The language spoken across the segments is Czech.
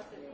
Gracias.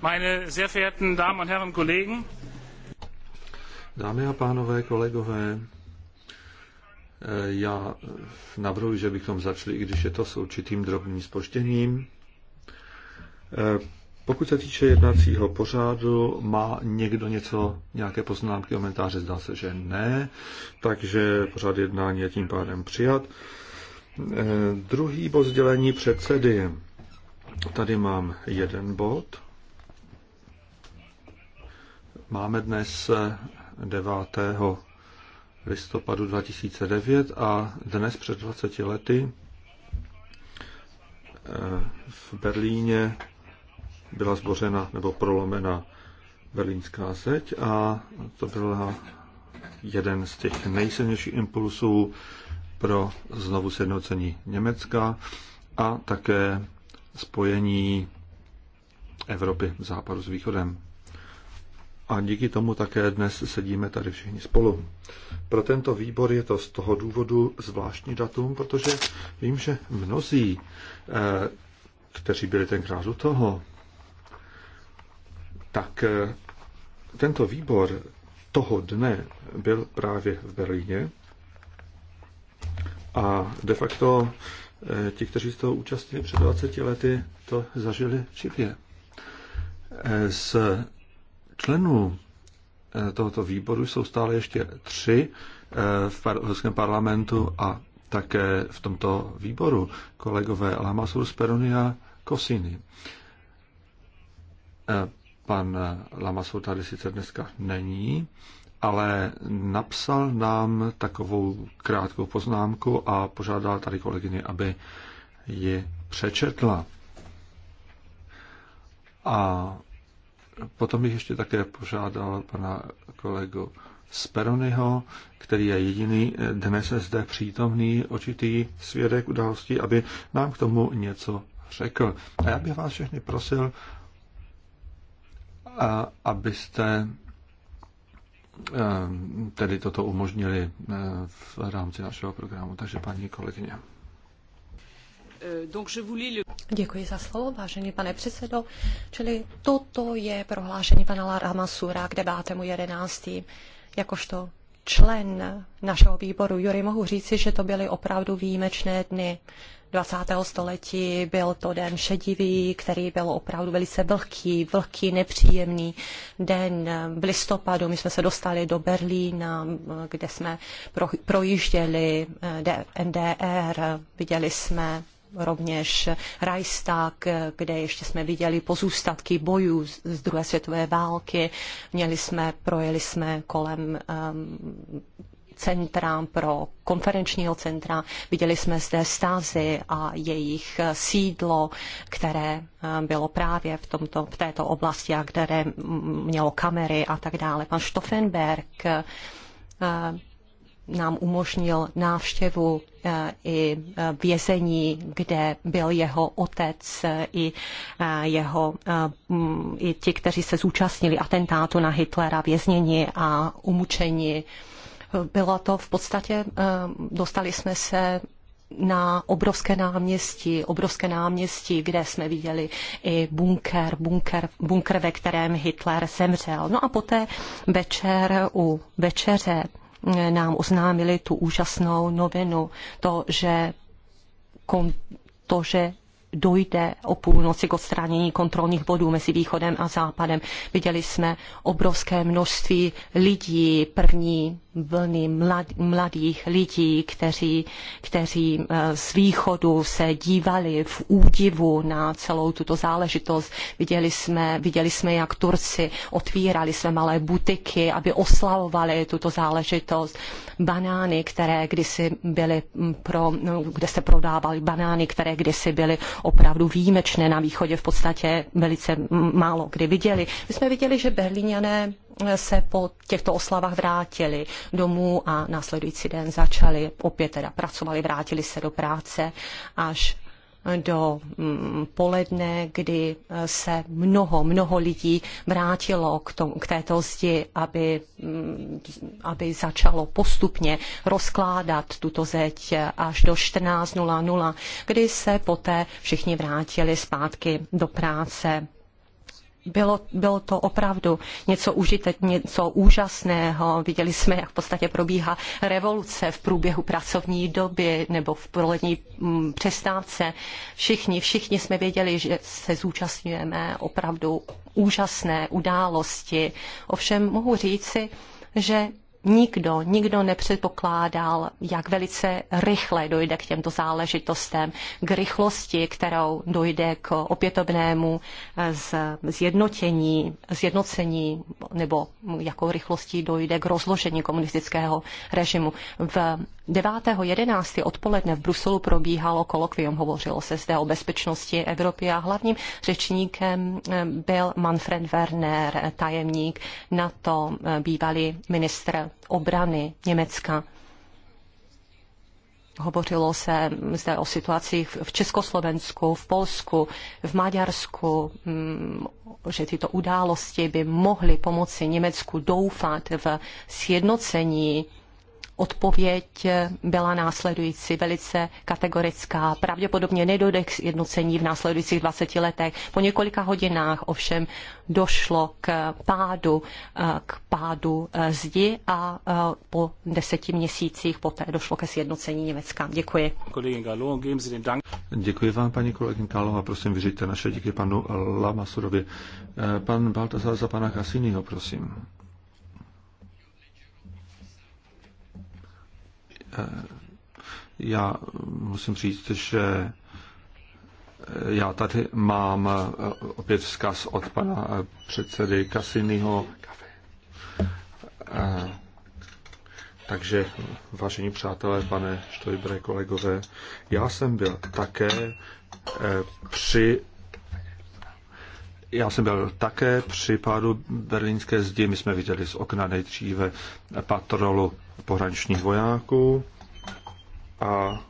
Meine sehr verehrten Damen und Herren Kollegen. Dámy a pánové, kolegové, eh, já navrhuji, že bychom začali, i když je to s určitým drobným spoštěním. Eh, pokud se týče jednacího pořádu, má někdo něco, nějaké poznámky, komentáře? Zdá se, že ne, takže pořád jednání je tím pádem přijat. Eh, druhý bod sdělení předsedy. Tady mám jeden bod. Máme dnes 9. Eh, listopadu 2009 a dnes před 20 lety eh, v Berlíně byla zbořena nebo prolomena berlínská zeď a to byl jeden z těch nejsilnějších impulsů pro znovu sjednocení Německa a také spojení Evropy, západu s východem. A díky tomu také dnes sedíme tady všichni spolu. Pro tento výbor je to z toho důvodu zvláštní datum, protože vím, že mnozí, eh, kteří byli tenkrát u toho, tak eh, tento výbor toho dne byl právě v Berlíně a de facto Eh, ti, kteří z toho účastnili před 20 lety, to zažili živě. Eh, z členů eh, tohoto výboru jsou stále ještě tři v Evropském parlamentu a také v tomto výboru kolegové Lamasur, Speroni a Kosiny. Pan Lamasur tady sice dneska není, ale napsal nám takovou krátkou poznámku a požádal tady kolegyně, aby ji přečetla. A potom bych ještě také požádal pana kolegu Speronyho, který je jediný dnes zde přítomný očitý svědek událostí, aby nám k tomu něco řekl. A já bych vás všechny prosil, abyste Ehm, tedy toto umožnili eh, v rámci našeho programu. Takže paní kolegyně. Eh, Děkuji za slovo, vážený pane předsedo. Čili toto je prohlášení pana Ramasura k 11. Jakožto člen našeho výboru Jury mohu říci, že to byly opravdu výjimečné dny. 20. století. Byl to den šedivý, který byl opravdu velice vlhký, vlhký, nepříjemný den v listopadu. My jsme se dostali do Berlína, kde jsme projížděli eh, NDR, viděli jsme rovněž Reichstag, kde ještě jsme viděli pozůstatky bojů z druhé světové války. Měli jsme, projeli jsme kolem um, centra, pro konferenčního centra. Viděli jsme zde stázy a jejich sídlo, které eh, bylo právě v, tomto, v této oblasti a které mm, mělo kamery a tak dále. Pan Stoffenberg eh, nám umožnil návštěvu eh, i vězení, kde byl jeho otec i, jeho, mm, i ti, kteří se zúčastnili atentátu na Hitlera, vězněni a umučeni byla to v podstatě, eh, dostali jsme se na obrovské náměstí, obrovské náměstí, kde jsme viděli i bunker, bunker, bunker, ve kterém Hitler zemřel. No a poté večer u večeře eh, nám oznámili tu úžasnou novinu, to, že, kon, to, že dojde o půlnoci k odstranění kontrolních bodů mezi východem a západem. Viděli jsme obrovské množství lidí, první vlny mlad, mladých lidí, kteří, kteří eh, z východu se dívali v údivu na celou tuto záležitost. Viděli jsme, viděli jsme jak Turci otvírali své malé butiky, aby oslavovali tuto záležitost. Banány, které kdysi byly mm, pro, no, kde se prodávaly banány, které kdysi byly opravdu výjimečné na východě, v podstatě velice mm, málo kdy viděli. My jsme viděli, že Berlíňané se po těchto oslavách vrátili domů a následující den začali opět teda pracovali, vrátili se do práce až do mm, poledne, kdy eh, se mnoho, mnoho lidí vrátilo k, tom, k této zdi, aby, mm, aby začalo postupně rozkládat tuto zeď až do 14.00, kdy se poté všichni vrátili zpátky do práce bylo, bylo to opravdu něco, užite, něco úžasného. Viděli jsme, jak v podstatě probíhá revoluce v průběhu pracovní doby nebo v polední mm, přestávce. Všichni, všichni jsme věděli, že se zúčastňujeme opravdu úžasné události. Ovšem mohu říci, že nikdo, nikdo nepředpokládal, jak velice rychle dojde k těmto záležitostem, k rychlosti, kterou dojde k opětovnému eh, zjednotění, zjednocení nebo jakou rychlostí dojde k rozložení komunistického režimu. V 9.11. odpoledne v Bruselu probíhalo kolokvium, hovořilo se zde o bezpečnosti Evropy a hlavním řečníkem eh, byl Manfred Werner, eh, tajemník NATO, bývalý ministr obrany Německa. Hovořilo se zde o situacích v Československu, v Polsku, v Maďarsku, mm, že tyto události by mohly pomoci Německu doufat v sjednocení odpověď byla následující, velice kategorická. Pravděpodobně nedojde k jednocení v následujících 20 letech. Po několika hodinách ovšem došlo k pádu, k pádu zdi a e, po deseti měsících poté došlo ke sjednocení Německa. Děkuji. Děkuji vám, paní kolegyně a prosím, vyřiďte naše díky panu Lamasurovi. E, pan Baltazar za pana Cassiniho, prosím. Eh, já musím říct, že eh, já tady mám eh, opět vzkaz od pana předsedy Kasinyho. Takže, vážení přátelé, pane Štojbre, kolegové, já jsem byl také při já jsem byl také při pádu berlínské zdi, my jsme viděli z okna nejdříve patrolu pohraničních vojáků a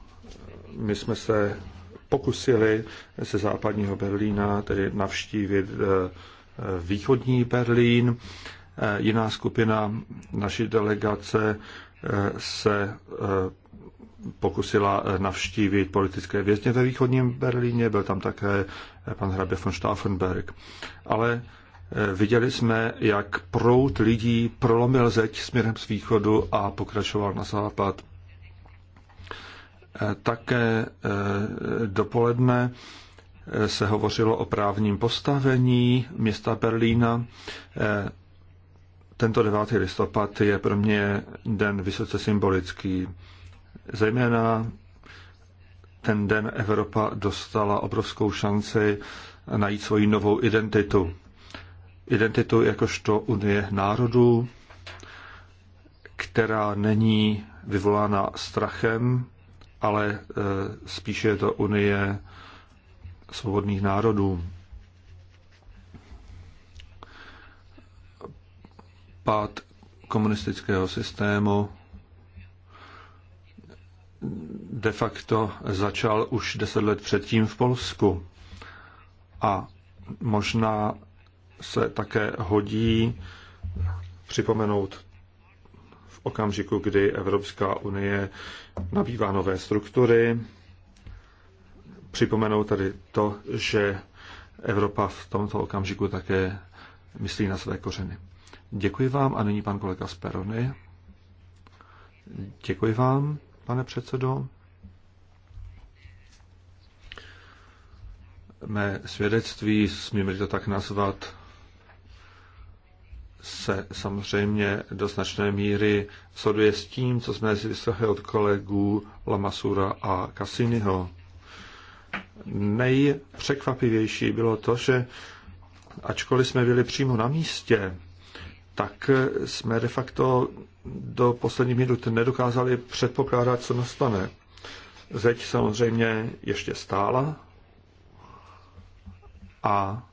my jsme se pokusili ze západního Berlína tedy navštívit eh, východní Berlín. Eh, jiná skupina naší delegace eh, se pokusila navštívit politické vězně ve východním Berlíně, byl tam také pan hrabě von Stauffenberg. Ale Viděli jsme, jak prout lidí prolomil zeď směrem z východu a pokračoval na západ. Také eh, dopoledne eh, se hovořilo o právním postavení města Berlína. Eh, tento 9. listopad je pro mě den vysoce symbolický. Zejména ten den Evropa dostala obrovskou šanci najít svoji novou identitu identitu jakožto Unie národů, která není vyvolána strachem, ale e, spíše je to Unie svobodných národů. Pád komunistického systému de facto začal už deset let předtím v Polsku. A možná se také hodí připomenout v okamžiku, kdy Evropská unie nabývá nové struktury. Připomenout tady to, že Evropa v tomto okamžiku také myslí na své kořeny. Děkuji vám a nyní pan kolega Sperony. Děkuji vám, pane předsedo. Mé svědectví, smím to tak nazvat, se samozřejmě do značné míry shoduje s tím, co jsme si vyslechli od kolegů Lamasura a Cassiniho. Nejpřekvapivější bylo to, že ačkoliv jsme byli přímo na místě, tak jsme de facto do poslední minut nedokázali předpokládat, co nastane. Zeď samozřejmě ještě stála a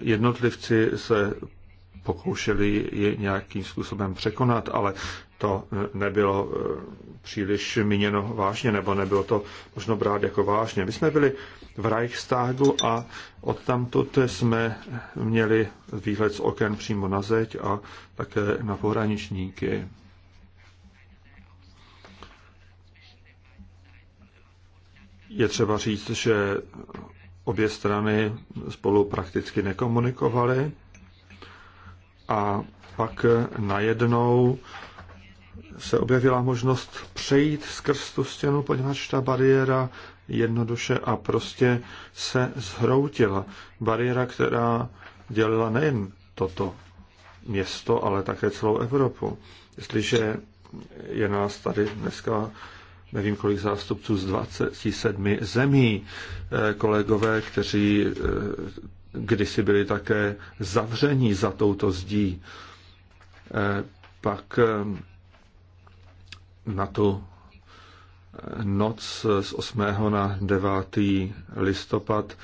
jednotlivci se pokoušeli je nějakým způsobem překonat, ale to eh, nebylo eh, příliš míněno vážně, nebo nebylo to možno brát jako vážně. My jsme byli v Reichstagu a odtamtud jsme měli výhled z oken přímo na zeď a také na pohraničníky. Je třeba říct, že Obě strany spolu prakticky nekomunikovaly a pak najednou se objevila možnost přejít skrz tu stěnu, poněvadž ta bariéra jednoduše a prostě se zhroutila. Bariéra, která dělila nejen toto město, ale také celou Evropu. Jestliže je nás tady dneska nevím kolik zástupců z 27 zemí, eh, kolegové, kteří eh, kdysi byli také zavření za touto zdí. Eh, pak na tu noc z 8. na 9. listopad.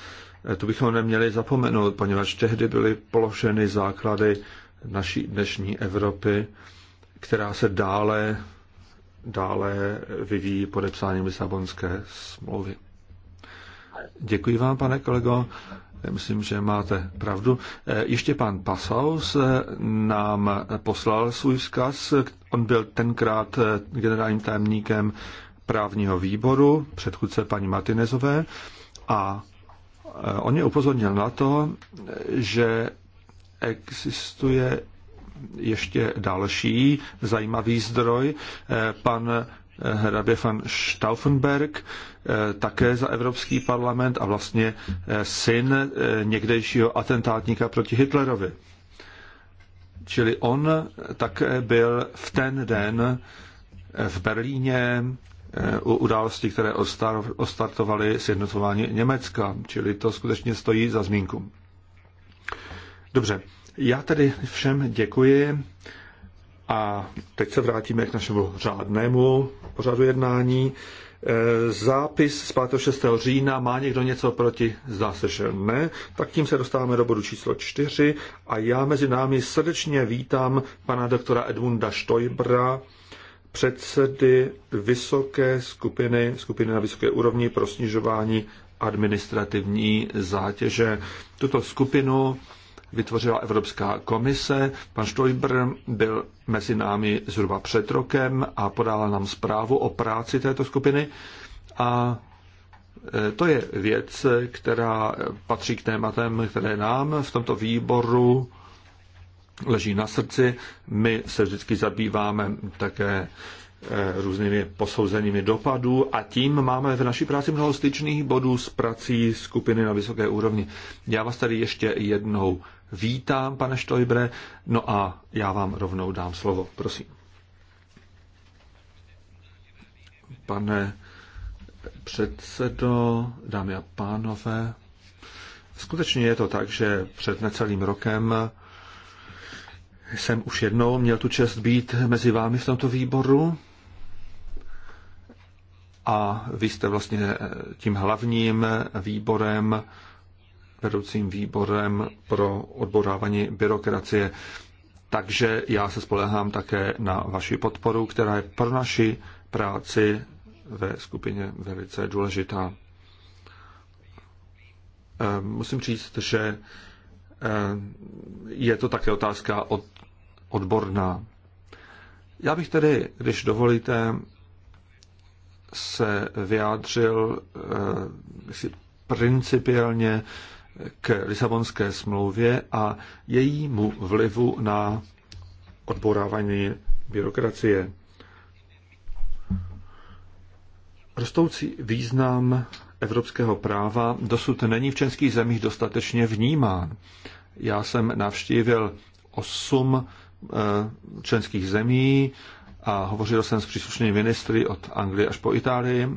To bychom neměli zapomenout, poněvadž tehdy byly položeny základy naší dnešní Evropy, která se dále dále vyvíjí podepsání Lisabonské smlouvy. Děkuji vám, pane kolego. Myslím, že máte pravdu. Eh, ještě pan Pasaus eh, nám poslal svůj vzkaz. On byl tenkrát eh, generálním tajemníkem právního výboru, předchůdce paní Martinezové, a on je upozornil na to, že existuje ještě další zajímavý zdroj, pan hrabě van Stauffenberg, eh, také za Evropský parlament a vlastně eh, syn eh, někdejšího atentátníka proti Hitlerovi. Čili on také byl v ten den v Berlíně u události, které ostartovaly sjednocování Německa, čili to skutečně stojí za zmínku. Dobře, já tedy všem děkuji a teď se vrátíme k našemu řádnému pořadu jednání. Eh, zápis z 5. 6. října, má někdo něco proti? Zdá se, že ne. Tak tím se dostáváme do bodu číslo 4 a já mezi námi srdečně vítám pana doktora Edmunda Štojbra, předsedy vysoké skupiny, skupiny na vysoké úrovni pro snižování administrativní zátěže. Tuto skupinu vytvořila Evropská komise. Pan Stoiber byl mezi námi zhruba před rokem a podal nám zprávu o práci této skupiny. A e, to je věc, která patří k tématem, které nám v tomto výboru leží na srdci. My se vždycky zabýváme také e, různými posouzeními dopadů a tím máme v naší práci mnoho styčných bodů s prací skupiny na vysoké úrovni. Já vás tady ještě jednou vítám, pane Štojbre. No a já vám rovnou dám slovo, prosím. Pane předsedo, dámy a pánové, skutečně je to tak, že před necelým rokem jsem už jednou měl tu čest být mezi vámi v tomto výboru a vy jste vlastně tím hlavním výborem vedoucím výborem pro odborávání byrokracie. Takže já se spolehám také na vaši podporu, která je pro naši práci ve skupině velice důležitá. Ehm, musím říct, že ehm, je to také otázka od, odborná. Já bych tedy, když dovolíte, se vyjádřil eh, principiálně k Lisabonské smlouvě a jejímu vlivu na odborávání byrokracie. Rostoucí význam evropského práva dosud není v českých zemích dostatečně vnímán. Já jsem navštívil osm eh, členských zemí a hovořil jsem s příslušnými ministry od Anglie až po Itálii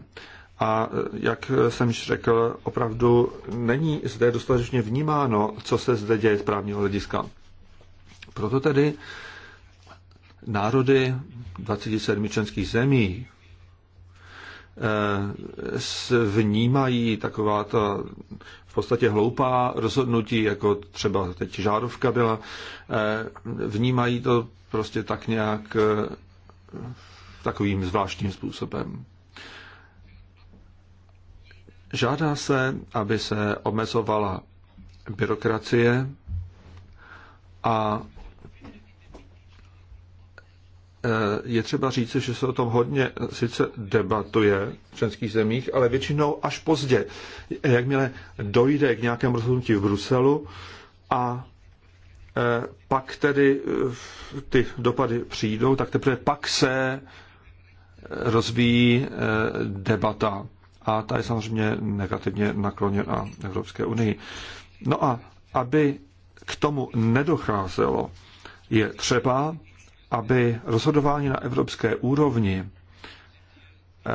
a e, jak jsem již řekl, opravdu není zde dostatečně vnímáno, co se zde děje z právního hlediska. Proto tedy národy 27 členských zemí e, vnímají taková ta v podstatě hloupá rozhodnutí, jako třeba teď žárovka byla, e, vnímají to prostě tak nějak takovým zvláštním způsobem. Žádá se, aby se omezovala byrokracie a e, je třeba říci, že se o tom hodně sice debatuje v členských zemích, ale většinou až pozdě. Jakmile dojde k nějakému rozhodnutí v Bruselu a e, pak tedy e, ty dopady přijdou, tak teprve pak se rozvíjí debata a ta je samozřejmě negativně nakloněna Evropské unii. No a aby k tomu nedocházelo, je třeba, aby rozhodování na evropské úrovni eh,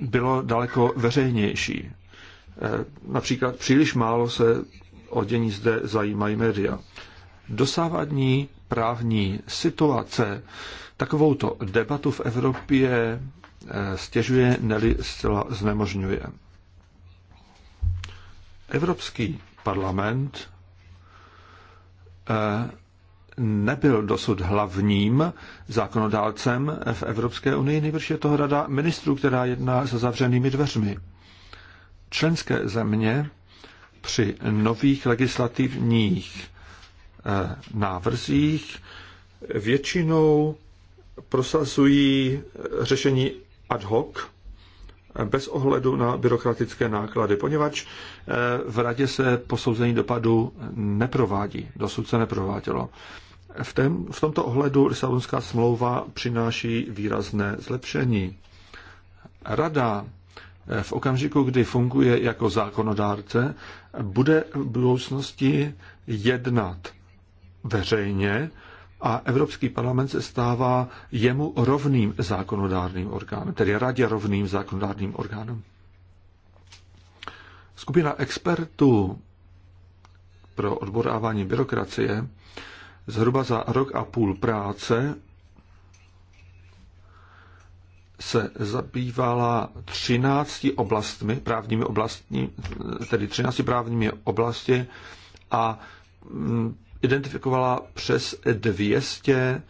bylo daleko veřejnější. Eh, například příliš málo se o dění zde zajímají média. Dosávadní právní situace takovouto debatu v Evropě stěžuje, neli zcela znemožňuje. Evropský parlament eh, nebyl dosud hlavním zákonodálcem v Evropské unii, nejbrž je toho rada ministrů, která jedná se zavřenými dveřmi. Členské země při nových legislativních eh, návrzích většinou prosazují řešení ad hoc, bez ohledu na byrokratické náklady, poněvadž eh, v radě se posouzení dopadu neprovádí, dosud se neprovádělo. V, tém, v tomto ohledu Lisabonská smlouva přináší výrazné zlepšení. Rada eh, v okamžiku, kdy funguje jako zákonodárce, bude v budoucnosti jednat veřejně a Evropský parlament se stává jemu rovným zákonodárným orgánem, tedy radě rovným zákonodárným orgánem. Skupina expertů pro odborávání byrokracie zhruba za rok a půl práce se zabývala 13 oblastmi, právními oblastmi, tedy 13 právními oblasti a mm, identifikovala přes 200 eh,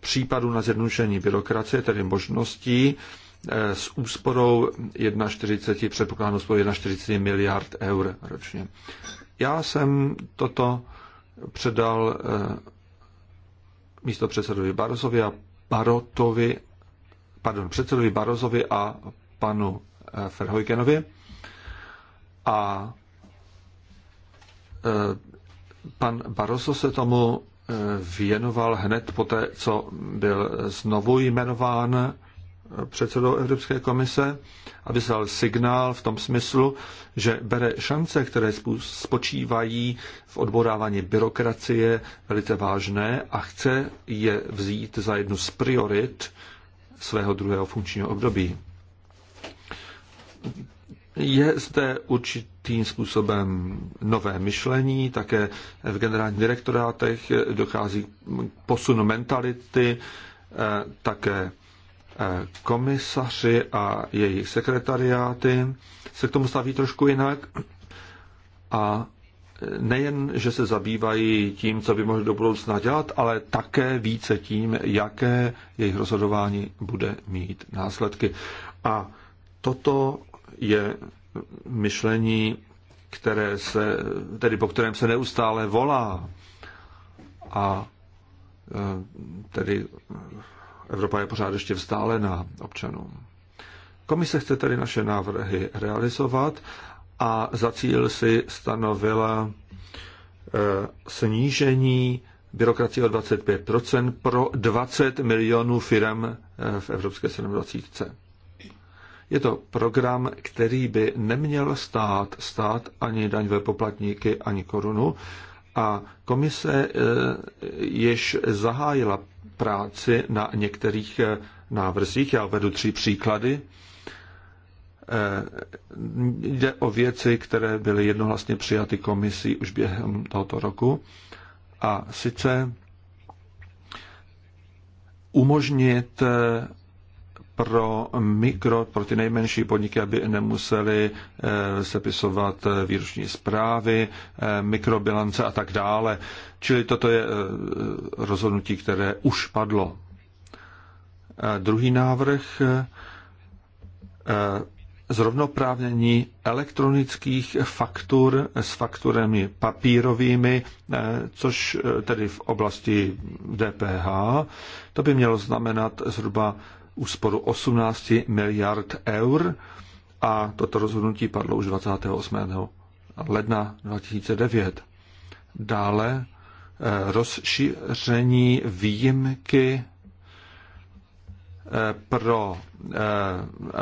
případů na zjednodušení byrokracie, tedy možností, eh, s úsporou 41, předpokládám úsporou 41 miliard eur ročně. Já jsem toto předal eh, místo předsedovi Barozovi a Barotovi, pardon, předsedovi Barozovi a panu Ferhojkenovi. A Pan Barroso se tomu e, věnoval hned po té, co byl znovu jmenován e, předsedou Evropské komise a vyslal signál v tom smyslu, že bere šance, které spočívají v odborávání byrokracie, velice vážné a chce je vzít za jednu z priorit svého druhého funkčního období. Je zde určitým způsobem nové myšlení, také v generálních direktorátech dochází k posunu mentality, eh, také eh, komisaři a jejich sekretariáty se k tomu staví trošku jinak a nejen, že se zabývají tím, co by mohli do budoucna dělat, ale také více tím, jaké jejich rozhodování bude mít následky. A toto je myšlení, které se, tedy po kterém se neustále volá. A e, tedy Evropa je pořád ještě vzdálená občanům. Komise chce tedy naše návrhy realizovat a za cíl si stanovila e, snížení byrokracie o 25 pro 20 milionů firm e, v Evropské 27. Je to program, který by neměl stát, stát ani daňové poplatníky, ani korunu. A komise e, již zahájila práci na některých e, návrzích. Já vedu tři příklady. E, jde o věci, které byly jednohlasně přijaty komisí už během tohoto roku. A sice umožnit pro mikro, pro ty nejmenší podniky, aby nemuseli eh, sepisovat eh, výroční zprávy, eh, mikrobilance a tak dále. Čili toto je rozhodnutí, které už padlo. Druhý návrh zrovnoprávnění elektronických faktur s fakturemi papírovými, což tedy v oblasti DPH. To by mělo znamenat zhruba úsporu 18 miliard eur a toto rozhodnutí padlo už 28. ledna 2009. Dále eh, rozšíření výjimky eh, pro eh,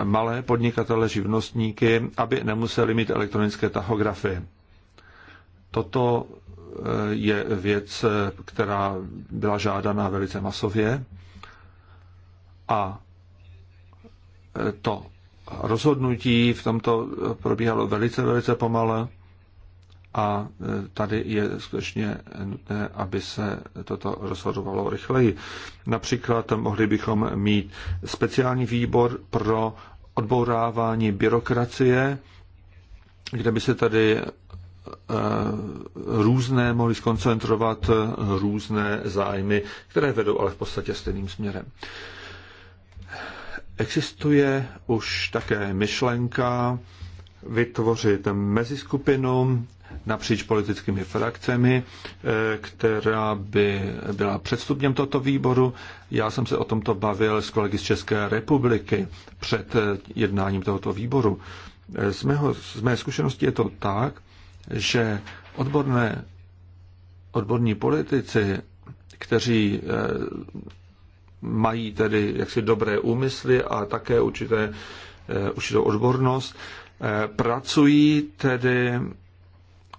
malé podnikatele, živnostníky, aby nemuseli mít elektronické tachografy. Toto je věc, která byla žádána velice masově a e, to rozhodnutí v tomto e, probíhalo velice, velice pomale a e, tady je skutečně nutné, aby se toto rozhodovalo rychleji. Například mohli bychom mít speciální výbor pro odbourávání byrokracie, kde by se tady různé mohly skoncentrovat různé zájmy, které vedou ale v podstatě stejným směrem. Existuje už také myšlenka vytvořit meziskupinu napříč politickými frakcemi, eh, která by byla předstupněm tohoto výboru. Já jsem se o tomto bavil s kolegy z České republiky před eh, jednáním tohoto výboru. Eh, z, mého, z mé zkušenosti je to tak, že odborné, odborní politici, kteří mají tedy jaksi dobré úmysly a také určité, eh, určitou odbornost. Eh, pracují tedy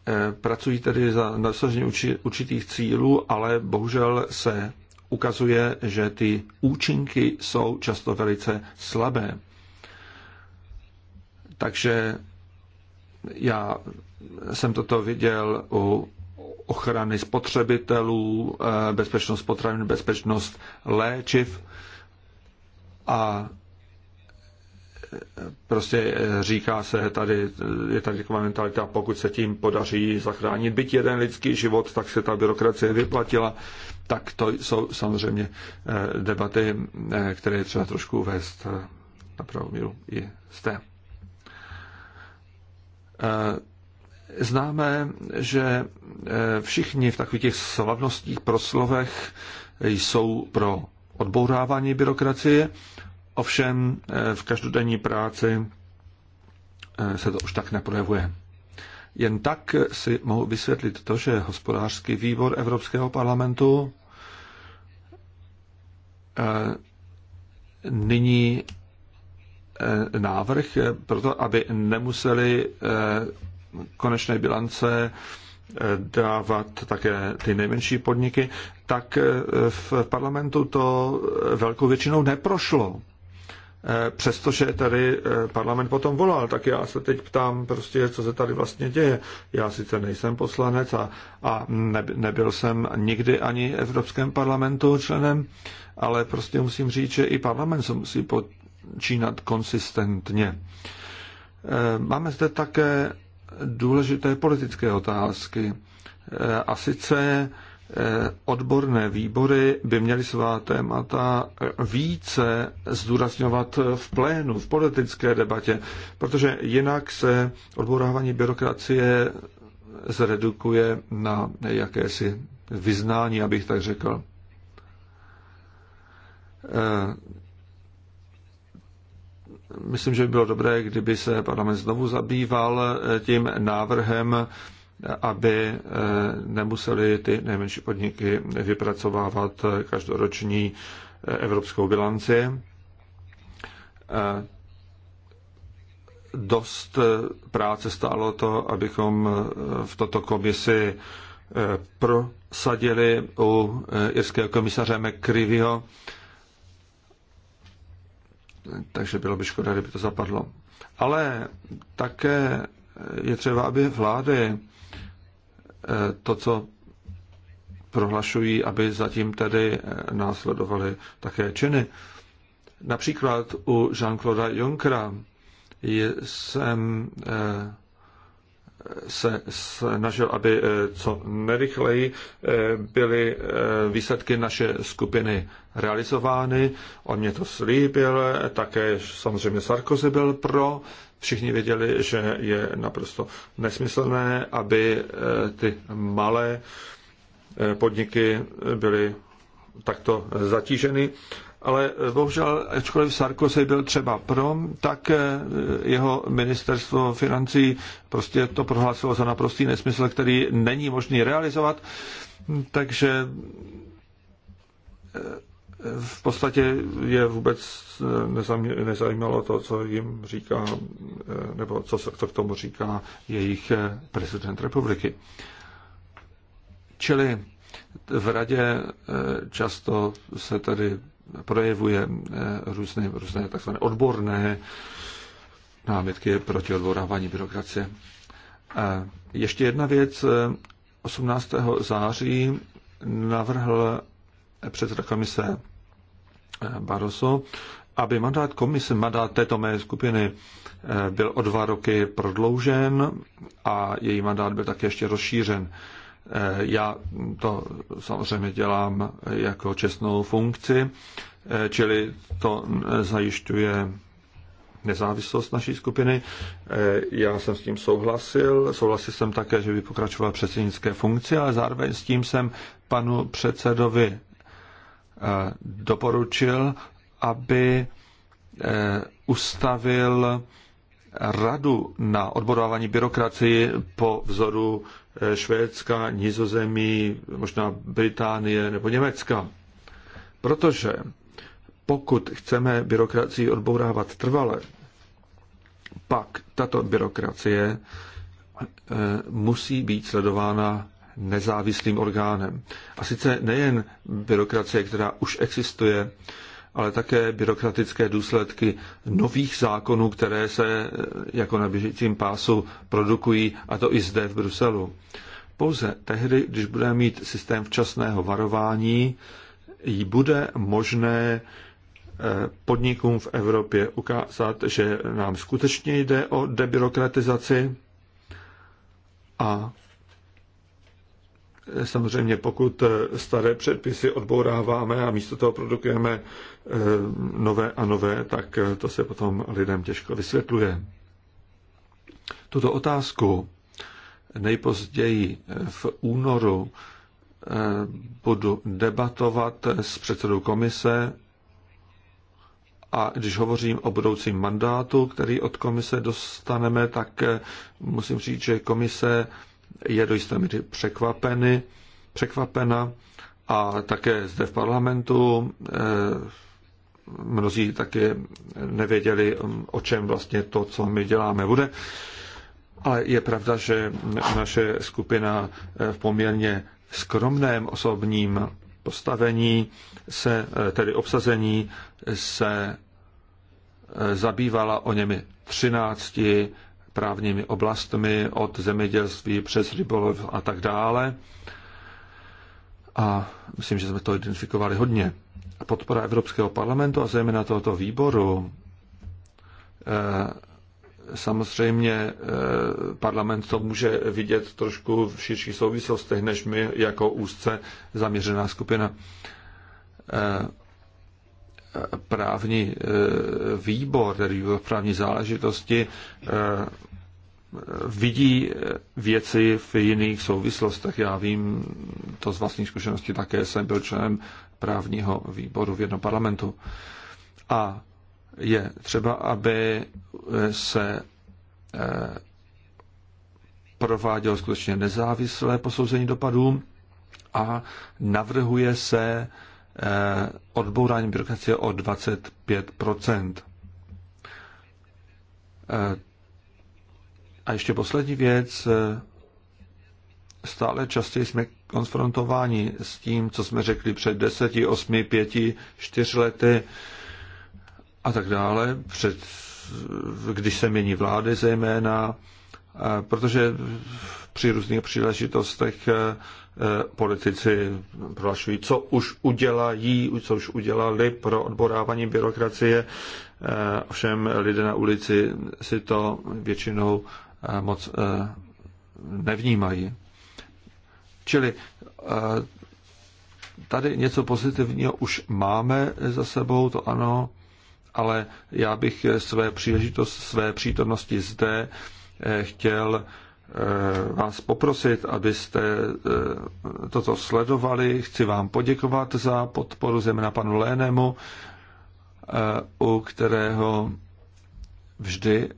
eh, pracují tedy za dosažení určitých cílů, ale bohužel se ukazuje, že ty účinky jsou často velice slabé. Takže já jsem toto viděl u ochrany spotřebitelů, eh, bezpečnost potravin, bezpečnost léčiv a eh, prostě eh, říká se tady, je tady taková mentalita, pokud se tím podaří zachránit byt jeden lidský život, tak se ta byrokracie vyplatila, tak to jsou samozřejmě debaty, které je třeba trošku vést na pravou míru i z té. Známe, že e, všichni v takových těch slavnostních proslovech jsou pro odbourávání byrokracie, ovšem e, v každodenní práci e, se to už tak neprojevuje. Jen tak si mohu vysvětlit to, že hospodářský výbor Evropského parlamentu nyní návrh pro to, aby nemuseli konečné bilance eh, dávat také ty nejmenší podniky, tak eh, v parlamentu to eh, velkou většinou neprošlo. Přestože tady parlament potom volal, tak já se teď ptám prostě, co se tady vlastně děje. Já sice nejsem poslanec a, a nebyl jsem nikdy ani Evropském parlamentu členem, ale prostě musím říct, že i parlament se musí počínat konsistentně. Máme zde také důležité politické otázky. Eh, a sice eh, odborné výbory by měly svá témata více zdůrazňovat v plénu, v politické debatě, protože jinak se odborávání byrokracie zredukuje na jakési vyznání, abych tak řekl. Eh, myslím, že by bylo dobré, kdyby se parlament znovu zabýval eh, tím návrhem, aby eh, nemuseli ty nejmenší podniky vypracovávat eh, každoroční evropskou bilanci. Dost práce stálo to, abychom v toto komisi prosadili u irského komisaře McCreevyho takže bylo by škoda, kdyby to zapadlo. Ale také je třeba, aby vlády eh, to, co prohlašují, aby zatím tedy eh, následovaly také činy. Například u Jean-Claude Junckera jsem eh, se snažil, aby eh, co nejrychleji eh, byly eh, výsledky naše skupiny realizovány. On mě to slíbil, také samozřejmě Sarkozy byl pro. Všichni věděli, že je naprosto nesmyslné, aby ty malé podniky byly takto zatíženy ale bohužel, ačkoliv Sarkozy byl třeba pro, tak eh, jeho ministerstvo financí prostě to prohlásilo za naprostý nesmysl, který není možný realizovat. Takže eh, v podstatě je vůbec eh, nezajímalo to, co jim říká, nebo co, co k tomu říká jejich prezident republiky. Čili v radě často se tady projevuje eh, různé, různé takzvané odborné námitky proti odborávání byrokracie. Ještě jedna věc. 18. září navrhl předseda komise eh, Barroso, aby mandát komise, mandát této mé skupiny eh, byl o dva roky prodloužen a její mandát byl také ještě rozšířen. Eh, já to samozřejmě dělám jako čestnou funkci, eh, čili to eh, zajišťuje nezávislost naší skupiny. Já jsem s tím souhlasil. Souhlasil jsem také, že by pokračoval předsednické funkci, ale zároveň s tím jsem panu předsedovi doporučil, aby ustavil radu na odborávání byrokracii po vzoru Švédska, Nizozemí, možná Británie nebo Německa. Protože pokud chceme byrokracii odbourávat trvale, pak tato byrokracie eh, musí být sledována nezávislým orgánem. A sice nejen byrokracie, která už existuje, ale také byrokratické důsledky nových zákonů, které se eh, jako na běžícím pásu produkují, a to i zde v Bruselu. Pouze tehdy, když budeme mít systém včasného varování, jí bude možné eh, podnikům v Evropě ukázat, že nám skutečně jde o debirokratizaci a Samozřejmě pokud staré předpisy odbouráváme a místo toho produkujeme eh, nové a nové, tak eh, to se potom lidem těžko vysvětluje. Tuto otázku nejpozději eh, v únoru budu debatovat s předsedou komise a když hovořím o budoucím mandátu, který od komise dostaneme, tak musím říct, že komise je do jisté míry překvapeny, překvapena a také zde v parlamentu eh, mnozí také nevěděli, mm, o čem vlastně to, co my děláme, bude. Ale je pravda, že naše skupina eh, v poměrně skromném osobním postavení se, eh, tedy obsazení, se zabývala o němi 13 právními oblastmi od zemědělství přes rybolov a tak dále. A myslím, že jsme to identifikovali hodně. Podpora Evropského parlamentu a zejména tohoto výboru eh, samozřejmě eh, parlament to může vidět trošku v širších souvislostech než my jako úzce zaměřená skupina. Eh, právní eh, výbor, tedy výbor právní záležitosti, eh, vidí věci v jiných souvislostech. Já vím to z vlastní zkušenosti také, jsem byl členem právního výboru v jednom parlamentu. A je třeba, aby se eh, provádělo skutečně nezávislé posouzení dopadů a navrhuje se Eh, odbourání byrokracie o 25 eh, A ještě poslední věc. Eh, stále častěji jsme konfrontováni s tím, co jsme řekli před deseti, osmi, pěti, čtyři lety a tak dále, před, když se mění vlády zejména, protože při různých příležitostech Eh, politici prohlašují, co už udělají, co už udělali pro odborávání byrokracie. Eh, ovšem lidé na ulici si to většinou eh, moc nevnímají. Čili tady něco pozitivního už máme za sebou, to ano, ale já bych své příležitost, své přítomnosti zde chtěl Eh, vás poprosit, abyste eh, toto sledovali. Chci vám poděkovat za podporu zejména panu Lénemu, eh, u kterého vždy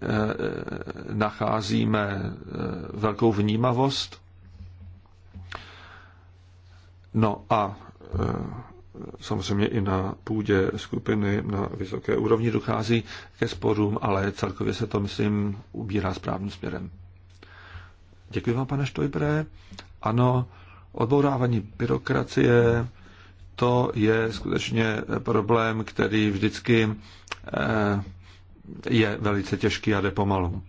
nacházíme velkou vnímavost. No a samozřejmě i na půdě skupiny na vysoké úrovni dochází ke sporům, ale celkově se to, myslím, ubírá správným směrem. Děkuji vám, pane Štojbre. Ano, odbourávání byrokracie, to je skutečně problém, který vždycky eh, je velice těžký a jde pomalu.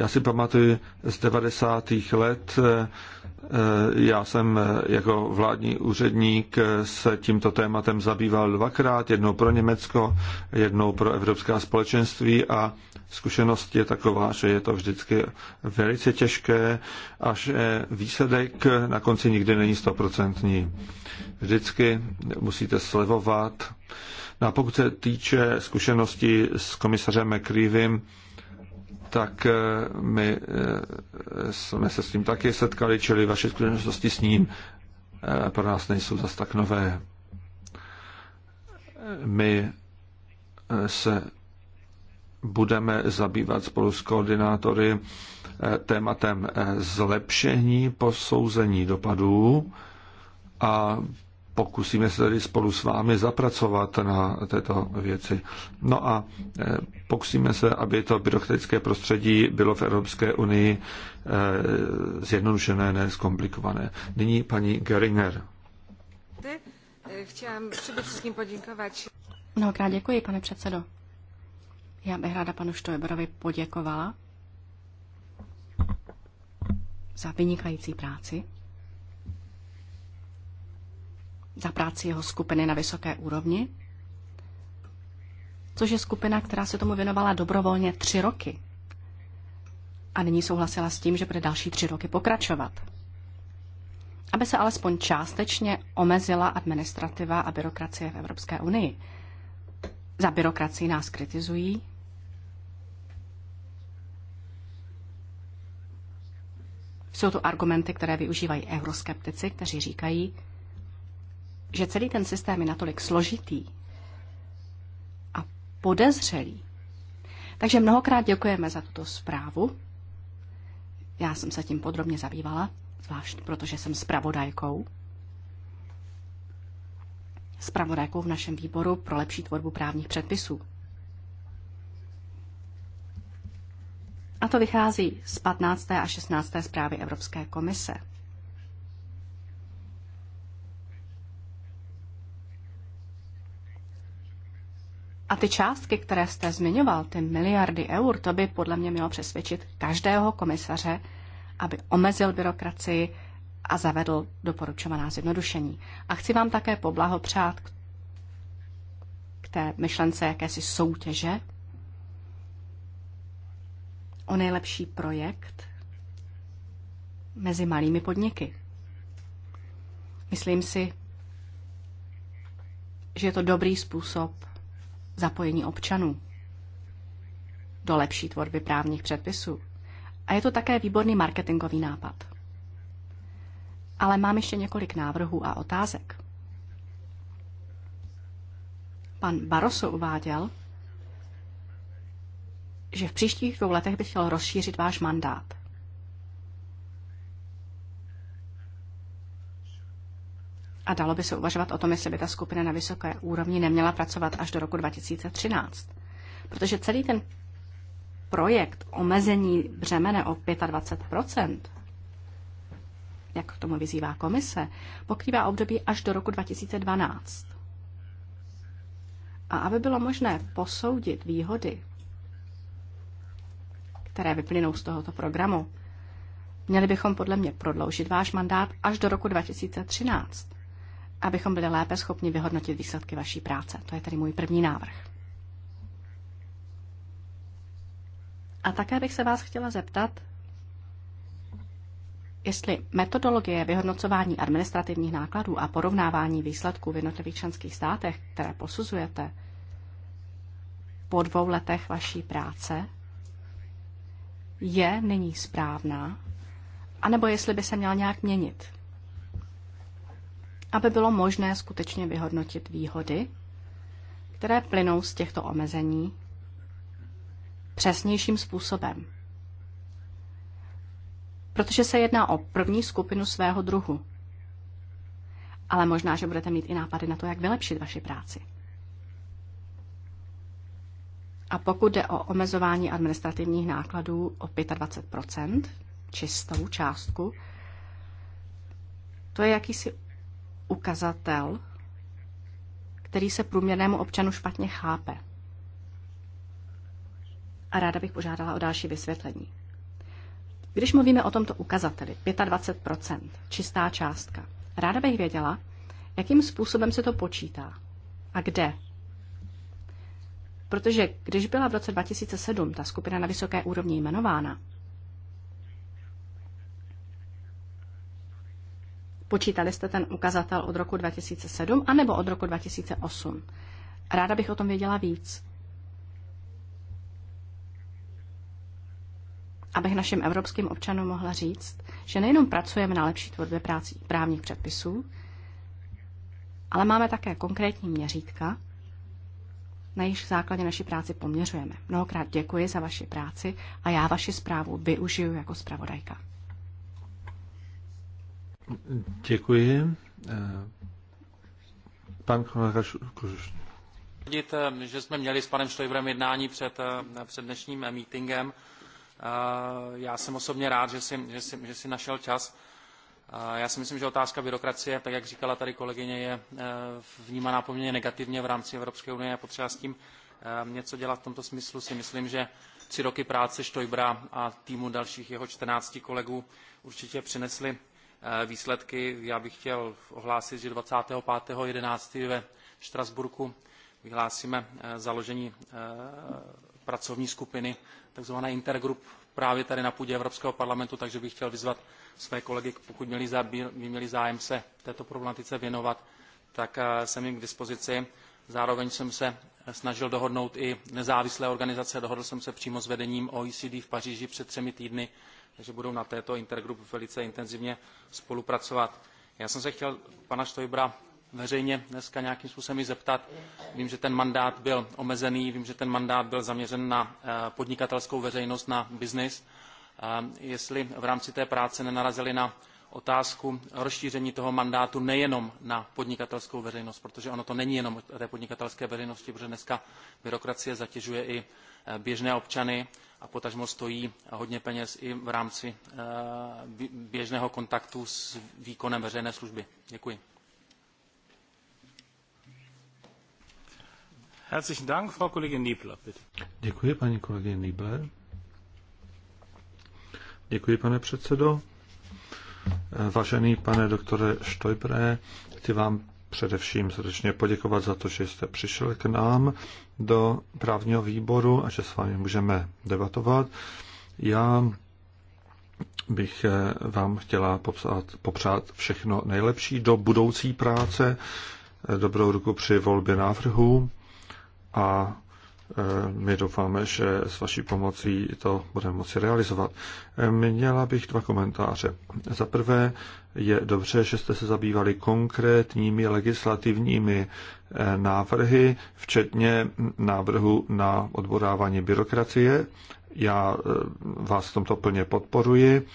Já si pamatuju z 90. let, eh, eh, já jsem eh, jako vládní úředník se tímto tématem zabýval dvakrát, jednou pro Německo, jednou pro Evropská společenství a zkušenost je taková, že je to vždycky velice těžké až výsledek na konci nikdy není stoprocentní. Vždycky musíte slevovat. No a pokud se týče zkušenosti s komisařem McCreevym, tak eh, my eh, jsme se s tím taky setkali, čili vaše zkušenosti s ním eh, pro nás nejsou zas tak nové. My se budeme zabývat spolu s koordinátory tématem zlepšení posouzení dopadů a pokusíme se tedy spolu s vámi zapracovat na této věci. No a eh, pokusíme se, aby to byrokratické prostředí bylo v Evropské unii eh, zjednodušené, ne zkomplikované. Nyní paní Geringer. Chciałam przede poděkovat. Mnohokrát děkuji, pane předsedo. Já bych ráda panu Štojberovi poděkovala za vynikající práci za práci jeho skupiny na vysoké úrovni, což je skupina, která se tomu věnovala dobrovolně tři roky. A nyní souhlasila s tím, že bude další tři roky pokračovat. Aby se alespoň částečně omezila administrativa a byrokracie v Evropské unii. Za byrokracii nás kritizují. Jsou to argumenty, které využívají euroskeptici, kteří říkají, že celý ten systém je natolik složitý a podezřelý. Takže mnohokrát děkujeme za tuto zprávu. Já jsem se tím podrobně zabývala, zvlášť protože jsem zpravodajkou. Zpravodajkou v našem výboru pro lepší tvorbu právních předpisů. A to vychází z 15. a 16. zprávy Evropské komise – A ty částky, které jste zmiňoval, ty miliardy eur, to by podle mě mělo přesvědčit každého komisaře, aby omezil byrokracii a zavedl doporučovaná zjednodušení. A chci vám také poblahopřát k té myšlence jakési soutěže o nejlepší projekt mezi malými podniky. Myslím si, že je to dobrý způsob, zapojení občanů do lepší tvorby právních předpisů. A je to také výborný marketingový nápad. Ale mám ještě několik návrhů a otázek. Pan Barroso uváděl, že v příštích dvou letech by chtěl rozšířit váš mandát. a dalo by se uvažovat o tom, jestli by ta skupina na vysoké úrovni neměla pracovat až do roku 2013. Protože celý ten projekt omezení břemene o 25 jak k tomu vyzývá komise, pokrývá období až do roku 2012. A aby bylo možné posoudit výhody, které vyplynou z tohoto programu, měli bychom podle mě prodloužit váš mandát až do roku 2013 abychom byli lépe schopni vyhodnotit výsledky vaší práce. To je tedy můj první návrh. A také bych se vás chtěla zeptat, jestli metodologie vyhodnocování administrativních nákladů a porovnávání výsledků v jednotlivých členských státech, které posuzujete po dvou letech vaší práce, je nyní správná, anebo jestli by se měla nějak měnit aby bylo možné skutečně vyhodnotit výhody, které plynou z těchto omezení přesnějším způsobem. Protože se jedná o první skupinu svého druhu. Ale možná, že budete mít i nápady na to, jak vylepšit vaši práci. A pokud jde o omezování administrativních nákladů o 25 čistou částku, to je jakýsi ukazatel, který se průměrnému občanu špatně chápe. A ráda bych požádala o další vysvětlení. Když mluvíme o tomto ukazateli, 25%, čistá částka, ráda bych věděla, jakým způsobem se to počítá a kde. Protože když byla v roce 2007 ta skupina na vysoké úrovni jmenována, Počítali jste ten ukazatel od roku 2007 anebo od roku 2008? Ráda bych o tom věděla víc. Abych našim evropským občanům mohla říct, že nejenom pracujeme na lepší tvorbě práci, právních předpisů, ale máme také konkrétní měřítka, na jejich základě naši práci poměřujeme. Mnohokrát děkuji za vaši práci a já vaši zprávu využiju jako zpravodajka. Děkuji. Eh, pan Kožuš. Eh, že jsme měli s panem Šlejvrem jednání před, eh, před dnešním meetingem. Já jsem osobně rád, že si, že si, že si našel čas. Já si myslím, že otázka byrokracie, tak jak říkala tady kolegyně, je vnímaná poměrně negativně v rámci Evropské unie a potřeba s tím něco dělat v tomto smyslu. Si myslím, že tři roky práce Štojbra a týmu dalších jeho 14 kolegů určitě přinesly Eh, výsledky. Já bych chtěl ohlásit, že 25.11. ve Štrasburku vyhlásíme eh, založení eh, pracovní skupiny, takzvané intergroup právě tady na půdě Evropského parlamentu, takže bych chtěl vyzvat své kolegy, pokud měli by měli zájem se této problematice věnovat, tak jsem jim k dispozici. Zároveň jsem se snažil dohodnout i nezávislé organizace, dohodl jsem se přímo s vedením OECD v Paříži před třemi týdny takže budou na této intergroup velice intenzivně spolupracovat. Já jsem se chtěl pana Štojbra veřejně dneska nějakým způsobem i zeptat. Vím, že ten mandát byl omezený, vím, že ten mandát byl zaměřen na eh, podnikatelskou veřejnost, na biznis. Eh, jestli v rámci té práce nenarazili na otázku rozšíření toho mandátu nejenom na podnikatelskou veřejnost, protože ono to není jenom o té podnikatelské veřejnosti, protože dneska byrokracie zatěžuje i eh, běžné občany a potažmo stojí hodně peněz i v rámci eh, běžného kontaktu s výkonem veřejné služby. Děkuji. Herzlichen Dank, Frau Kollegin Niebler, bitte. Děkuji, paní kolegyně Niebler. Děkuji, pane předsedo. Eh, vážený pane doktore Štojbré, chci vám především srdečně poděkovat za to, že jste přišel k nám do právního výboru a že s vámi můžeme debatovat. Já bych eh, vám chtěla popsat, popřát všechno nejlepší do budoucí práce, eh, dobrou ruku při volbě návrhů a Eh, my doufáme, že s vaší pomocí to budeme moci realizovat. Eh, měla bych dva komentáře. Za prvé je dobře, že jste se zabývali konkrétními legislativními eh, návrhy, včetně návrhu na odborávání byrokracie. Já vás v tomto plně podporuji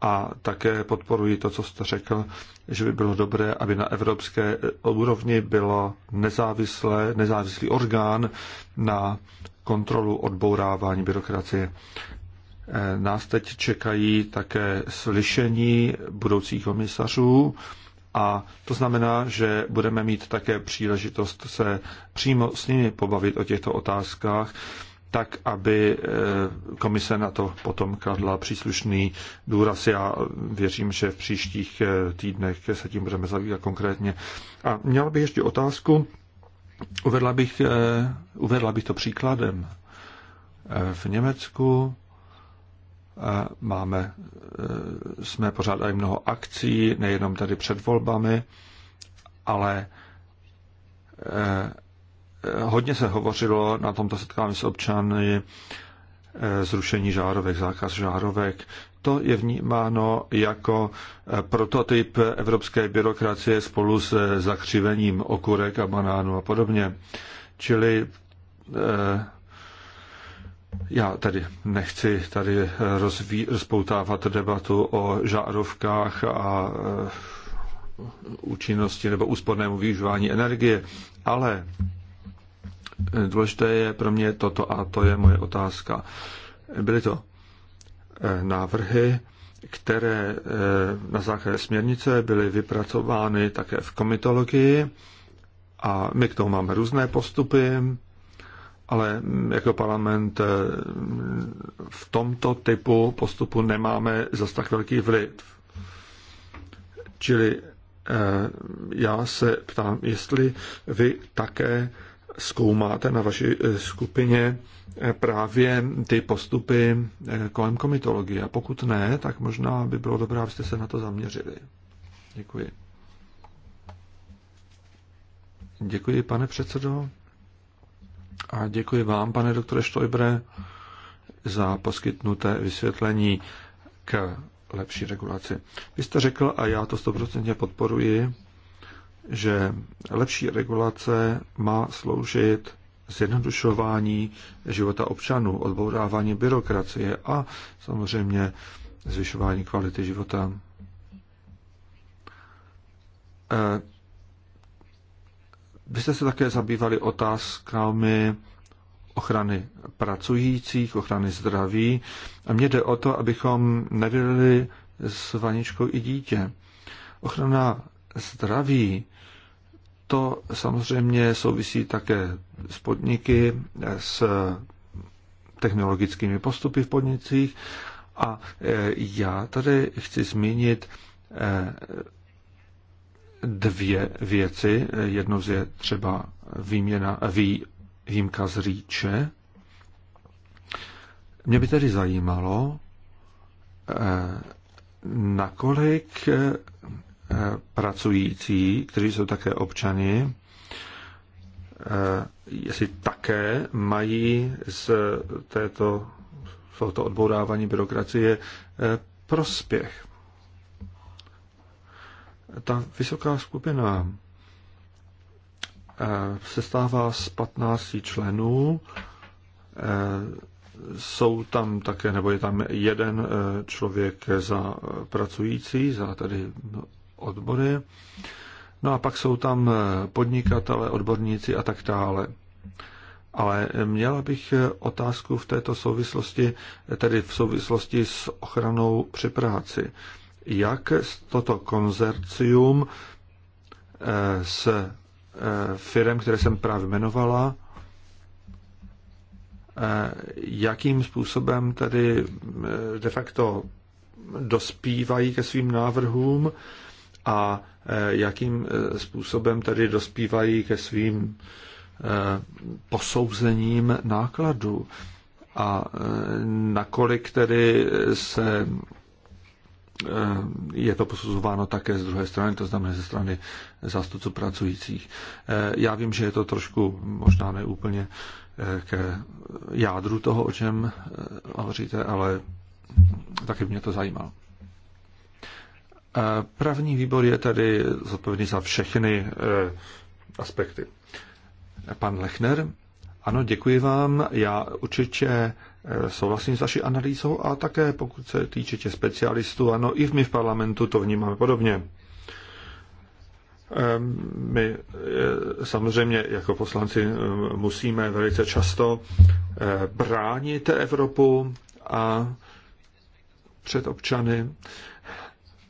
a také podporuji to, co jste řekl, že by bylo dobré, aby na evropské úrovni bylo nezávislé, nezávislý orgán na kontrolu odbourávání byrokracie. E, nás teď čekají také slyšení budoucích komisařů a to znamená, že budeme mít také příležitost se přímo s nimi pobavit o těchto otázkách tak aby eh, komise na to potom kladla příslušný důraz. Já věřím, že v příštích eh, týdnech se tím budeme zabývat konkrétně. A měla bych ještě otázku. Uvedla bych, eh, uvedla bych to příkladem. V Německu máme, jsme pořádali mnoho akcí, nejenom tady před volbami, ale hodně se hovořilo na tomto setkání s občany eh, zrušení žárovek, zákaz žárovek. To je vnímáno jako eh, prototyp evropské byrokracie spolu s zakřivením okurek a banánů a podobně. Čili eh, já tady nechci tady rozví, rozpoutávat debatu o žárovkách a účinnosti nebo úspornému využívání energie, ale Důležité je pro mě toto a to je moje otázka. Byly to eh, návrhy, které eh, na základě směrnice byly vypracovány také v komitologii a my k tomu máme různé postupy, ale jako parlament eh, v tomto typu postupu nemáme zas tak velký vliv. Čili já se ptám, jestli vy také zkoumáte na vaší eh, skupině eh, právě ty postupy eh, kolem komitologie. A pokud ne, tak možná by bylo dobré, abyste se na to zaměřili. Děkuji. Děkuji, pane předsedo. A děkuji vám, pane doktore Štojbre, za poskytnuté vysvětlení k lepší regulaci. Vy jste řekl, a já to stoprocentně podporuji, že lepší regulace má sloužit zjednodušování života občanů, odbourávání byrokracie a samozřejmě zvyšování kvality života. E, vy jste se také zabývali otázkami ochrany pracujících, ochrany zdraví. A mně jde o to, abychom nevěděli s vaničkou i dítě. Ochrana zdraví to samozřejmě souvisí také s podniky, s technologickými postupy v podnicích. A e, já tady chci zmínit e, dvě věci. Jednou je třeba výměna, vý, výjimka z rýče. Mě by tedy zajímalo, e, nakolik Eh, pracující, kteří jsou také občany, eh, jestli také mají z této, z tohoto odbourávání byrokracie eh, prospěch. Ta vysoká skupina se stává z 15 členů. Jsou tam také, nebo je tam jeden člověk za pracující, za tady no, odbory. No a pak jsou tam podnikatele, odborníci a tak dále. Ale měla bych otázku v této souvislosti, tedy v souvislosti s ochranou při práci. Jak toto konzercium eh, s eh, firem, které jsem právě jmenovala, eh, jakým způsobem tedy de facto dospívají ke svým návrhům, a eh, jakým eh, způsobem tedy dospívají ke svým eh, posouzením nákladů a nakolik tedy se je to posuzováno také z druhé strany, to znamená ze strany zástupců pracujících. Já vím, že je to trošku možná neúplně k jádru toho, o čem hovoříte, ale taky mě to zajímalo. Pravní výbor je tady zodpovědný za všechny eh, aspekty. Pan Lechner, ano, děkuji vám. Já určitě eh, souhlasím s vaší analýzou a také pokud se týče těch specialistů, ano, i my v parlamentu to vnímáme podobně. Ehm, my eh, samozřejmě jako poslanci musíme velice často bránit Evropu a před občany.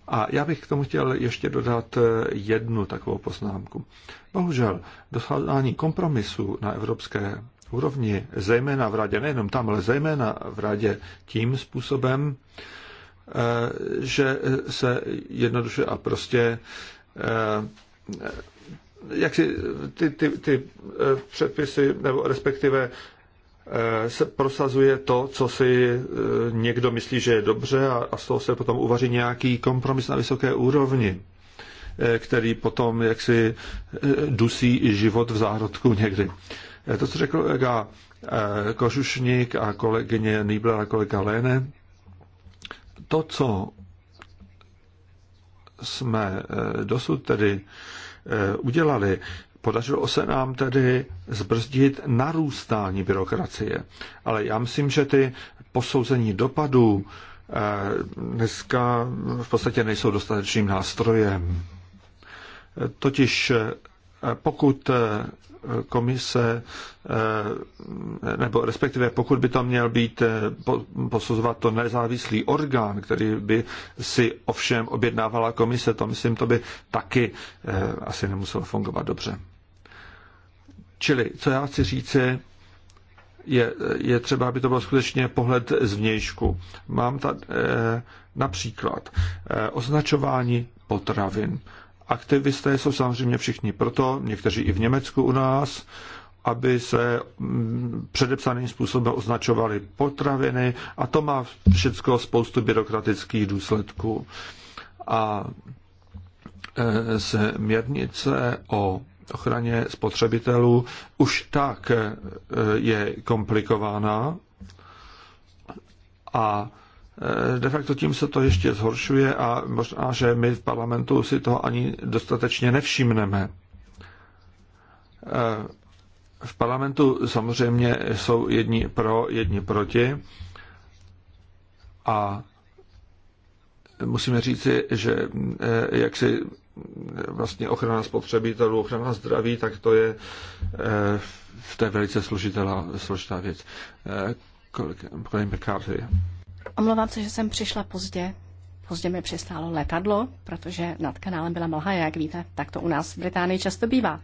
A já bych k tomu chtěl ještě dodat eh, jednu takovou poznámku. Bohužel, dosahování kompromisu na evropské úrovni, zejména v radě, nejenom tam, ale zejména v radě tím způsobem, eh, že se jednoduše a prostě eh, jak si ty, ty, ty předpisy, nebo respektive Eh, se prosazuje to, co si eh, někdo myslí, že je dobře a z toho se potom uvaří nějaký kompromis na vysoké úrovni, eh, který potom jaksi dusí život v zárodku někdy. To, co řekl kolega Košušník a kolegyně Nýbler a kolega Léne, to, co jsme dosud tedy udělali, Podařilo se nám tedy zbrzdit narůstání byrokracie. Ale já myslím, že ty posouzení dopadů eh, dneska v podstatě nejsou dostatečným nástrojem. Totiž eh, pokud eh, komise, nebo respektive pokud by to měl být posuzovat to nezávislý orgán, který by si ovšem objednávala komise, to myslím, to by taky asi nemuselo fungovat dobře. Čili, co já chci říci, je, je třeba, aby to byl skutečně pohled zvnějšku. Mám tady eh, například eh, označování potravin. Aktivisté jsou samozřejmě všichni proto, někteří i v Německu u nás, aby se mm, předepsaným způsobem označovaly potraviny a to má všechno spoustu byrokratických důsledků. A se eh, směrnice o ochraně spotřebitelů už tak eh, je komplikována a eh, de facto tím se to ještě zhoršuje a možná, že my v parlamentu si toho ani dostatečně nevšimneme. Eh, v parlamentu samozřejmě jsou jedni pro, jedni proti a musíme říci, že jak si vlastně ochrana spotřebitelů, ochrana zdraví, tak to je eh, v té velice složitá, složitá věc. Colin eh, McCarthy. Omlouvám se, že jsem přišla pozdě. Pozdě mi přistálo letadlo, protože nad kanálem byla mlha, jak víte, tak to u nás v Británii často bývá.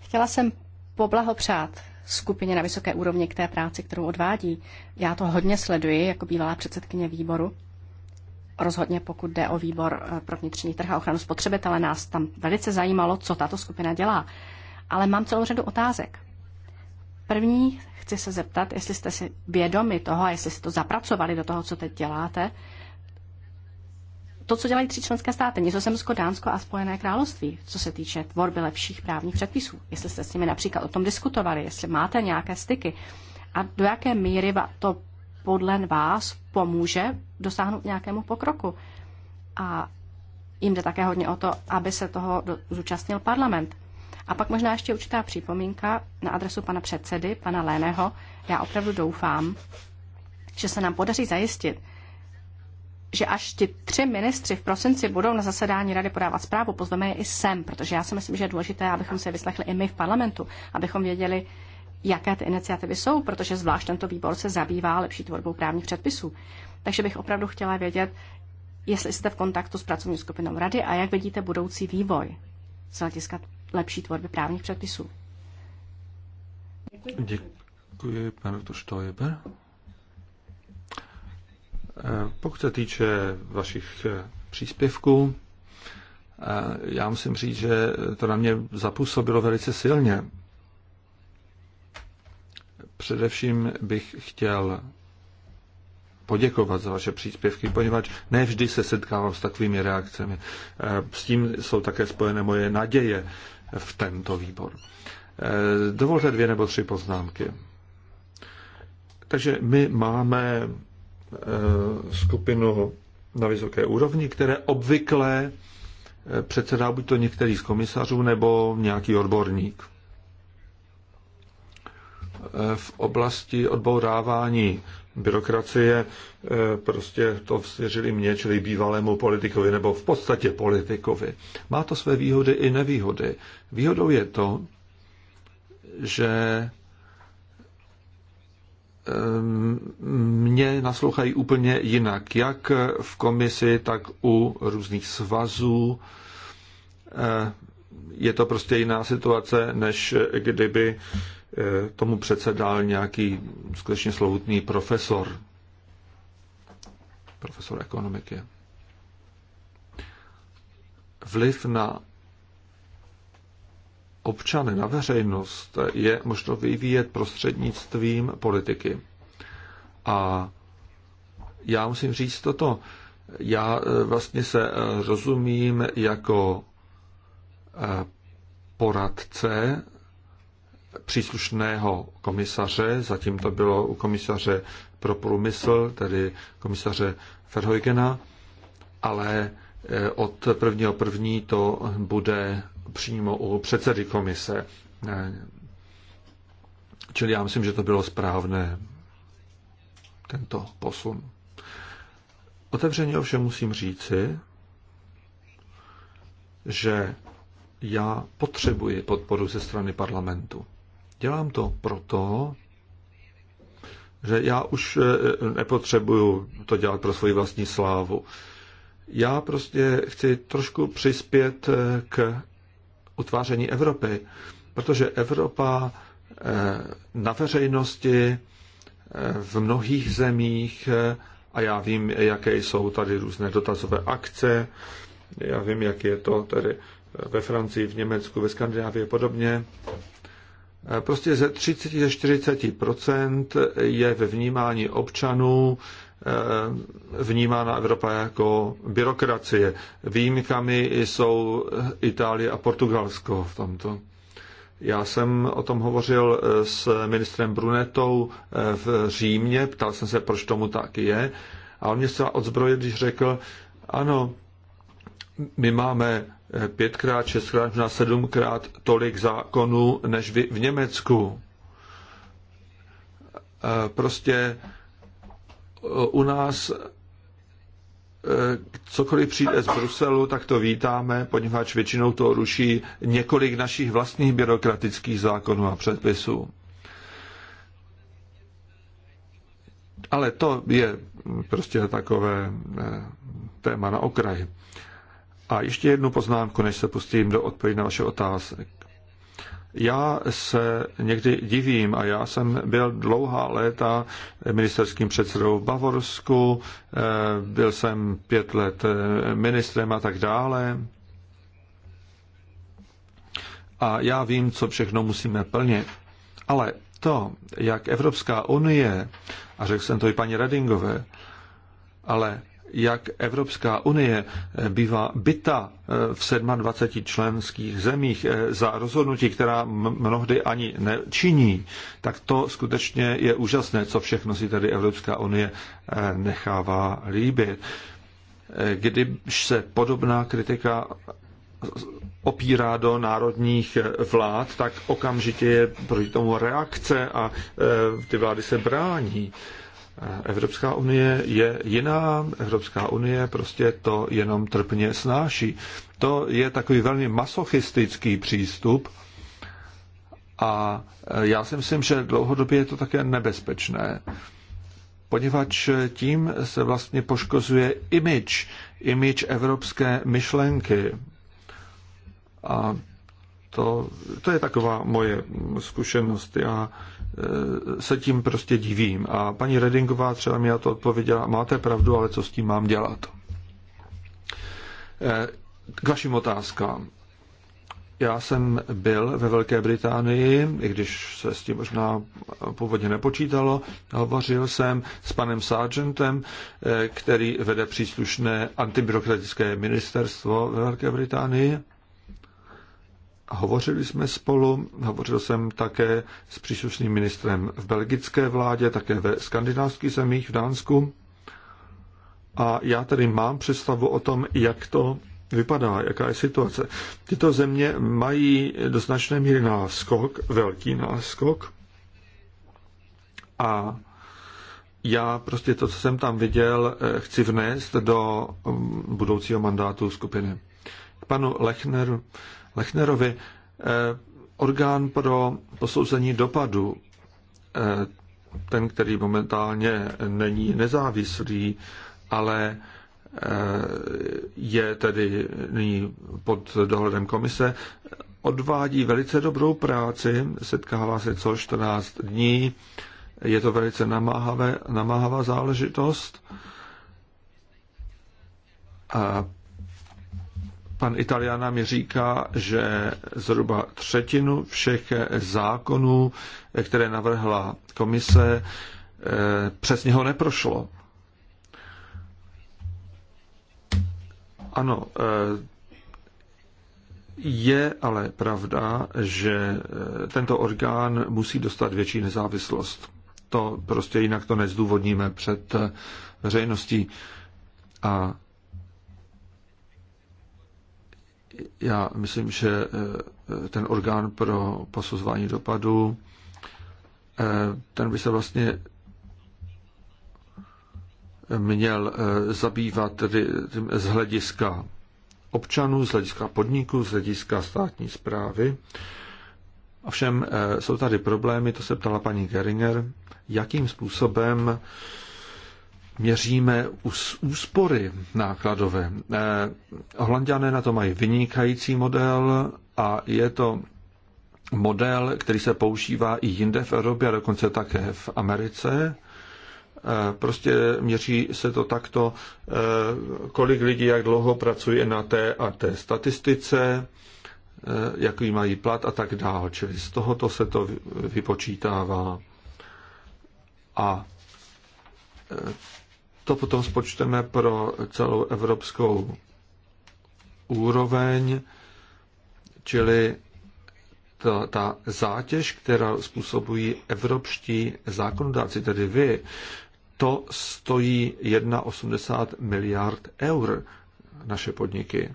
Chtěla jsem poblahopřát skupině na vysoké úrovni k té práci, kterou odvádí. Já to hodně sleduji jako bývalá předsedkyně výboru Rozhodně pokud jde o výbor eh, pro vnitřní trh a ochranu spotřebitele, nás tam velice zajímalo, co tato skupina dělá. Ale mám celou řadu otázek. První chci se zeptat, jestli jste si vědomi toho a jestli jste to zapracovali do toho, co teď děláte. To, co dělají tři členské státy, Nizozemsko, Dánsko a Spojené království, co se týče tvorby lepších právních předpisů. Jestli jste s nimi například o tom diskutovali, jestli máte nějaké styky a do jaké míry to podle vás pomůže dosáhnout nějakému pokroku. A jim jde také hodně o to, aby se toho zúčastnil parlament. A pak možná ještě určitá připomínka na adresu pana předsedy, pana Léného. Já opravdu doufám, že se nám podaří zajistit, že až ti tři ministři v prosinci budou na zasedání rady podávat zprávu, pozveme je i sem, protože já si myslím, že je důležité, abychom se vyslechli i my v parlamentu, abychom věděli, jaké ty iniciativy jsou, protože zvlášť tento výbor se zabývá lepší tvorbou právních předpisů. Takže bych opravdu chtěla vědět, jestli jste v kontaktu s pracovní skupinou rady a jak vidíte budoucí vývoj z hlediska lepší tvorby právních předpisů. Děkuji, Děkuji panu doktor eh, Pokud se týče vašich eh, příspěvků, eh, já musím říct, že to na mě zapůsobilo velice silně. Především bych chtěl poděkovat za vaše příspěvky, poněvadž ne vždy se setkávám s takovými reakcemi. Eh, s tím jsou také spojené moje naděje v tento výbor. Eh, dovolte dvě nebo tři poznámky. Takže my máme eh, skupinu na vysoké úrovni, které obvykle předsedá buď to některý z komisařů nebo nějaký odborník v oblasti odbourávání byrokracie eh, prostě to svěřili mě, čili bývalému politikovi, nebo v podstatě politikovi. Má to své výhody i nevýhody. Výhodou je to, že eh, mě naslouchají úplně jinak, jak v komisi, tak u různých svazů. Eh, je to prostě jiná situace, než kdyby Eh, tomu předsedal nějaký skutečně slovutný profesor, profesor ekonomiky. Vliv na občany, na veřejnost je možno vyvíjet prostřednictvím politiky. A já musím říct toto. Já eh, vlastně se eh, rozumím jako poradce příslušného komisaře, zatím to bylo u komisaře pro průmysl, tedy komisaře Ferhojgena, ale eh, od prvního první to bude přímo u předsedy komise. Eh, čili já myslím, že to bylo správné, tento posun. Otevřeně ovšem musím říci, že já potřebuji podporu ze strany parlamentu. Dělám to proto, že já už eh, nepotřebuju to dělat pro svoji vlastní slávu. Já prostě chci trošku přispět eh, k utváření Evropy, protože Evropa eh, na veřejnosti v mnohých zemích, a já vím, jaké jsou tady různé dotazové akce, já vím, jak je to tady ve Francii, v Německu, ve Skandinávii a podobně, Eh, prostě ze 30 ze 40 je ve vnímání občanů eh, vnímána Evropa jako byrokracie. Výjimkami jsou Itálie a Portugalsko v tomto. Já jsem o tom hovořil eh, s ministrem Brunetou v Římě, ptal jsem se, proč tomu tak je. A on mě se odzbrojil, když řekl, ano, my máme pětkrát, šestkrát, možná sedmkrát tolik zákonů než vy v Německu. E, prostě e, u nás e, cokoliv přijde z Bruselu, tak to vítáme, poněvadž většinou to ruší několik našich vlastních byrokratických zákonů a předpisů. Ale to je prostě takové téma na okraji. A ještě jednu poznámku, než se pustím do odpovědi na vaše otázek. Já se někdy divím a já jsem byl dlouhá léta ministerským předsedou v Bavorsku, eh, byl jsem pět let eh, ministrem a tak dále. A já vím, co všechno musíme plnit. Ale to, jak Evropská unie, a řekl jsem to i paní Redingové, ale jak Evropská unie eh, bývá byta eh, v 27 členských zemích eh, za rozhodnutí, která mnohdy ani nečiní, tak to skutečně je úžasné, co všechno si tady Evropská unie nechává líbit. Když se podobná kritika opírá do národních vlád, tak okamžitě je proti tomu reakce a ty vlády se brání. Evropská unie je jiná, Evropská unie prostě to jenom trpně snáší. To je takový velmi masochistický přístup a já si myslím, že dlouhodobě je to také nebezpečné, poněvadž tím se vlastně poškozuje image, image evropské myšlenky. A to, to je taková moje zkušenost. Já Eh, se tím prostě divím. A paní Redingová třeba mi na to odpověděla, máte pravdu, ale co s tím mám dělat? Eh, k vašim otázkám. Já jsem byl ve Velké Británii, i když se s tím možná původně nepočítalo. Hovořil jsem s panem Sargentem, eh, který vede příslušné antibyrokratické ministerstvo ve Velké Británii. Hovořili jsme spolu, hovořil jsem také s příslušným ministrem v belgické vládě, také ve skandinávských zemích, v Dánsku. A já tady mám představu o tom, jak to vypadá, jaká je situace. Tyto země mají do značné míry náskok, velký náskok. A já prostě to, co jsem tam viděl, eh, chci vnést do mm, budoucího mandátu skupiny. K panu Lechneru Lechnerovi. Eh, orgán pro posouzení dopadu, eh, ten, který momentálně není nezávislý, ale eh, je tedy nyní pod dohledem komise, odvádí velice dobrou práci, setkává se co 14 dní, je to velice namáhavé, namáhavá záležitost. A pan Italiana mi říká, že zhruba třetinu všech zákonů, které navrhla komise, eh, přes něho neprošlo. Ano, eh, je ale pravda, že eh, tento orgán musí dostat větší nezávislost. To prostě jinak to nezdůvodníme před veřejností. A Já myslím, že eh, ten orgán pro posuzování dopadu, eh, ten by se vlastně měl eh, zabývat tedy z hlediska občanů, z hlediska podniků, z hlediska státní zprávy. Ovšem jsou tady problémy, to se ptala paní Geringer, jakým způsobem měříme úspory nákladové. Eh, Holandiané na to mají vynikající model a je to model, který se používá i jinde v Evropě a dokonce také v Americe. Eh, prostě měří se to takto, eh, kolik lidí jak dlouho pracuje na té a té statistice, jaký mají plat a tak dále. Čili z tohoto se to vypočítává. A to potom spočteme pro celou evropskou úroveň, čili ta, ta zátěž, která způsobují evropští zákonodáci, tedy vy, to stojí 1,80 miliard eur naše podniky.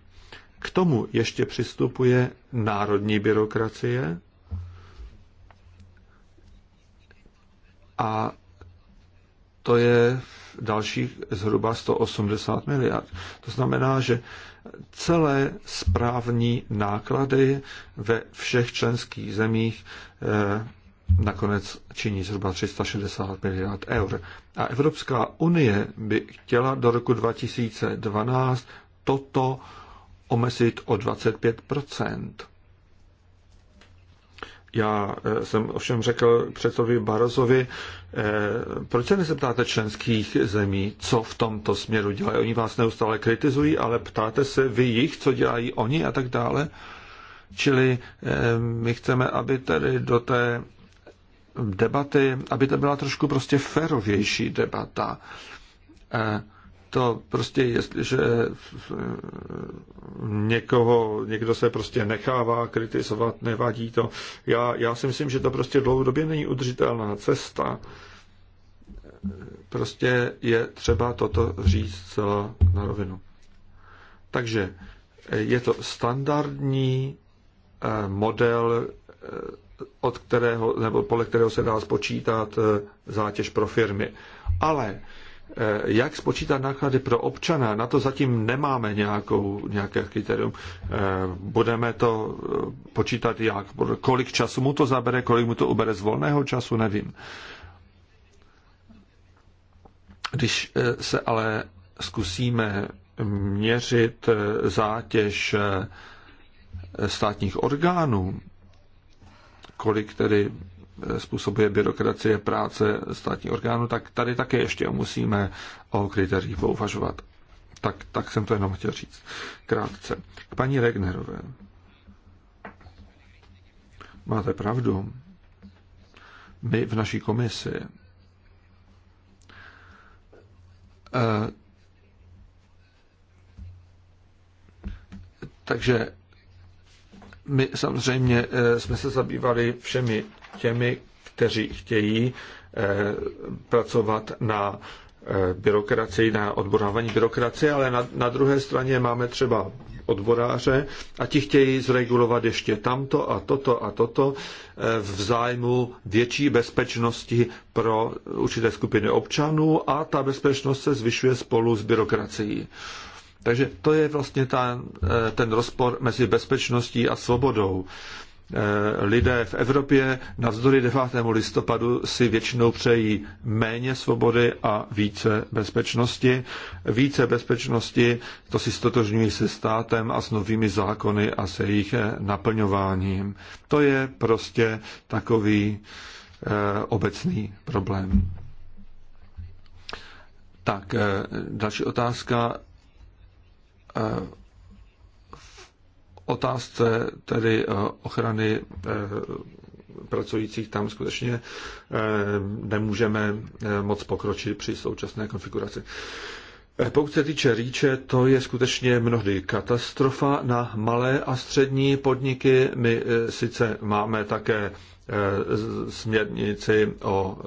K tomu ještě přistupuje národní byrokracie a to je dalších zhruba 180 miliard. To znamená, že celé správní náklady ve všech členských zemích eh, nakonec činí zhruba 360 miliard eur. A Evropská unie by chtěla do roku 2012 toto omezit o 25 já eh, jsem ovšem řekl předsedovi Barozovi, eh, proč se nezeptáte členských zemí, co v tomto směru dělají? Oni vás neustále kritizují, ale ptáte se vy jich, co dělají oni a tak dále. Čili eh, my chceme, aby tedy do té debaty, aby to byla trošku prostě ferovější debata to prostě, jestliže někoho, někdo se prostě nechává kritizovat, nevadí to. Já, já si myslím, že to prostě dlouhodobě není udržitelná cesta. Prostě je třeba toto říct celá na rovinu. Takže eh, je to standardní eh, model, eh, od kterého, nebo podle kterého se dá spočítat zátěž pro firmy. Ale Eh, jak spočítat náklady pro občana, na to zatím nemáme nějakou, nějaké kritérium. Eh, budeme to eh, počítat jak, kolik času mu to zabere, kolik mu to ubere z volného času, nevím. Když se ale zkusíme měřit zátěž státních orgánů, kolik tedy způsobuje byrokracie práce státních orgánů, tak tady také ještě musíme o kritériích pouvažovat. Tak, tak jsem to jenom chtěl říct. Krátce. K paní Regnerové. Máte pravdu. My v naší komisi eh, takže my samozřejmě eh, jsme se zabývali všemi těmi, kteří chtějí eh, pracovat na eh, byrokracii, na odborávání byrokracie, ale na, na druhé straně máme třeba odboráře a ti chtějí zregulovat ještě tamto a toto a toto eh, v zájmu větší bezpečnosti pro určité skupiny občanů a ta bezpečnost se zvyšuje spolu s byrokracií. Takže to je vlastně ta, ten rozpor mezi bezpečností a svobodou. Eh, lidé v Evropě navzdory 9. listopadu si většinou přejí méně svobody a více bezpečnosti. Více bezpečnosti to si stotožňují se státem a s novými zákony a se jejich eh, naplňováním. To je prostě takový eh, obecný problém. Tak, další otázka otázce tedy eh, ochrany eh, pracujících tam skutečně eh, nemůžeme moc pokročit při současné konfiguraci. Pokud se týče rýče, to je skutečně mnohdy katastrofa na malé a střední podniky. My sice máme také směrnici o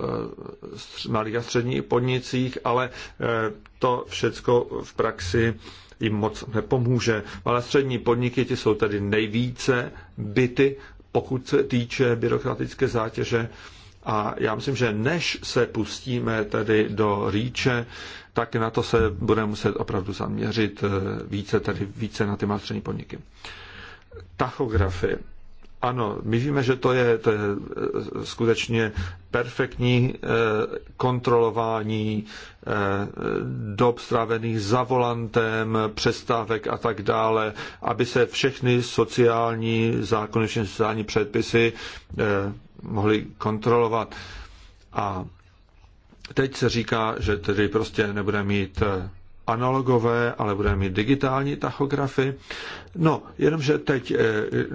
malých a středních podnicích, ale to všecko v praxi jim moc nepomůže. Malé střední podniky ty jsou tedy nejvíce byty, pokud se týče byrokratické zátěže. A já myslím, že než se pustíme tedy do rýče, tak na to se budeme muset opravdu zaměřit eh, více, tedy více na ty malé střední podniky. Tachografy. Ano, my víme, že to je, to je e, skutečně perfektní e, kontrolování e, dob strávených za volantem, přestávek a tak dále, aby se všechny sociální zákony, všechny sociální předpisy mohly kontrolovat. A teď se říká, že tedy prostě nebude mít analogové, ale budeme mít digitální tachografy. No, jenomže teď, eh, eh,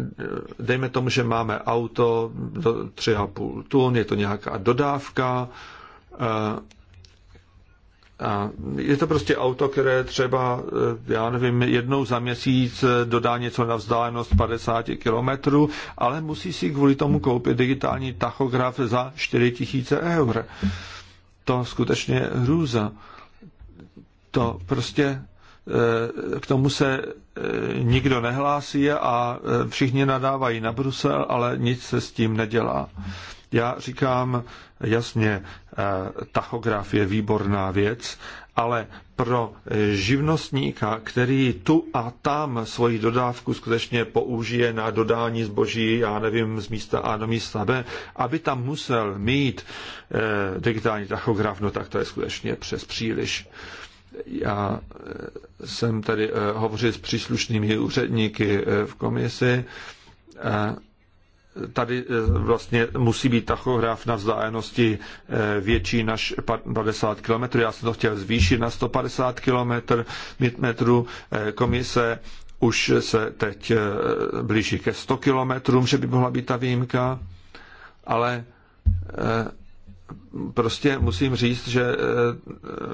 dejme tomu, že máme auto do 3,5 tun, je to nějaká dodávka, eh, a je to prostě auto, které třeba, já nevím, jednou za měsíc dodá něco na vzdálenost 50 kilometrů, ale musí si kvůli tomu koupit digitální tachograf za 4000 eur. To skutečně je hrůza to prostě eh, k tomu se eh, nikdo nehlásí a eh, všichni nadávají na Brusel, ale nic se s tím nedělá. Já říkám jasně, tachograf je výborná věc, ale pro živnostníka, který tu a tam svoji dodávku skutečně použije na dodání zboží, já nevím, z místa A do místa B, aby tam musel mít digitální tachograf, no tak to je skutečně přes příliš. Já eh, jsem tady eh, hovořil s příslušnými úředníky eh, v komisi. Tady vlastně musí být tachograf na vzdálenosti větší než 50 km. Já jsem to chtěl zvýšit na 150 km metrů. Komise už se teď blíží ke 100 kilometrům, že by mohla být ta výjimka, ale prostě musím říct, že eh,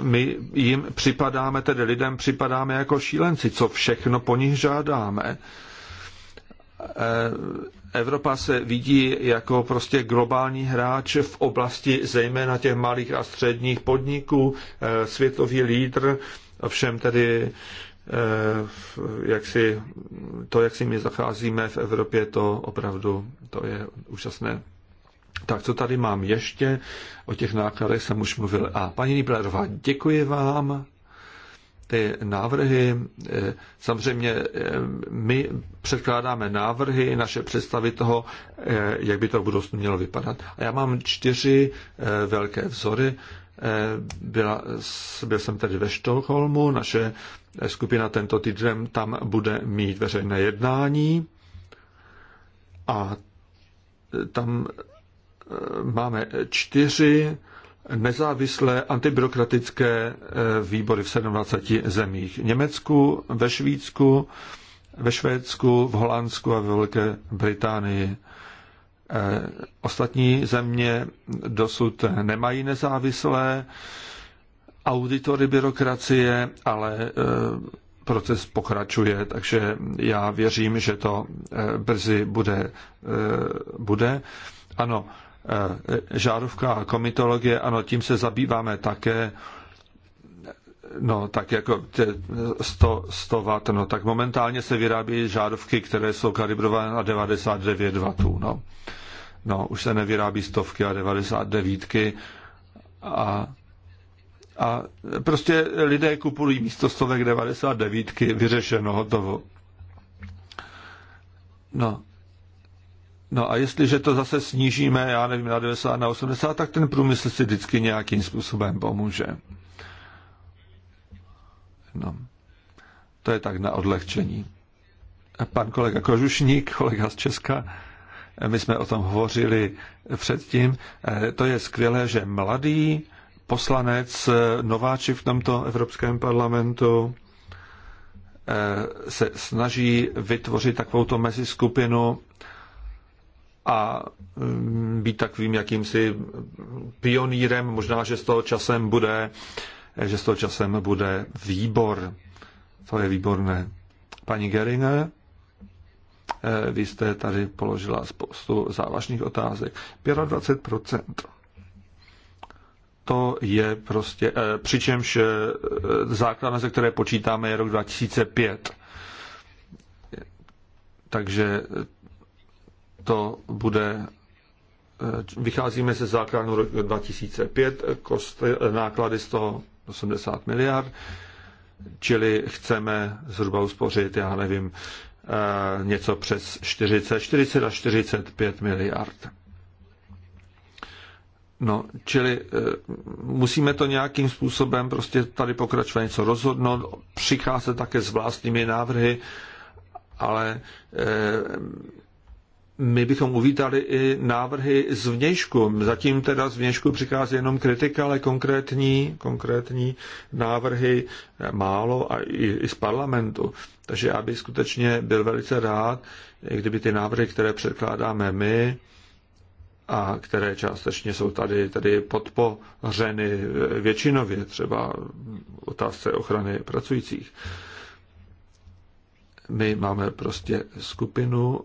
my jim připadáme, tedy lidem připadáme jako šílenci, co všechno po nich žádáme. Eh, Evropa se vidí jako prostě globální hráč v oblasti zejména těch malých a středních podniků, eh, světový lídr, ovšem tedy jak si, to, jak si my zacházíme v Evropě, to opravdu to je úžasné. Tak co tady mám ještě? O těch nákladech jsem už mluvil. A paní Niblerová, děkuji vám. Ty návrhy, eh, samozřejmě eh, my předkládáme návrhy, naše představy toho, eh, jak by to v budoucnu mělo vypadat. A já mám čtyři velké vzory. Byla, byl jsem tedy ve Štokholmu, naše skupina tento týden tam bude mít veřejné jednání a tam máme čtyři nezávislé antibyrokratické eh, výbory v 17 zemích. V Německu, ve Švýcku, ve Švédsku, v Holandsku a ve Velké Británii. Eh, ostatní země dosud nemají nezávislé auditory byrokracie, ale eh, proces pokračuje, takže já věřím, že to brzy bude. bude. Ano, Eh, žárovka a komitologie, ano, tím se zabýváme také, no tak jako 100, 100 W, no tak momentálně se vyrábí žárovky, které jsou kalibrované na 99 W, no. No, už se nevyrábí stovky a 99 a a prostě lidé kupují místo stovek 99, vyřešeno, hotovo. No, No a jestliže to zase snížíme, já nevím, na 90, na 80, tak ten průmysl si vždycky nějakým způsobem pomůže. No. To je tak na odlehčení. Pan kolega Kožušník, kolega z Česka, my jsme o tom hovořili předtím. Eh, to je skvělé, že mladý poslanec, eh, nováči v tomto Evropském parlamentu, eh, se snaží vytvořit takovouto meziskupinu a mm, být takovým jakýmsi pionýrem, možná, že z toho časem bude, že z toho časem bude výbor. To je výborné. Paní Geringer, eh, vy jste tady položila spoustu závažných otázek. 25%. To je prostě, eh, přičemž eh, základna, ze které počítáme, je rok 2005. Takže to bude, eh, vycházíme se základnu roku 2005, kost, eh, náklady z toho 80 miliard, čili chceme zhruba uspořit, já nevím, eh, něco přes 40, 40 až 45 miliard. No, čili musíme to nějakým způsobem prostě tady pokračovat něco rozhodnout, přicházet také s vlastními návrhy, ale my bychom uvítali i návrhy z vnějšku. Zatím teda z vnějšku přichází jenom kritika, ale konkrétní, konkrétní návrhy málo a i, i z parlamentu. Takže já bych skutečně byl velice rád, kdyby ty návrhy, které předkládáme my, a které částečně jsou tady, tady podpořeny většinově, třeba otázce ochrany pracujících. My máme prostě skupinu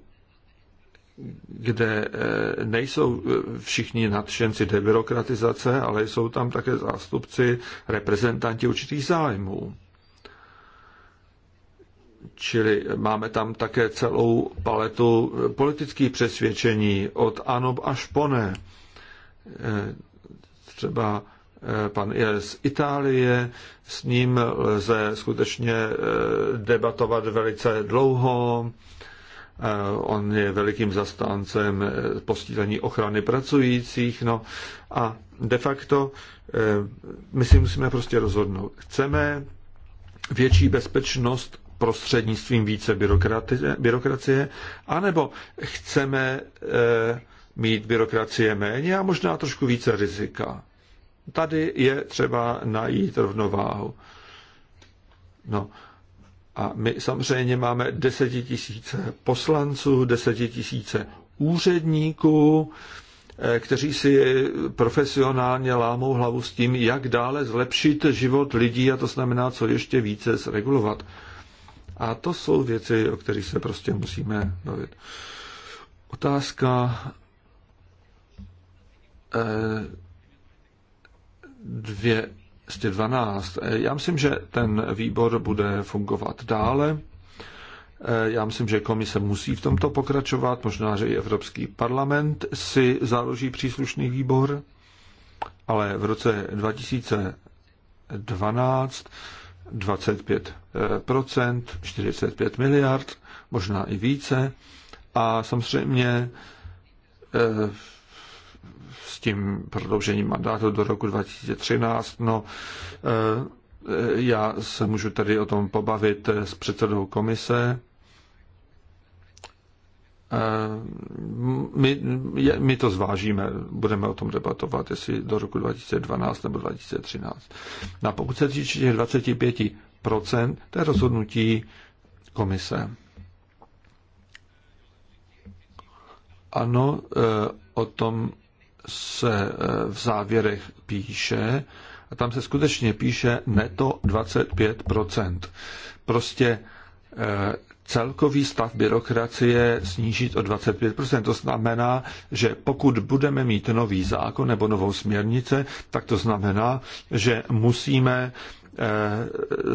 kde eh, nejsou eh, všichni nadšenci debirokratizace, ale jsou tam také zástupci, reprezentanti určitých zájmů. Čili máme tam také celou paletu eh, politických přesvědčení od ano až po ne. Třeba pan je z Itálie, s ním lze skutečně debatovat velice dlouho on je velikým zastáncem eh, postílení ochrany pracujících, no a de facto eh, my si musíme prostě rozhodnout. Chceme větší bezpečnost prostřednictvím více byrokracie, byrokracie anebo chceme eh, mít byrokracie méně a možná trošku více rizika. Tady je třeba najít rovnováhu. No, a my samozřejmě máme desetitisíce poslanců, desetitisíce úředníků, eh, kteří si profesionálně lámou hlavu s tím, jak dále zlepšit život lidí, a to znamená, co ještě více zregulovat. A to jsou věci, o kterých se prostě musíme bavit. Otázka eh, dvě 212. Já myslím, že ten výbor bude fungovat dále. Já myslím, že komise musí v tomto pokračovat, možná, že i Evropský parlament si založí příslušný výbor, ale v roce 2012 25 45 miliard, možná i více. A samozřejmě eh, s tím prodloužením mandátu do roku 2013. No, eh, já se můžu tady o tom pobavit eh, s předsedou komise. Eh, my, my to zvážíme, budeme o tom debatovat, jestli do roku 2012 nebo 2013. No pokud se týče těch 25%, to je rozhodnutí komise. Ano, o tom se eh, v závěrech píše, a tam se skutečně píše neto 25%. Prostě eh, celkový stav byrokracie snížit o 25%. To znamená, že pokud budeme mít nový zákon nebo novou směrnice, tak to znamená, že musíme eh,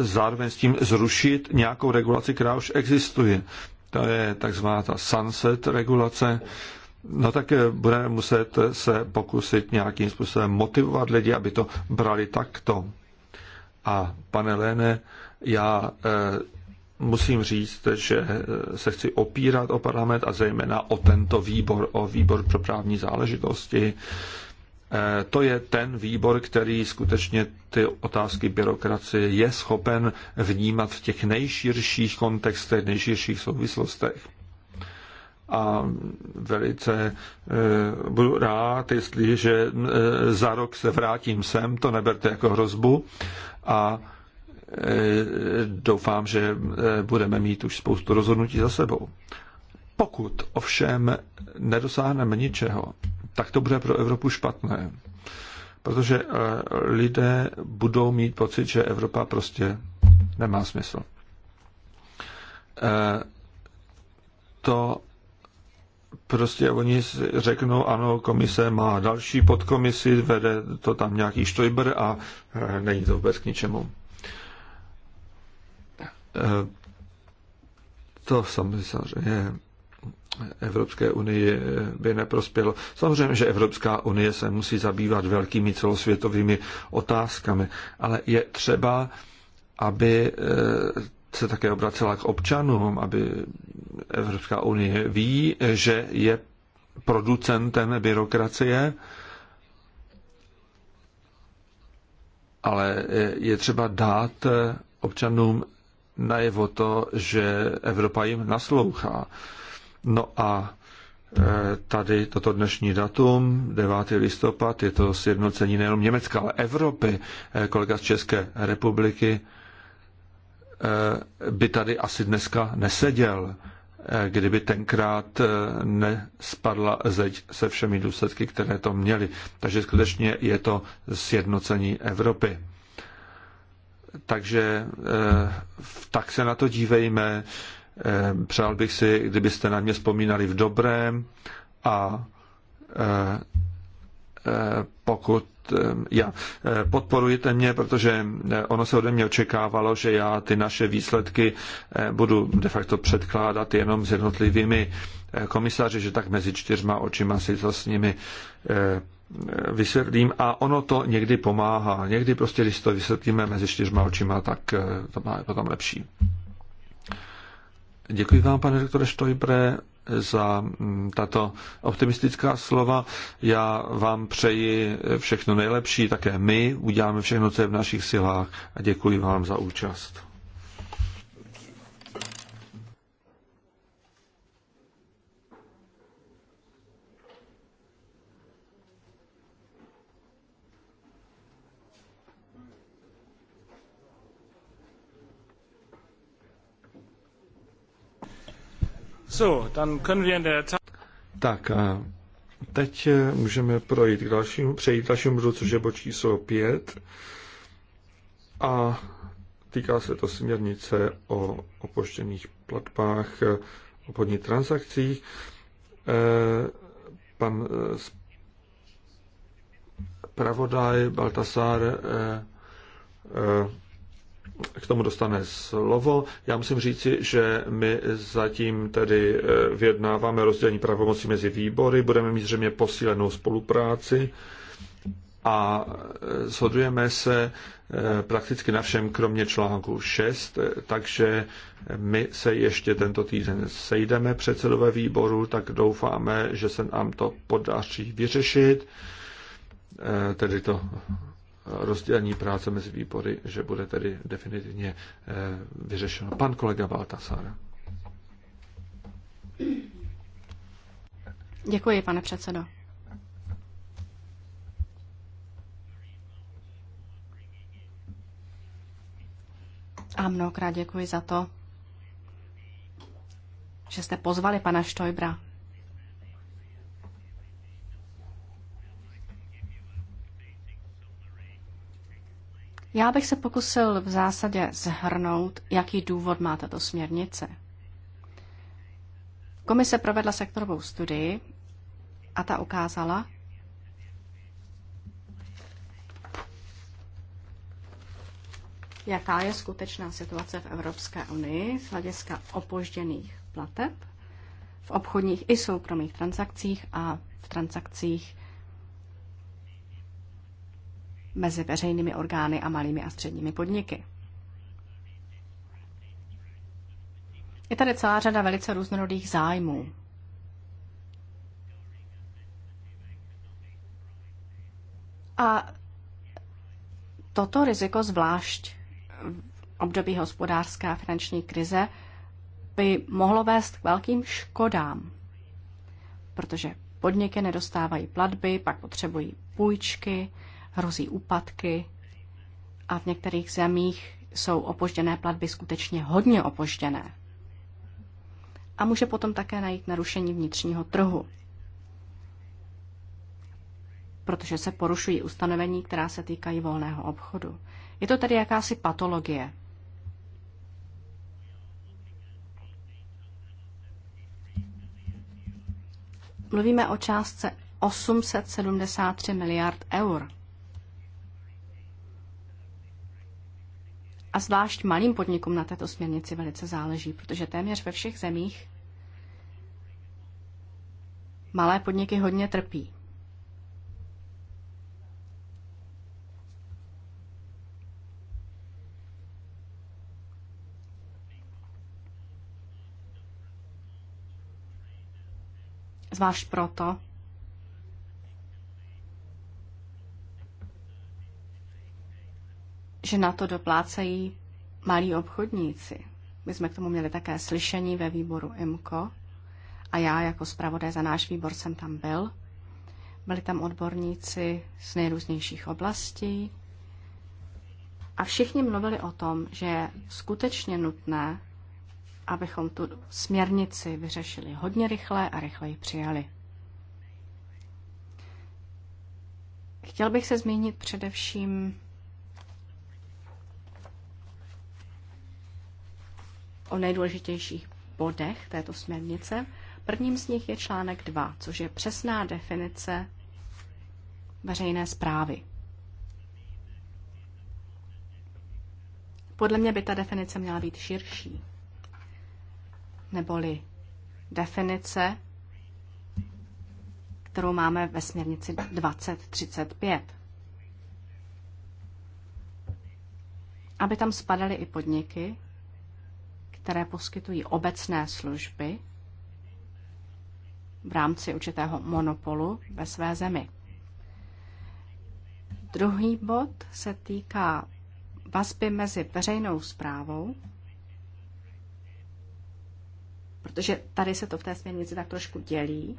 zároveň s tím zrušit nějakou regulaci, která už existuje. To je takzvaná ta sunset regulace, no tak eh, budeme muset eh, se pokusit nějakým způsobem motivovat lidi, aby to brali takto. A pane Léne, já eh, musím říct, že se chci opírat o parlament a zejména o tento výbor, o výbor pro právní záležitosti. To je ten výbor, který skutečně ty otázky byrokracie je schopen vnímat v těch nejširších kontextech, nejširších souvislostech a velice e, budu rád, jestliže e, za rok se vrátím sem, to neberte jako hrozbu a e, doufám, že budeme mít už spoustu rozhodnutí za sebou. Pokud ovšem nedosáhneme ničeho, tak to bude pro Evropu špatné, protože lidé budou mít pocit, že Evropa prostě nemá smysl. To prostě oni řeknou, ano, komise má další podkomisi, vede to tam nějaký štojber a eh, není to vůbec k ničemu. Eh, to samozřejmě Evropské unii by neprospělo. Samozřejmě, že Evropská unie se musí zabývat velkými celosvětovými otázkami, ale je třeba, aby eh, se také obracela k občanům, aby Evropská unie ví, že je producentem byrokracie, ale je třeba dát občanům najevo to, že Evropa jim naslouchá. No a e, tady toto dnešní datum, 9. listopad, je to sjednocení nejenom Německa, ale Evropy. E, kolega z České republiky Eh, by tady asi dneska neseděl, eh, kdyby tenkrát eh, nespadla zeď se všemi důsledky, které to měly. Takže skutečně je to sjednocení Evropy. Takže tak se na to dívejme. Přál bych si, kdybyste na mě vzpomínali v dobrém a pokud eh, já eh, podporujete mě, protože eh, ono se ode mě očekávalo, že já ty naše výsledky budu de facto předkládat jenom s jednotlivými komisaři, že tak mezi čtyřma očima si to s nimi vysvětlím a ono to někdy pomáhá. Někdy prostě, když to vysvětlíme mezi čtyřma očima, tak to má potom lepší. Děkuji vám, pane doktore Štojbre za mm, tato optimistická slova. Já vám přeji všechno nejlepší, také my uděláme všechno, co je v našich silách a děkuji vám za účast. tak a teď můžeme projít k dalšímu, přejít k dalšímu bodu, což je bod číslo 5. A týká se to směrnice o opoštěných platbách, obchodních transakcích. E, pan e, pravodaj Baltasar e, e, k tomu dostane slovo. Já musím říci, že my zatím tedy eh, vyjednáváme rozdělení pravomocí mezi výbory, budeme mít zřejmě posílenou spolupráci a eh, shodujeme se eh, prakticky na všem, kromě článku 6, takže my se ještě tento týden sejdeme předsedové výboru, tak doufáme, že se nám to podaří vyřešit, tedy to rozdělení práce mezi výbory, že bude tedy definitivně eh, vyřešeno. Pan kolega Baltasar. Děkuji, pane předsedo. A mnohokrát děkuji za to, že jste pozvali pana Štojbra Já bych se pokusil v zásadě zhrnout, jaký důvod má tato směrnice. Komise provedla sektorovou studii a ta ukázala, jaká je skutečná situace v Evropské unii z hlediska opožděných plateb v obchodních i soukromých transakcích a v transakcích mezi veřejnými orgány a malými a středními podniky. Je tady celá řada velice různorodých zájmů. A toto riziko zvlášť v období hospodářské a finanční krize by mohlo vést k velkým škodám, protože podniky nedostávají platby, pak potřebují půjčky, hrozí úpadky a v některých zemích jsou opožděné platby skutečně hodně opožděné. A může potom také najít narušení vnitřního trhu, protože se porušují ustanovení, která se týkají volného obchodu. Je to tedy jakási patologie. Mluvíme o částce 873 miliard eur. A zvlášť malým podnikům na této směrnici velice záleží, protože téměř ve všech zemích malé podniky hodně trpí. Zvlášť proto, že na to doplácejí malí obchodníci. My jsme k tomu měli také slyšení ve výboru IMCO a já jako zpravodaj za náš výbor jsem tam byl. Byli tam odborníci z nejrůznějších oblastí a všichni mluvili o tom, že je skutečně nutné, abychom tu směrnici vyřešili hodně rychle a rychleji přijali. Chtěl bych se zmínit především o nejdůležitějších bodech této směrnice. Prvním z nich je článek 2, což je přesná definice veřejné zprávy. Podle mě by ta definice měla být širší, neboli definice, kterou máme ve směrnici 2035. Aby tam spadaly i podniky, které poskytují obecné služby v rámci určitého monopolu ve své zemi. Druhý bod se týká vazby mezi veřejnou zprávou, protože tady se to v té směrnici tak trošku dělí.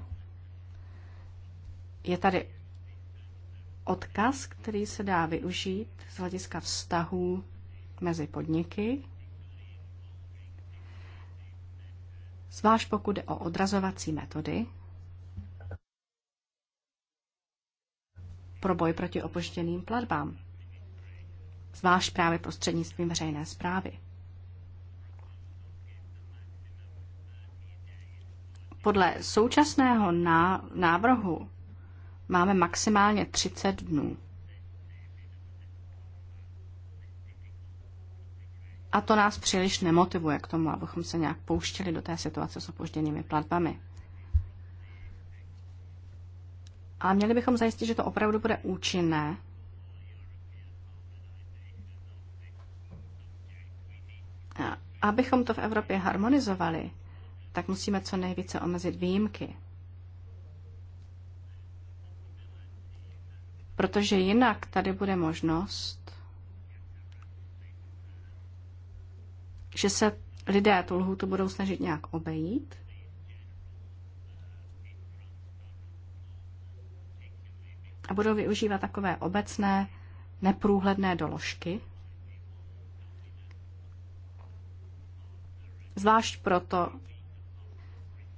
Je tady odkaz, který se dá využít z hlediska vztahů mezi podniky zvlášť pokud jde o odrazovací metody pro boj proti opožděným platbám, zvlášť právě prostřednictvím veřejné zprávy. Podle současného návrhu máme maximálně 30 dnů A to nás příliš nemotivuje k tomu, abychom se nějak pouštěli do té situace s opožděnými platbami. A měli bychom zajistit, že to opravdu bude účinné. A abychom to v Evropě harmonizovali, tak musíme co nejvíce omezit výjimky. Protože jinak tady bude možnost, že se lidé tu lhůtu budou snažit nějak obejít. A budou využívat takové obecné neprůhledné doložky. Zvlášť proto,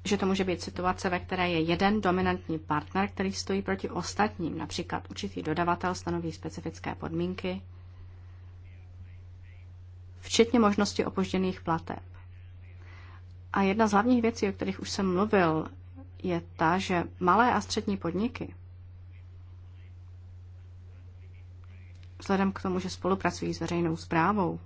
že to může být situace, ve které je jeden dominantní partner, který stojí proti ostatním. Například určitý dodavatel stanoví specifické podmínky včetně možnosti opožděných plateb. A jedna z hlavních věcí, o kterých už jsem mluvil, je ta, že malé a střední podniky, vzhledem k tomu, že spolupracují s veřejnou zprávou,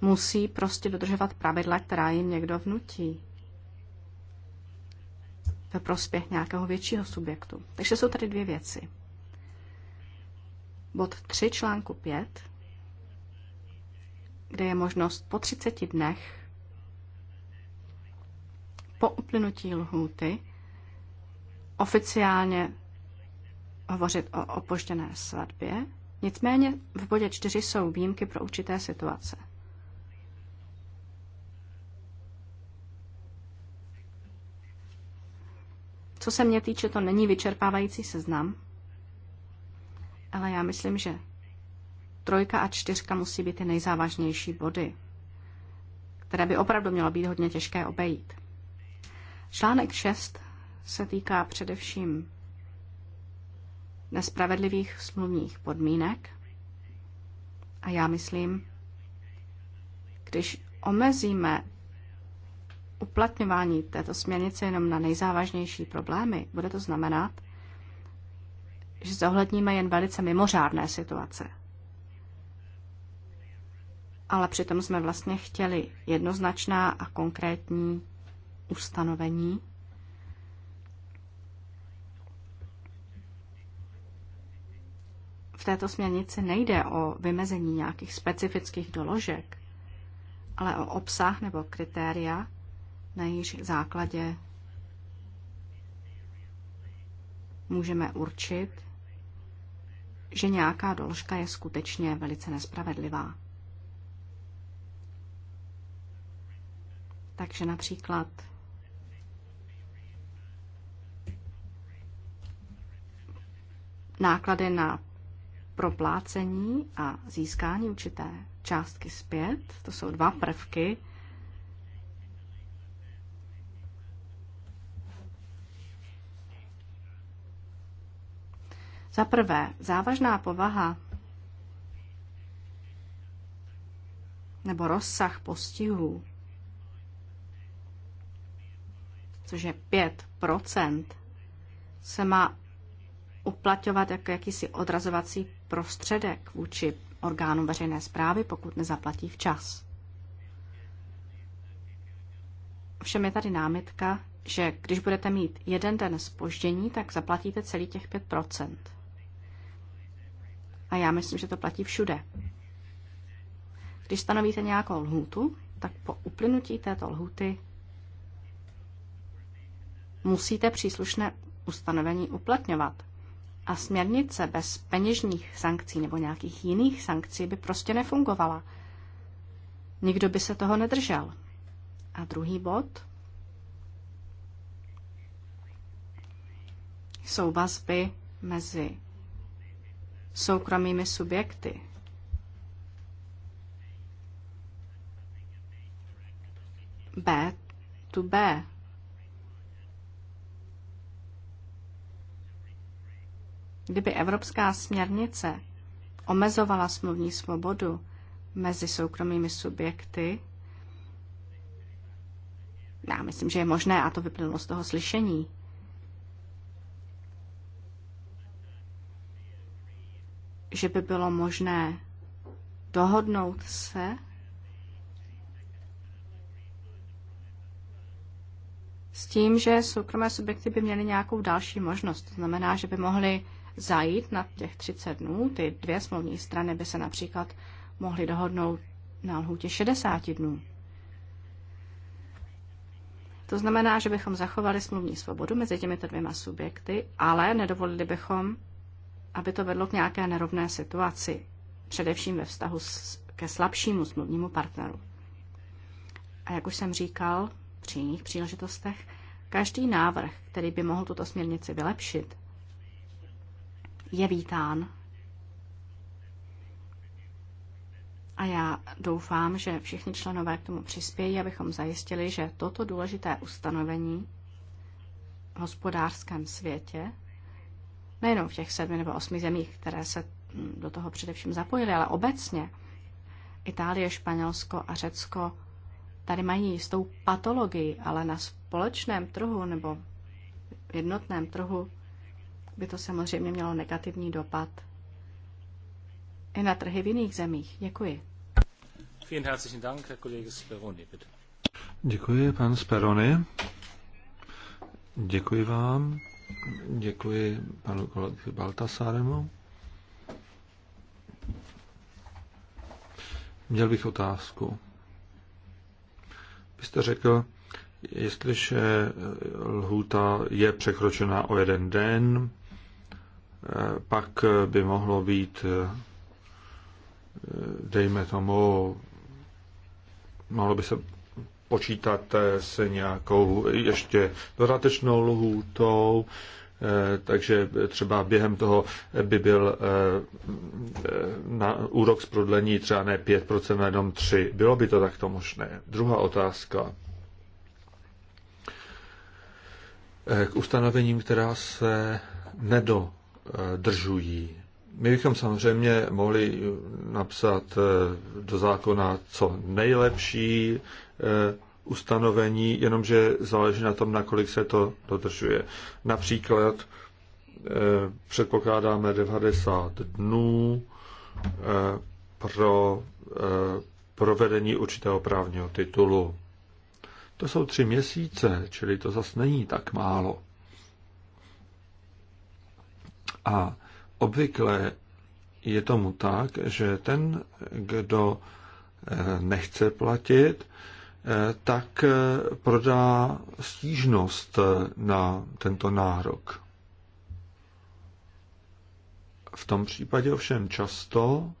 musí prostě dodržovat pravidla, která jim někdo vnutí ve prospěch nějakého většího subjektu. Takže jsou tady dvě věci. Bod 3 článku 5, kde je možnost po 30 dnech po uplynutí lhůty oficiálně hovořit o opožděné svatbě. Nicméně v bodě 4 jsou výjimky pro určité situace. Co se mě týče, to není vyčerpávající seznam, ale já myslím, že trojka a čtyřka musí být ty nejzávažnější body, které by opravdu mělo být hodně těžké obejít. Článek 6 se týká především nespravedlivých smluvních podmínek a já myslím, když omezíme uplatňování této směrnice jenom na nejzávažnější problémy, bude to znamenat, že zohledníme jen velice mimořádné situace. Ale přitom jsme vlastně chtěli jednoznačná a konkrétní ustanovení, v této směrnici nejde o vymezení nějakých specifických doložek, ale o obsah nebo kritéria, na jejíž základě můžeme určit, že nějaká doložka je skutečně velice nespravedlivá. Takže například náklady na proplácení a získání určité částky zpět, to jsou dva prvky, Za prvé, závažná povaha nebo rozsah postihů, což je 5 se má uplatňovat jako jakýsi odrazovací prostředek vůči orgánům veřejné zprávy, pokud nezaplatí včas. Ovšem je tady námitka, že když budete mít jeden den spoždění, tak zaplatíte celý těch 5 a já myslím, že to platí všude. Když stanovíte nějakou lhůtu, tak po uplynutí této lhůty musíte příslušné ustanovení uplatňovat. A směrnice bez peněžních sankcí nebo nějakých jiných sankcí by prostě nefungovala. Nikdo by se toho nedržel. A druhý bod jsou vazby mezi soukromými subjekty. B to B. Kdyby evropská směrnice omezovala smluvní svobodu mezi soukromými subjekty, já myslím, že je možné, a to vyplynulo z toho slyšení, že by bylo možné dohodnout se s tím, že soukromé subjekty by měly nějakou další možnost. To znamená, že by mohly zajít na těch 30 dnů. Ty dvě smluvní strany by se například mohly dohodnout na lhůtě 60 dnů. To znamená, že bychom zachovali smluvní svobodu mezi těmito dvěma subjekty, ale nedovolili bychom, aby to vedlo k nějaké nerovné situaci, především ve vztahu ke slabšímu smluvnímu partneru. A jak už jsem říkal při jiných příležitostech, každý návrh, který by mohl tuto směrnici vylepšit, je vítán. A já doufám, že všichni členové k tomu přispějí, abychom zajistili, že toto důležité ustanovení v hospodářském světě nejenom v těch sedmi nebo osmi zemích, které se mm, do toho především zapojily, ale obecně Itálie, Španělsko a Řecko tady mají jistou patologii, ale na společném trhu nebo jednotném trhu by to samozřejmě mělo negativní dopad i na trhy v jiných zemích. Děkuji. Vielen herzlichen Dank, Herr Kollege Speroni, bitte. Děkuji, pan Speroni. Děkuji vám. Děkuji panu kolegovi Baltasáremu. Měl bych otázku. Vy jste řekl, jestliže eh, lhůta je překročena o jeden den, eh, pak eh, by mohlo být, dejme tomu, mohlo by se počítat eh, s nějakou ještě dodatečnou lhůtou, eh, takže třeba během toho eh, by byl na úrok z prodlení třeba ne 5%, ale jenom 3%. Bylo by to takto možné? Druhá otázka. K ustanovením, která se nedodržují. My bychom samozřejmě mohli napsat do zákona co nejlepší, Eh, ustanovení, jenomže záleží na tom, nakolik se to dodržuje. Například eh, předpokládáme 90 dnů eh, pro provedení určitého právního titulu. To jsou tři měsíce, čili to zas není tak málo. A obvykle je tomu tak, že ten, kdo nechce platit, tak eh, prodá stížnost eh, na tento nárok. V tom případě ovšem často eh,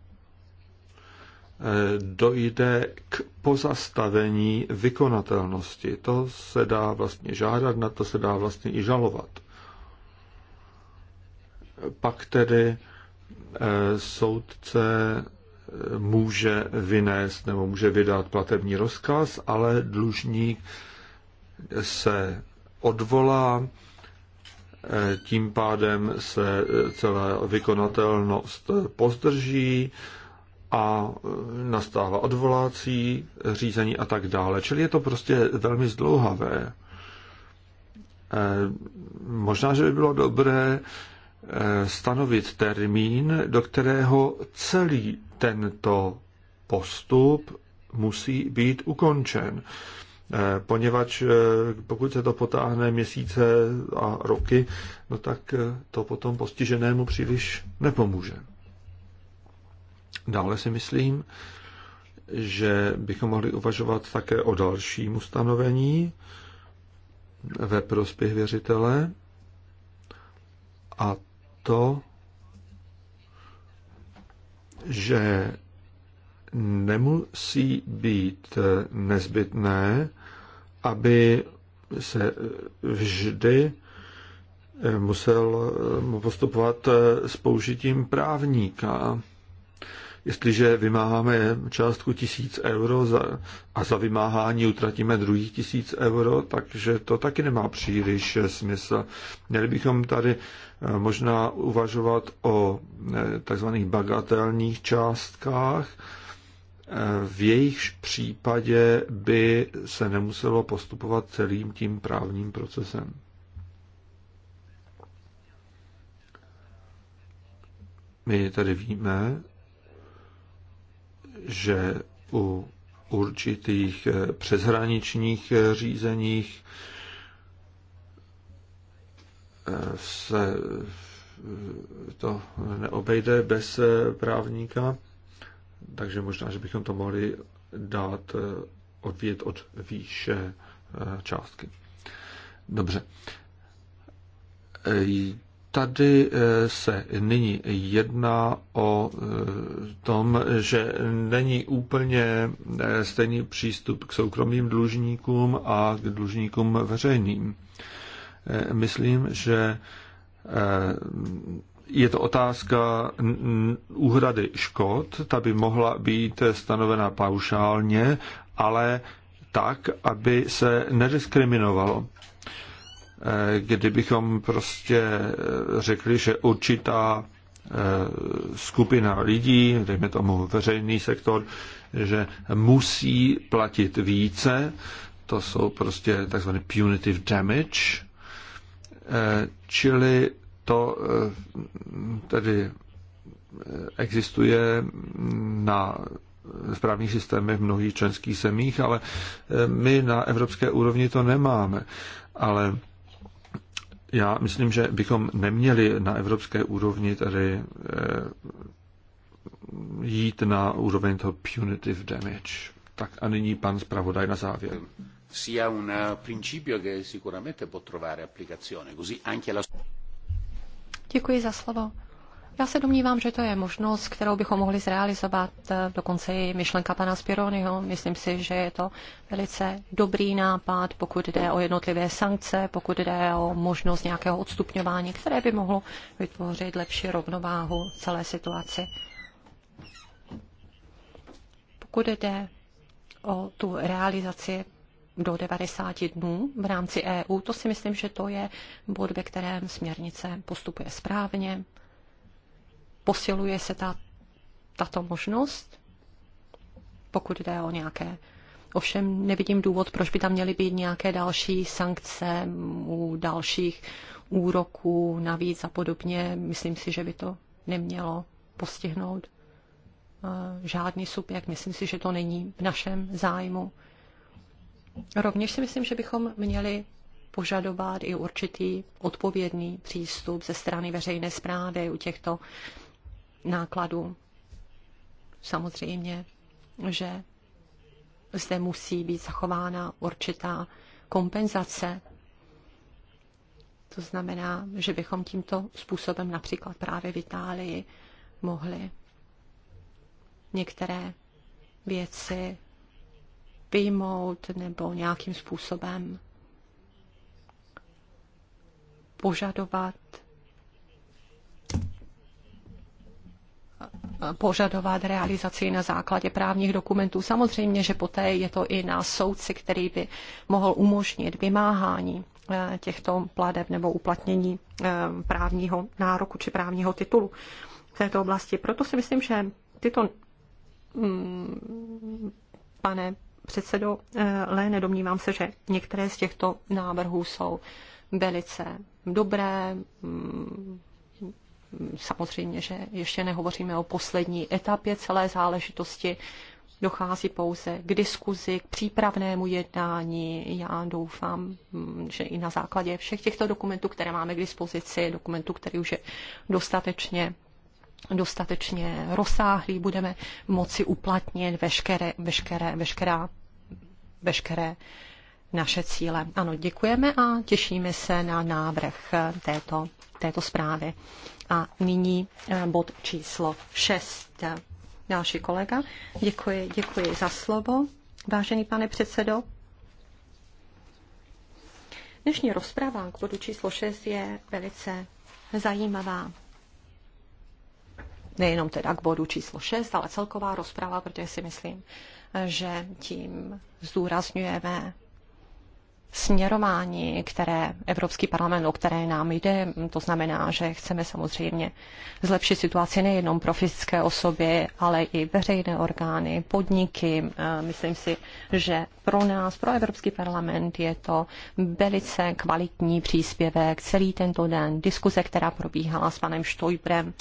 dojde k pozastavení vykonatelnosti. To se dá vlastně žádat, na to se dá vlastně i žalovat. Pak tedy soudce může vynést nebo může vydat platební rozkaz, ale dlužník se odvolá, eh, tím pádem se eh, celá vykonatelnost pozdrží a eh, nastává odvolací řízení a tak dále. Čili je to prostě velmi zdlouhavé. Možná, že by bylo dobré Eh, stanovit termín, do kterého celý tento postup musí být ukončen. Eh, poněvadž eh, pokud se to potáhne měsíce a roky, no tak to potom postiženému příliš nepomůže. Dále si myslím, že bychom mohli uvažovat také o dalším ustanovení ve prospěch věřitele, a to, že nemusí být nezbytné, aby se vždy musel postupovat s použitím právníka. Jestliže vymáháme částku tisíc euro za, a za vymáhání utratíme druhých tisíc euro, takže to taky nemá příliš smysl. Měli bychom tady Eh, možná uvažovat o eh, takzvaných bagatelních částkách, eh, v jejich případě by se nemuselo postupovat celým tím právním procesem. My tady víme, že u určitých přeshraničních řízeních se to neobejde bez právníka, takže možná, že bychom to mohli dát eh, odvět od výše eh, částky. Dobře. Eh, tady se nyní jedná o tom, že není úplně stejný přístup k soukromým dlužníkům a k dlužníkům veřejným. Eh, myslím, že eh, je to otázka úhrady škod, ta by mohla být stanovena paušálně, ale tak, aby se nediskriminovalo. Eh, kdybychom prostě řekli, že určitá skupina lidí, dejme tomu veřejný sektor, že musí platit více, to jsou prostě takzvané punitive damage, Čili to eh, tedy eh, existuje na správných systémech v mnohých členských zemích, ale eh, my na evropské úrovni to nemáme. Ale já myslím, že bychom neměli na evropské úrovni tady jít na úroveň toho punitive damage. Tak a nyní pan zpravodaj na závěr sia un eh, principio che sicuramente può trovare applicazione, così anche la Děkuji za slovo. Já se domnívám, že to je možnost, kterou bychom mohli zrealizovat, eh, dokonce i myšlenka pana Spironiho. Myslím si, že je to velice dobrý nápad, pokud jde o jednotlivé sankce, pokud jde o možnost nějakého odstupňování, které by mohlo vytvořit lepší rovnováhu celé situaci. Pokud jde o tu realizaci do 90 dnů v rámci EU. To si myslím, že to je bod, ve kterém směrnice postupuje správně. Posiluje se ta, tato možnost, pokud jde o nějaké Ovšem nevidím důvod, proč by tam měly být nějaké další sankce u dalších úroků navíc a podobně. Myslím si, že by to nemělo postihnout eh, žádný subjekt. Myslím si, že to není v našem zájmu. Rovněž si myslím, že bychom měli požadovat i určitý odpovědný přístup ze strany veřejné zprávy u těchto nákladů. Samozřejmě, že zde musí být zachována určitá kompenzace. To znamená, že bychom tímto způsobem například právě v Itálii mohli některé věci vyjmout nebo nějakým způsobem požadovat požadovat realizaci na základě právních dokumentů. Samozřejmě, že poté je to i na soudci, který by mohl umožnit vymáhání eh, těchto pladeb nebo uplatnění eh, právního nároku či právního titulu v této oblasti. Proto si myslím, že tyto, mm, pane předsedo eh, Lé, nedomnívám se, že některé z těchto návrhů jsou velice dobré. Mm, samozřejmě, že ještě nehovoříme o poslední etapě celé záležitosti. Dochází pouze k diskuzi, k přípravnému jednání. Já doufám, mm, že i na základě všech těchto dokumentů, které máme k dispozici, dokumentů, který už je dostatečně dostatečně rozsáhlý, budeme moci uplatnit veškeré, veškeré, veškerá, veškeré naše cíle. Ano, děkujeme a těšíme se na návrh této, této zprávy. A nyní eh, bod číslo 6. Další kolega. Děkuji, děkuji za slovo, vážený pane předsedo. Dnešní rozprava k bodu číslo 6 je velice zajímavá nejenom teda k bodu číslo 6, ale celková rozprava, protože si myslím, že tím zdůrazňujeme směrování, které Evropský parlament, o které nám jde, to znamená, že chceme samozřejmě zlepšit situaci nejenom pro fyzické osoby, ale i veřejné orgány, podniky. E, myslím si, že pro nás, pro Evropský parlament je to velice kvalitní příspěvek celý tento den, diskuze, která probíhala s panem Štojbrem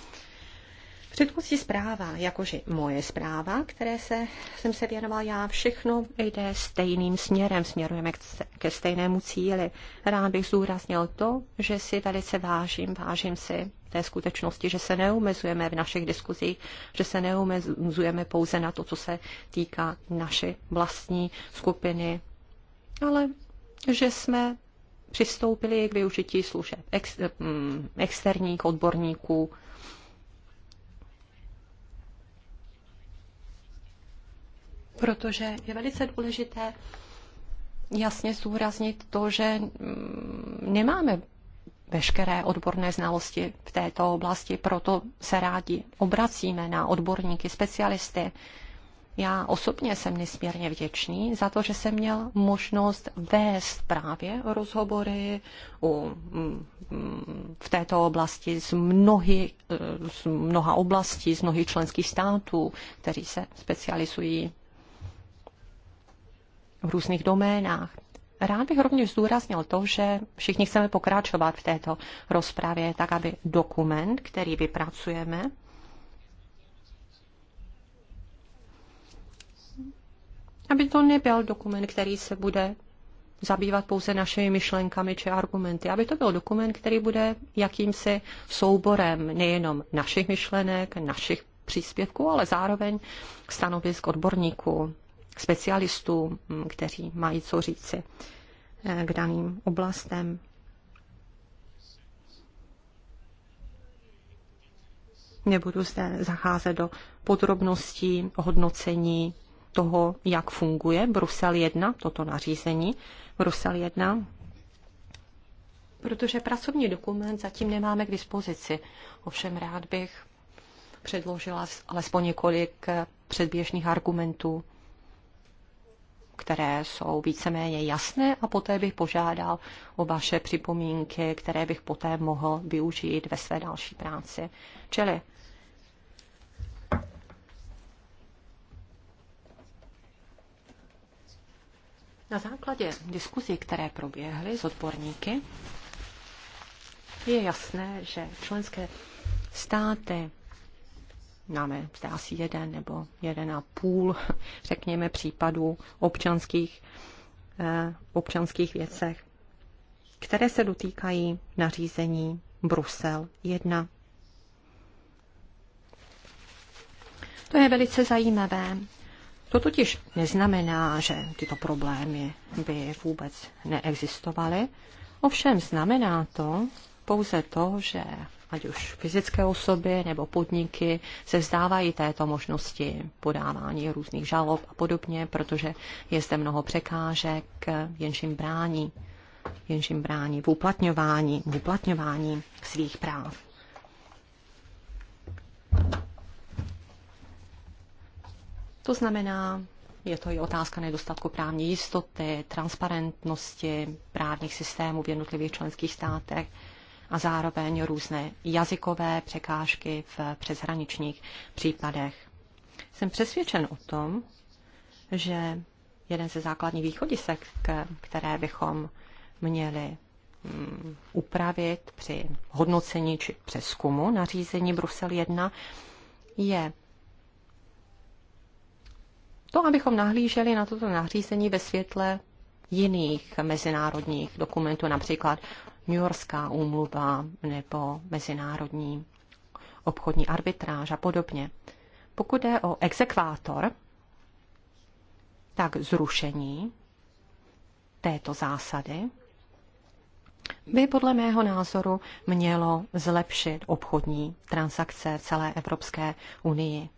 Předchozí zpráva, jakože moje zpráva, které se, jsem se věnoval já, všechno jde stejným směrem, směrujeme ke stejnému cíli. Rád bych zúraznil to, že si velice vážím, vážím si té skutečnosti, že se neomezujeme v našich diskuzích, že se neomezujeme pouze na to, co se týká naší vlastní skupiny, ale že jsme přistoupili k využití služeb ex, mm, externích odborníků, protože je velice důležité jasně zúraznit to, že mm, nemáme veškeré odborné znalosti v této oblasti, proto se rádi obracíme na odborníky, specialisty. Já osobně jsem nesmírně vděčný za to, že jsem měl možnost vést právě rozhovory u, v této oblasti z, mnohy, eh, z mnoha oblastí, z mnohých členských států, kteří se specializují v různých doménách. Rád bych rovněž zdůraznil to, že všichni chceme pokračovat v této rozpravě, tak aby dokument, který vypracujeme, aby to nebyl dokument, který se bude zabývat pouze našimi myšlenkami či argumenty, aby to byl dokument, který bude jakýmsi souborem nejenom našich myšlenek, našich příspěvků, ale zároveň stanovisk odborníků specialistů, mm, kteří mají co říci eh, k daným oblastem. Nebudu zde zacházet do podrobností hodnocení toho, jak funguje Brusel 1, toto nařízení Brusel 1, protože pracovní dokument zatím nemáme k dispozici. Ovšem rád bych předložila alespoň několik eh, předběžných argumentů které jsou víceméně jasné a poté bych požádal o vaše připomínky, které bych poté mohl využít ve své další práci. Čili Na základě diskuzí, které proběhly s odborníky, je jasné, že členské státy máme zde asi jeden nebo jeden a půl, řekněme, případů občanských, eh, občanských věcech, které se dotýkají nařízení Brusel 1. To je velice zajímavé. To totiž neznamená, že tyto problémy by vůbec neexistovaly. Ovšem znamená to pouze to, že ať už fyzické osoby nebo podniky se vzdávají této možnosti podávání různých žalob a podobně, protože je zde mnoho překážek, jenž jim brání, jenž jim brání v uplatňování, v uplatňování svých práv. To znamená, je to i otázka nedostatku právní jistoty, transparentnosti právních systémů v jednotlivých členských státech a zároveň různé jazykové překážky v přeshraničních případech. Jsem přesvědčen o tom, že jeden ze základních východisek, které bychom měli mm, upravit při hodnocení či přeskumu nařízení Brusel 1, je to, abychom nahlíželi na toto nařízení ve světle jiných mezinárodních dokumentů, například New Yorkská úmluva nebo mezinárodní obchodní arbitráž a podobně. Pokud je o exekvátor, tak zrušení této zásady by podle mého názoru mělo zlepšit obchodní transakce celé Evropské unii.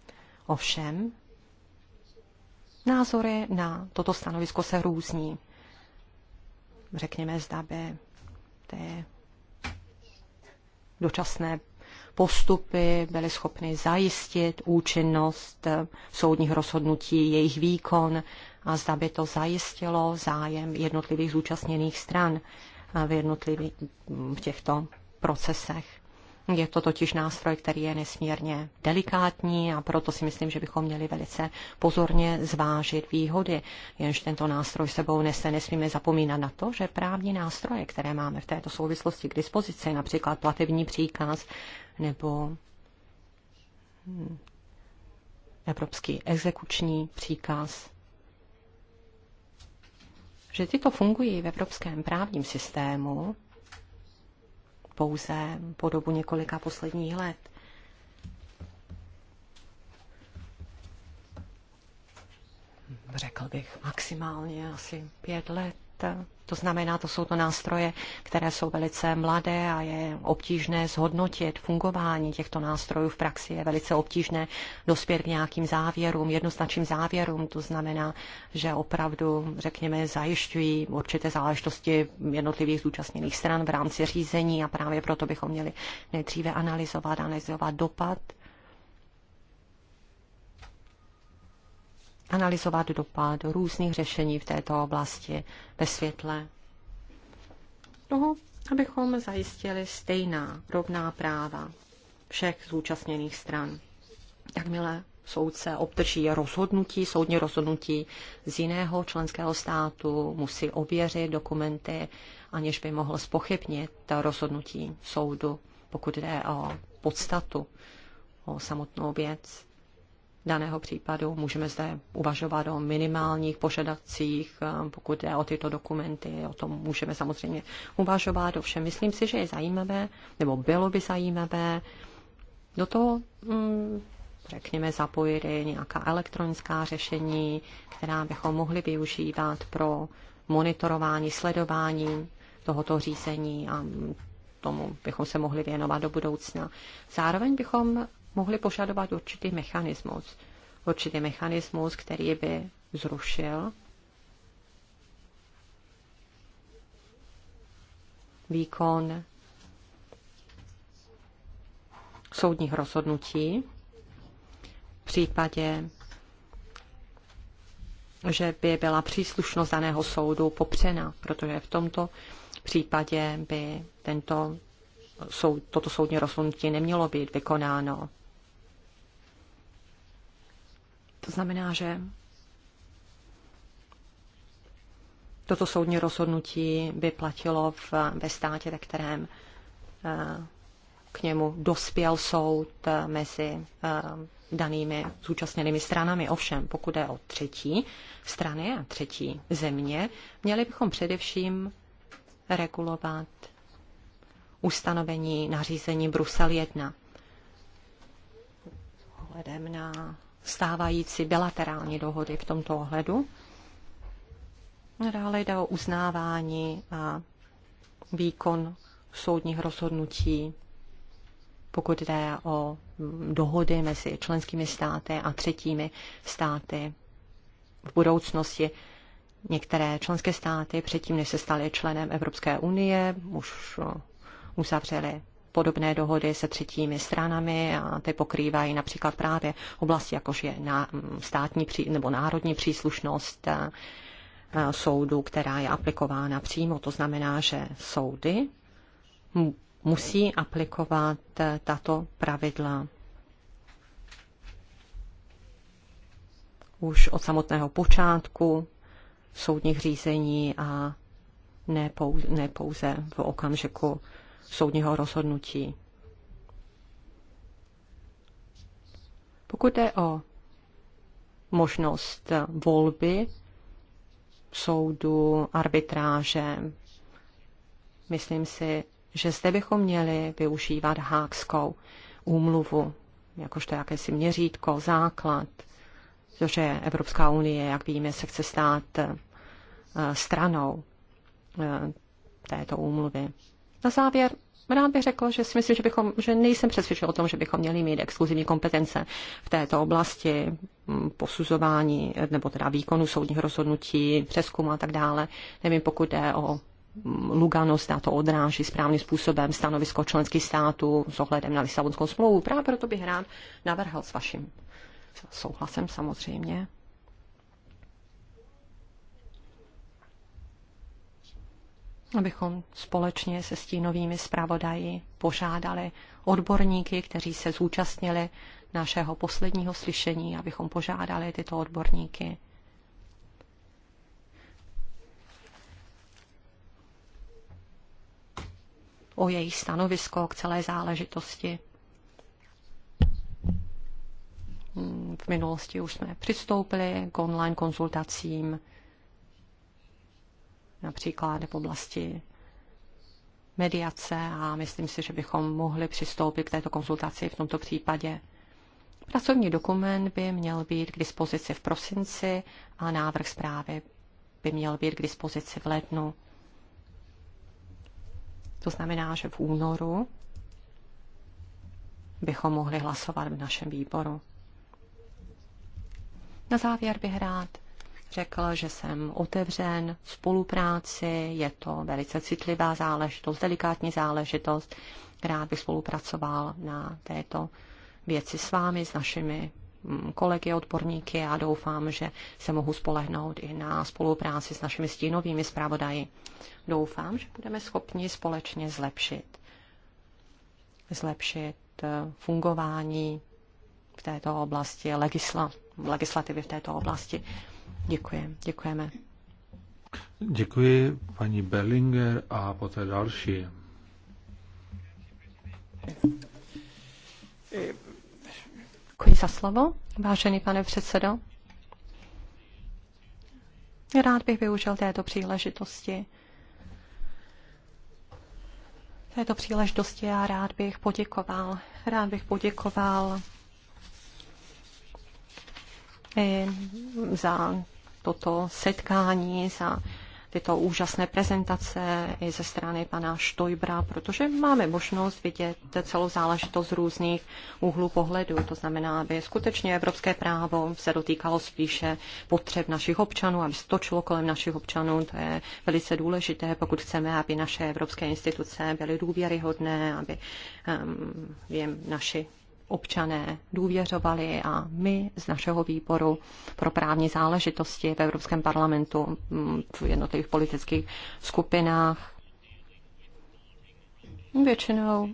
Ovšem, názory na toto stanovisko se různí. Řekněme, zda by ty dočasné postupy byly schopny zajistit účinnost eh, soudních rozhodnutí, jejich výkon a zda by to zajistilo zájem jednotlivých zúčastněných stran eh, v jednotlivých v těchto procesech. Je to totiž nástroj, který je nesmírně delikátní a proto si myslím, že bychom měli velice pozorně zvážit výhody. Jenž tento nástroj sebou nese, nesmíme zapomínat na to, že právní nástroje, které máme v této souvislosti k dispozici, například platební příkaz nebo evropský exekuční příkaz, že tyto fungují v evropském právním systému pouze po dobu několika posledních let. Řekl bych maximálně asi pět let. To znamená, to jsou to nástroje, které jsou velice mladé a je obtížné zhodnotit fungování těchto nástrojů v praxi. Je velice obtížné dospět k nějakým závěrům, jednoznačným závěrům. To znamená, že opravdu, řekněme, zajišťují určité záležitosti jednotlivých zúčastněných stran v rámci řízení a právě proto bychom měli nejdříve analyzovat, analyzovat dopad analyzovat dopad různých řešení v této oblasti ve světle toho, abychom zajistili stejná rovná práva všech zúčastněných stran. Jakmile soudce obdrží rozhodnutí, soudní rozhodnutí z jiného členského státu, musí ověřit dokumenty, aniž by mohl spochybnit rozhodnutí soudu, pokud jde o podstatu, o samotnou věc daného případu. Můžeme zde uvažovat o minimálních požadavcích, pokud jde o tyto dokumenty, o tom můžeme samozřejmě uvažovat. Ovšem, myslím si, že je zajímavé, nebo bylo by zajímavé, do toho, mm, řekněme, zapojit nějaká elektronická řešení, která bychom mohli využívat pro monitorování, sledování tohoto řízení a tomu bychom se mohli věnovat do budoucna. Zároveň bychom mohli požadovat určitý mechanismus. Určitý mechanismus, který by zrušil výkon soudních rozhodnutí v případě, že by byla příslušnost daného soudu popřena, protože v tomto případě by tento soud, toto soudní rozhodnutí nemělo být vykonáno to znamená, že toto soudní rozhodnutí by platilo v, ve státě, ve kterém eh, k němu dospěl soud eh, mezi eh, danými zúčastněnými stranami. Ovšem, pokud je o třetí strany a třetí země, měli bychom především regulovat ustanovení nařízení Brusel 1. Hledem na stávající bilaterální dohody v tomto ohledu. Dále jde o uznávání a výkon soudních rozhodnutí, pokud jde o dohody mezi členskými státy a třetími státy v budoucnosti. Některé členské státy předtím, než se staly členem Evropské unie, už uzavřely podobné dohody se třetími stranami a ty pokrývají například právě oblasti, jakož je na mm, státní pří, nebo národní příslušnost eh, soudu, která je aplikována přímo. To znamená, že soudy musí aplikovat eh, tato pravidla už od samotného počátku soudních řízení a ne pouze, ne pouze v okamžiku soudního rozhodnutí. Pokud je o možnost volby soudu, arbitráže, myslím si, že zde bychom měli využívat hákskou úmluvu, jakožto jakési měřítko, základ, protože Evropská unie, jak víme, se chce stát eh, stranou eh, této úmluvy. Na závěr rád bych řekl, že si myslím, že, bychom, že nejsem přesvědčen o tom, že bychom měli mít exkluzivní kompetence v této oblasti mm, posuzování nebo teda výkonu soudních rozhodnutí, přeskumu a tak dále. Nevím, pokud jde o mm, Lugano zda to odráží správným způsobem stanovisko členských států s ohledem na Lisabonskou smlouvu. Právě proto bych rád navrhl s vaším souhlasem samozřejmě. abychom společně se stínovými zpravodaji požádali odborníky, kteří se zúčastnili našeho posledního slyšení, abychom požádali tyto odborníky. o její stanovisko k celé záležitosti. V minulosti už jsme přistoupili k online konzultacím například v oblasti mediace a myslím si, že bychom mohli přistoupit k této konzultaci v tomto případě. Pracovní dokument by měl být k dispozici v prosinci a návrh zprávy by měl být k dispozici v lednu. To znamená, že v únoru bychom mohli hlasovat v našem výboru. Na závěr bych rád řekl, že jsem otevřen spolupráci, je to velice citlivá záležitost, delikátní záležitost. Rád bych spolupracoval na této věci s vámi, s našimi mm, kolegy, odborníky a doufám, že se mohu spolehnout i na spolupráci s našimi stínovými zpravodaji. Doufám, že budeme schopni společně zlepšit zlepšit eh, fungování v této oblasti, legisla, legislativy v této oblasti. Děkuji, děkujeme. Děkuji paní Berlinger a poté další. Děkuji za slovo, vážený pane předsedo. Rád bych využil této příležitosti. Této příležitosti já rád bych poděkoval. Rád bych poděkoval za toto setkání, za tyto úžasné prezentace i ze strany pana Štojbra, protože máme možnost vidět celou záležitost z různých úhlů pohledu. To znamená, aby skutečně evropské právo se dotýkalo spíše potřeb našich občanů, aby se točilo kolem našich občanů. To je velice důležité, pokud chceme, aby naše evropské instituce byly důvěryhodné, aby um, jim naši občané důvěřovali a my z našeho výboru pro právní záležitosti v Evropském parlamentu mm, v jednotlivých politických skupinách většinou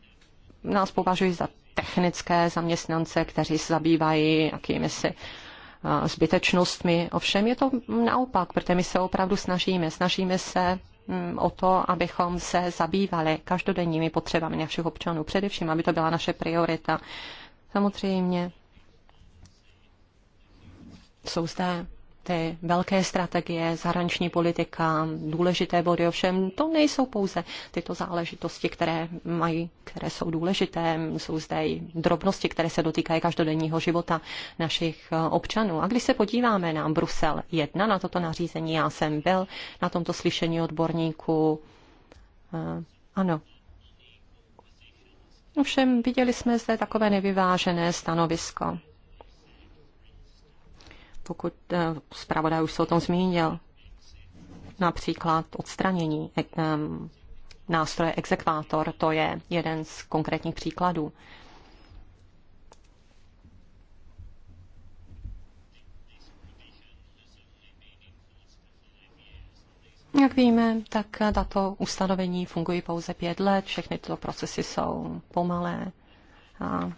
nás považují za technické zaměstnance, kteří se zabývají jakými si eh, zbytečnostmi. Ovšem je to naopak, protože my se opravdu snažíme. Snažíme se Mm, o to, abychom se zabývali každodenními potřebami našich občanů, především, aby to byla naše priorita. Samozřejmě jsou zde ty velké strategie, zahraniční politika, důležité body, ovšem to nejsou pouze tyto záležitosti, které mají, které jsou důležité, jsou zde i drobnosti, které se dotýkají každodenního života našich eh, občanů. A když se podíváme na Brusel 1, na toto nařízení, já jsem byl na tomto slyšení odborníků, eh, ano, Ovšem viděli jsme zde takové nevyvážené stanovisko pokud eh, zpravodaj už se o tom zmínil, například odstranění eh, nástroje exekvátor, to je jeden z konkrétních příkladů. Jak víme, tak tato ustanovení fungují pouze pět let, všechny tyto procesy jsou pomalé. A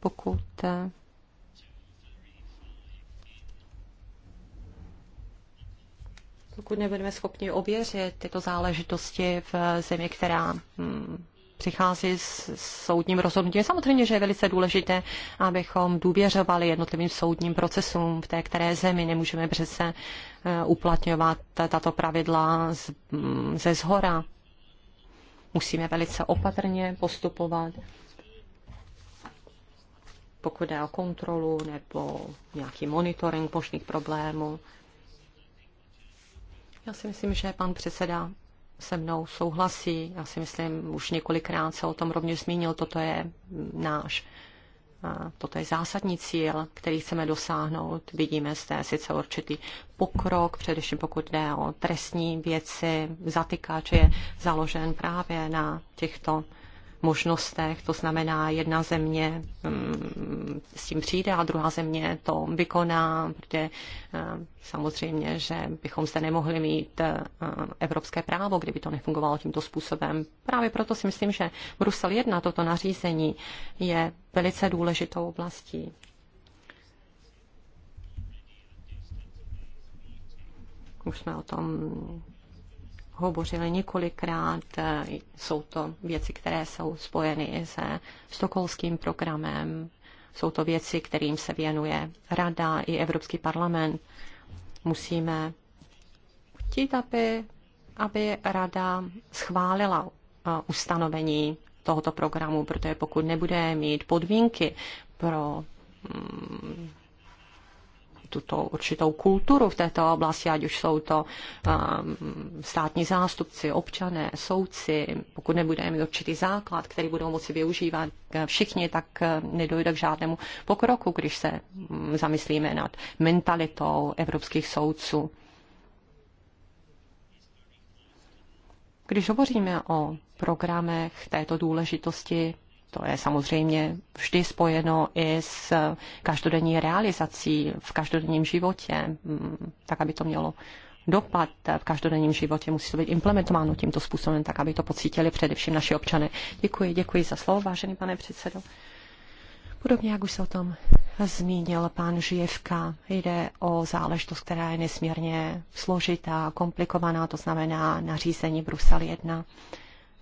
pokud eh, pokud nebudeme schopni ověřit tyto záležitosti v zemi, která hmm, přichází s soudním rozhodnutím. Samozřejmě, že je velice důležité, abychom důvěřovali jednotlivým soudním procesům v té které zemi. Nemůžeme přece eh, uplatňovat tato pravidla z, hm, ze zhora. Musíme velice opatrně postupovat, pokud jde o kontrolu nebo nějaký monitoring možných problémů. Já si myslím, že pan předseda se mnou souhlasí. Já si myslím, už několikrát se o tom rovněž zmínil, toto je náš toto je zásadní cíl, který chceme dosáhnout. Vidíme zde sice určitý pokrok, především pokud jde o trestní věci, zatykač je založen právě na těchto možnostech, to znamená jedna země mm, s tím přijde a druhá země to vykoná, protože eh, samozřejmě, že bychom se nemohli mít eh, evropské právo, kdyby to nefungovalo tímto způsobem. Právě proto si myslím, že Brusel 1, toto nařízení, je velice důležitou oblastí. Už jsme o tom hovořili několikrát. E, jsou to věci, které jsou spojeny se stokholským programem. Jsou to věci, kterým se věnuje Rada i Evropský parlament. Musíme chtít, aby, aby Rada schválila e, ustanovení tohoto programu, protože pokud nebude mít podmínky pro mm, tuto určitou kulturu v této oblasti, ať už jsou to um, státní zástupci, občané, soudci, pokud nebudeme mít určitý základ, který budou moci využívat eh, všichni, tak eh, nedojde k žádnému pokroku, když se mm, zamyslíme nad mentalitou evropských soudců. Když hovoříme o programech této důležitosti, to je samozřejmě vždy spojeno i s každodenní realizací v každodenním životě, mm, tak aby to mělo dopad v každodenním životě. Musí to být implementováno tímto způsobem, tak aby to pocítili především naši občany. Děkuji, děkuji za slovo, vážený pane předsedo. Podobně, jak už se o tom zmínil pan Žijevka, jde o záležitost, která je nesmírně složitá, komplikovaná, to znamená nařízení Brusel 1.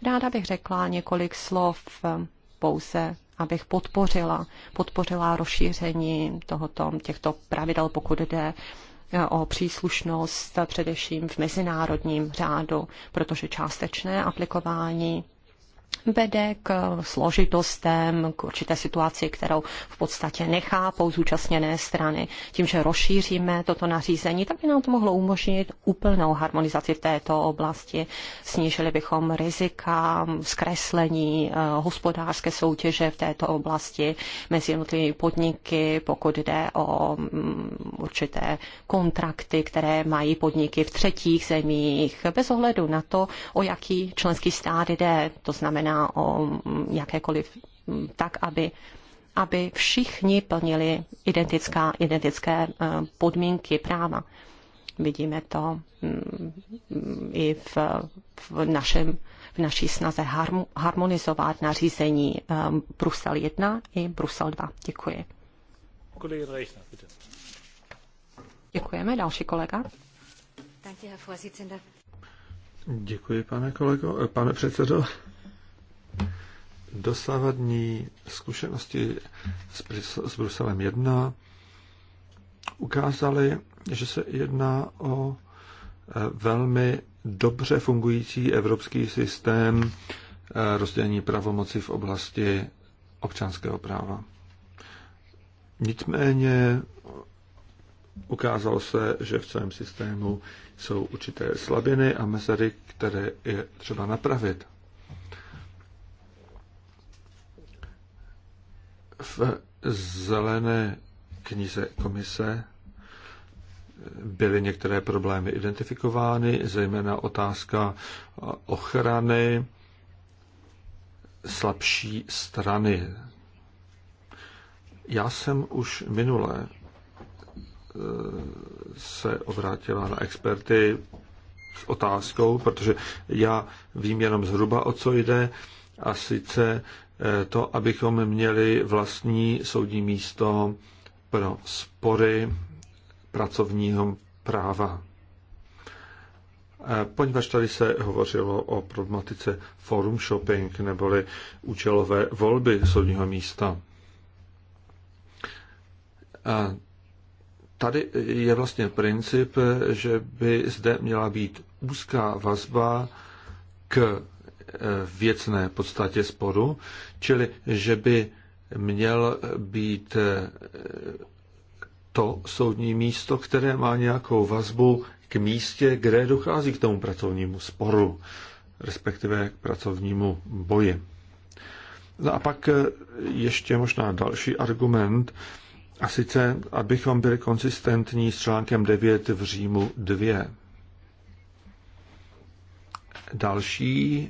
Ráda bych řekla několik slov pouze abych podpořila, podpořila rozšíření tohoto, těchto pravidel, pokud jde eh, o příslušnost především v mezinárodním řádu, protože částečné aplikování vede k složitostem, k určité situaci, kterou v podstatě nechápou zúčastněné strany. Tím, že rozšíříme toto nařízení, tak by nám to mohlo umožnit úplnou harmonizaci v této oblasti. Snížili bychom rizika, zkreslení eh, hospodářské soutěže v této oblasti mezi jednotlivými podniky, pokud jde o mm, určité kontrakty, které mají podniky v třetích zemích, bez ohledu na to, o jaký členský stát jde. To znamená, znamená o mm, jakékoliv mm, tak, aby aby všichni plnili identická, identické eh, podmínky práva. Vidíme to mm, i v, v, našem, v naší snaze harmonizovat nařízení eh, Brusel 1 i Brusel 2. Děkuji. Děkujeme. Další kolega. Děkuji, pane kolego, eh, pane předsedo dosavadní zkušenosti s Bruselem 1 ukázaly, že se jedná o e, velmi dobře fungující evropský systém e, rozdělení pravomoci v oblasti občanského práva. Nicméně ukázalo se, že v celém systému jsou určité slabiny a mezery, které je třeba napravit. V zelené knize komise byly některé problémy identifikovány, zejména otázka ochrany slabší strany. Já jsem už minule eh, se obrátila na experty s otázkou, protože já vím jenom zhruba, o co jde, a sice to, abychom měli vlastní soudní místo pro spory pracovního práva. E, poněvadž tady se hovořilo o problematice forum shopping neboli účelové volby soudního místa. A e, tady je vlastně princip, že by zde měla být úzká vazba k věcné podstatě sporu, čili že by měl být to soudní místo, které má nějakou vazbu k místě, kde dochází k tomu pracovnímu sporu, respektive k pracovnímu boji. No a pak ještě možná další argument, a sice, abychom byli konsistentní s článkem 9 v Římu 2. Další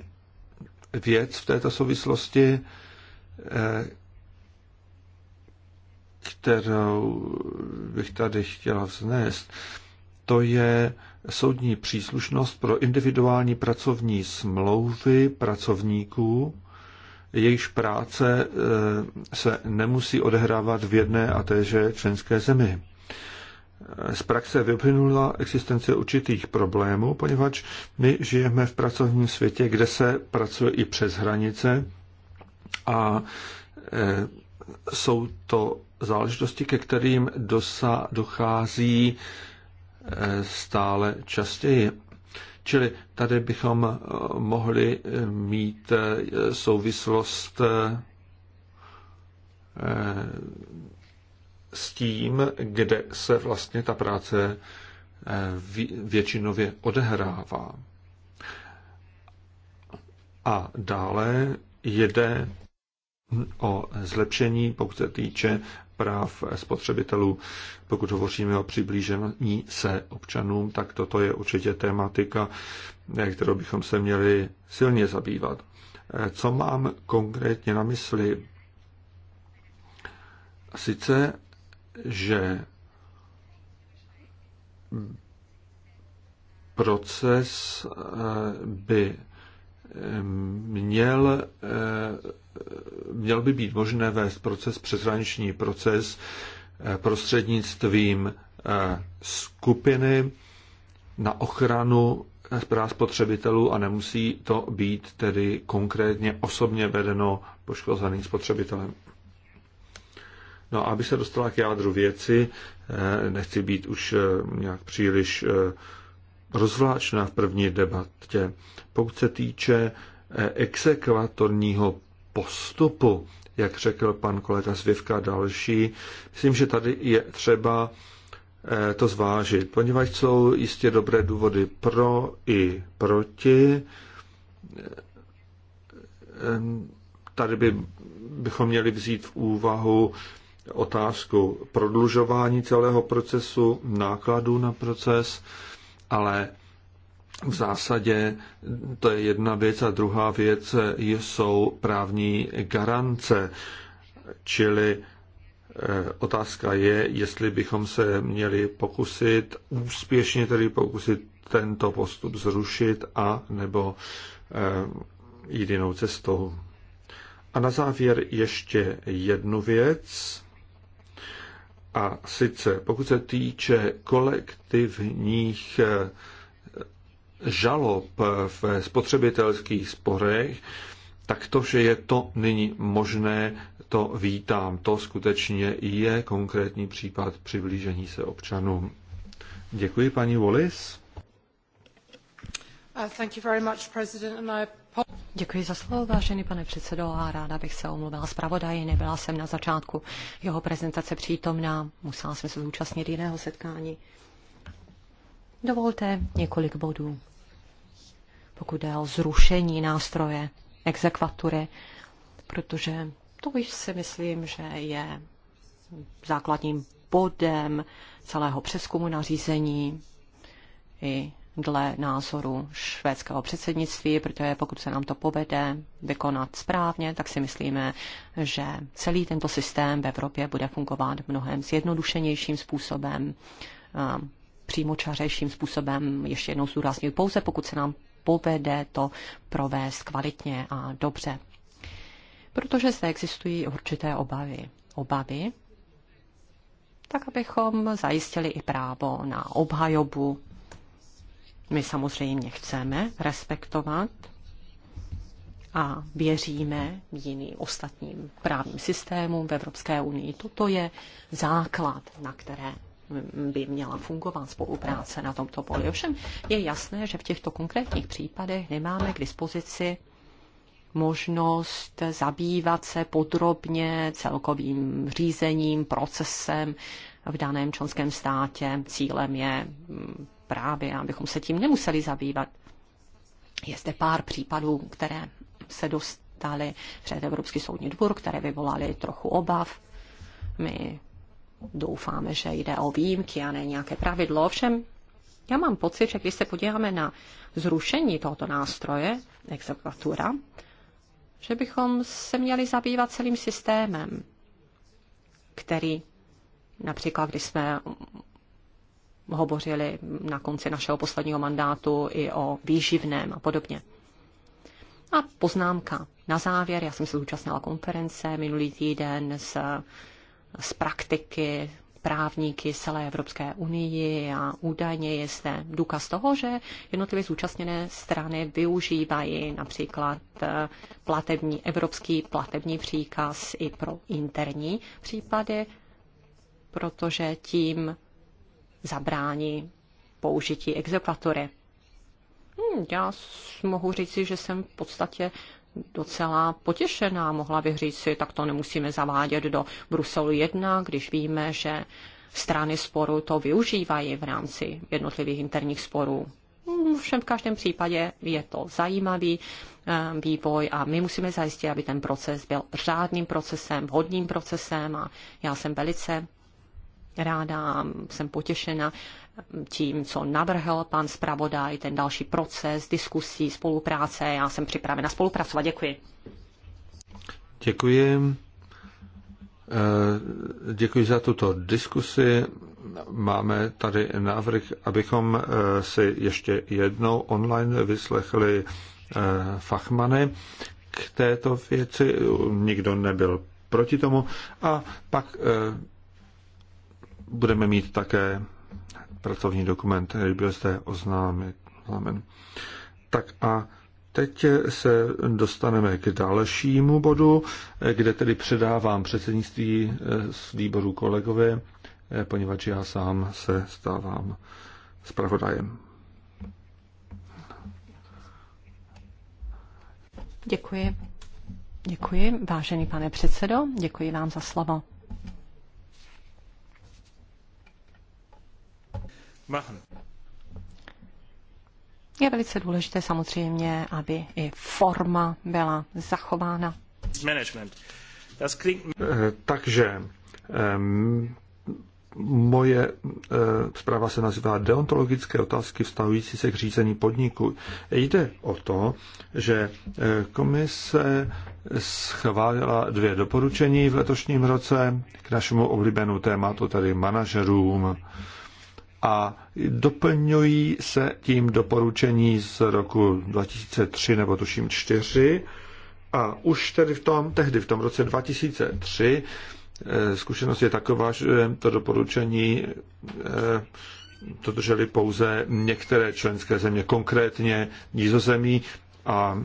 věc v této souvislosti, eh, kterou bych tady chtěla vznést. To je soudní příslušnost pro individuální pracovní smlouvy pracovníků, jejichž práce eh, se nemusí odehrávat v jedné a téže členské zemi z praxe vyplynula existence určitých problémů, poněvadž my žijeme v pracovním světě, kde se pracuje i přes hranice a e, jsou to záležitosti, ke kterým dosa, dochází e, stále častěji. Čili tady bychom e, mohli mít souvislost s tím, kde se vlastně ta práce eh, většinově odehrává. A dále jde o zlepšení, pokud se týče práv spotřebitelů. Pokud hovoříme o přiblížení se občanům, tak toto je určitě tématika, eh, kterou bychom se měli silně zabývat. Eh, co mám konkrétně na mysli? Sice že proces eh, by eh, měl, eh, měl by být možné vést proces, přeshraniční proces prostřednictvím skupiny na ochranu práv spotřebitelů a nemusí to být tedy konkrétně osobně vedeno poškozeným spotřebitelem. No a aby se dostala k jádru věci, eh, nechci být už eh, nějak příliš eh, rozvláčná v první debatě. Pokud se týče exekvatorního postupu, jak řekl pan kolega Zvivka další, myslím, že tady je třeba to zvážit, poněvadž jsou jistě dobré důvody pro i proti. Tady by, bychom měli vzít v úvahu otázku prodlužování celého procesu, nákladů na proces, ale v zásadě to je jedna věc a druhá věc jsou právní garance, čili eh, otázka je, jestli bychom se měli pokusit, úspěšně tedy pokusit tento postup zrušit a nebo eh, jít jinou cestou. A na závěr ještě jednu věc. A sice pokud se týče kolektivních eh, žalob v spotřebitelských sporech, tak to, že je to nyní možné, to vítám. To skutečně je konkrétní případ přiblížení se občanům. Děkuji, paní Wallis. Uh, thank you very much, President, and I Děkuji za slovo, vážený pane předsedo, a ráda bych se omluvila zpravodaji. Nebyla jsem na začátku jeho prezentace přítomná, musela jsem se zúčastnit jiného setkání. Dovolte několik bodů. Pokud jde o zrušení nástroje exekvatury, protože to už si myslím, že je základním bodem celého přeskumu nařízení i dle názoru švédského předsednictví, protože pokud se nám to povede vykonat správně, tak si myslíme, že celý tento systém v Evropě bude fungovat mnohem zjednodušenějším způsobem, přímočařejším způsobem, ještě jednou zdůraznuju, pouze pokud se nám povede to provést kvalitně a dobře. Protože zde existují určité obavy. Obavy, tak abychom zajistili i právo na obhajobu my samozřejmě chceme respektovat a věříme jiným ostatním právním systémům v Evropské unii. Toto je základ, na které by měla fungovat spolupráce na tomto poli. Ovšem je jasné, že v těchto konkrétních případech nemáme k dispozici možnost zabývat se podrobně celkovým řízením, procesem v daném členském státě. Cílem je mm, právě, abychom se tím nemuseli zabývat. Je zde pár případů, které se dostaly před Evropský soudní dvůr, které vyvolaly trochu obav. My doufáme, že jde o výjimky a ne nějaké pravidlo. Ovšem, já mám pocit, že když se podíváme na zrušení tohoto nástroje, exekvatura, že bychom se měli zabývat celým systémem, který například, když jsme hovořili na konci našeho posledního mandátu i o výživném a podobně. A poznámka na závěr. Já jsem se zúčastnila konference minulý týden z, z praktiky právníky celé Evropské unii a údajně je zde důkaz toho, že jednotlivě zúčastněné strany využívají například eh, platební, evropský platební příkaz i pro interní případy, protože tím zabrání použití exekvatory. Hmm, já mohu říci, že jsem v podstatě docela potěšená. Mohla bych říci, tak to nemusíme zavádět do Bruselu 1, když víme, že strany sporu to využívají v rámci jednotlivých interních sporů. Hmm, všem v každém případě je to zajímavý eh, vývoj a my musíme zajistit, aby ten proces byl řádným procesem, vhodným procesem a já jsem velice ráda, jsem potěšena tím, co navrhl pan zpravodaj, ten další proces, diskusí, spolupráce. Já jsem připravena spolupracovat. Děkuji. Děkuji. Eh, děkuji za tuto diskusi. Máme tady návrh, abychom eh, si ještě jednou online vyslechli eh, fachmany k této věci. Nikdo nebyl proti tomu. A pak budeme mít také pracovní dokument, který byl zde oznámen. Tak a teď se dostaneme k dalšímu bodu, kde tedy předávám předsednictví eh, z výboru kolegové, eh, poněvadž já sám se stávám zpravodajem. Děkuji. Děkuji, vážený pane předsedo, děkuji vám za slovo. machen. Je velice důležité samozřejmě, aby i forma byla zachována. Management. Das klingt... Eh, takže moje e, zpráva se nazývá Deontologické otázky vztahující se k řízení podniku. Jde o to, že eh, komise schválila dvě doporučení v letošním roce k našemu oblíbenému tématu, tedy manažerům a doplňují se tím doporučení z roku 2003 nebo tuším 4 a už tedy v tom, tehdy v tom roce 2003 eh, zkušenost je taková, že to doporučení eh, drželi pouze některé členské země, konkrétně nízozemí a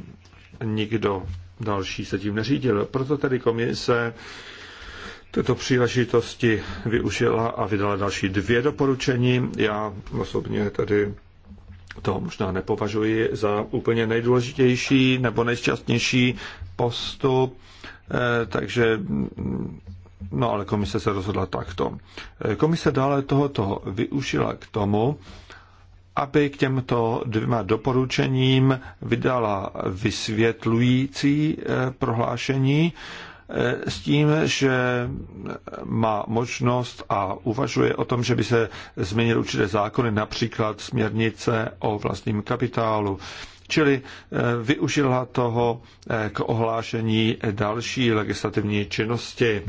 nikdo další se tím neřídil. Proto tedy komise tyto příležitosti využila a vydala další dvě doporučení. Já osobně tady to možná nepovažuji za úplně nejdůležitější nebo nejšťastnější postup, eh, takže no ale komise se rozhodla takto. Eh, komise dále tohoto využila k tomu, aby k těmto dvěma doporučením vydala vysvětlující eh, prohlášení, s tím, že má možnost a uvažuje o tom, že by se změnily určité zákony, například směrnice o vlastním kapitálu. Čili eh, využila toho eh, k ohlášení další legislativní činnosti.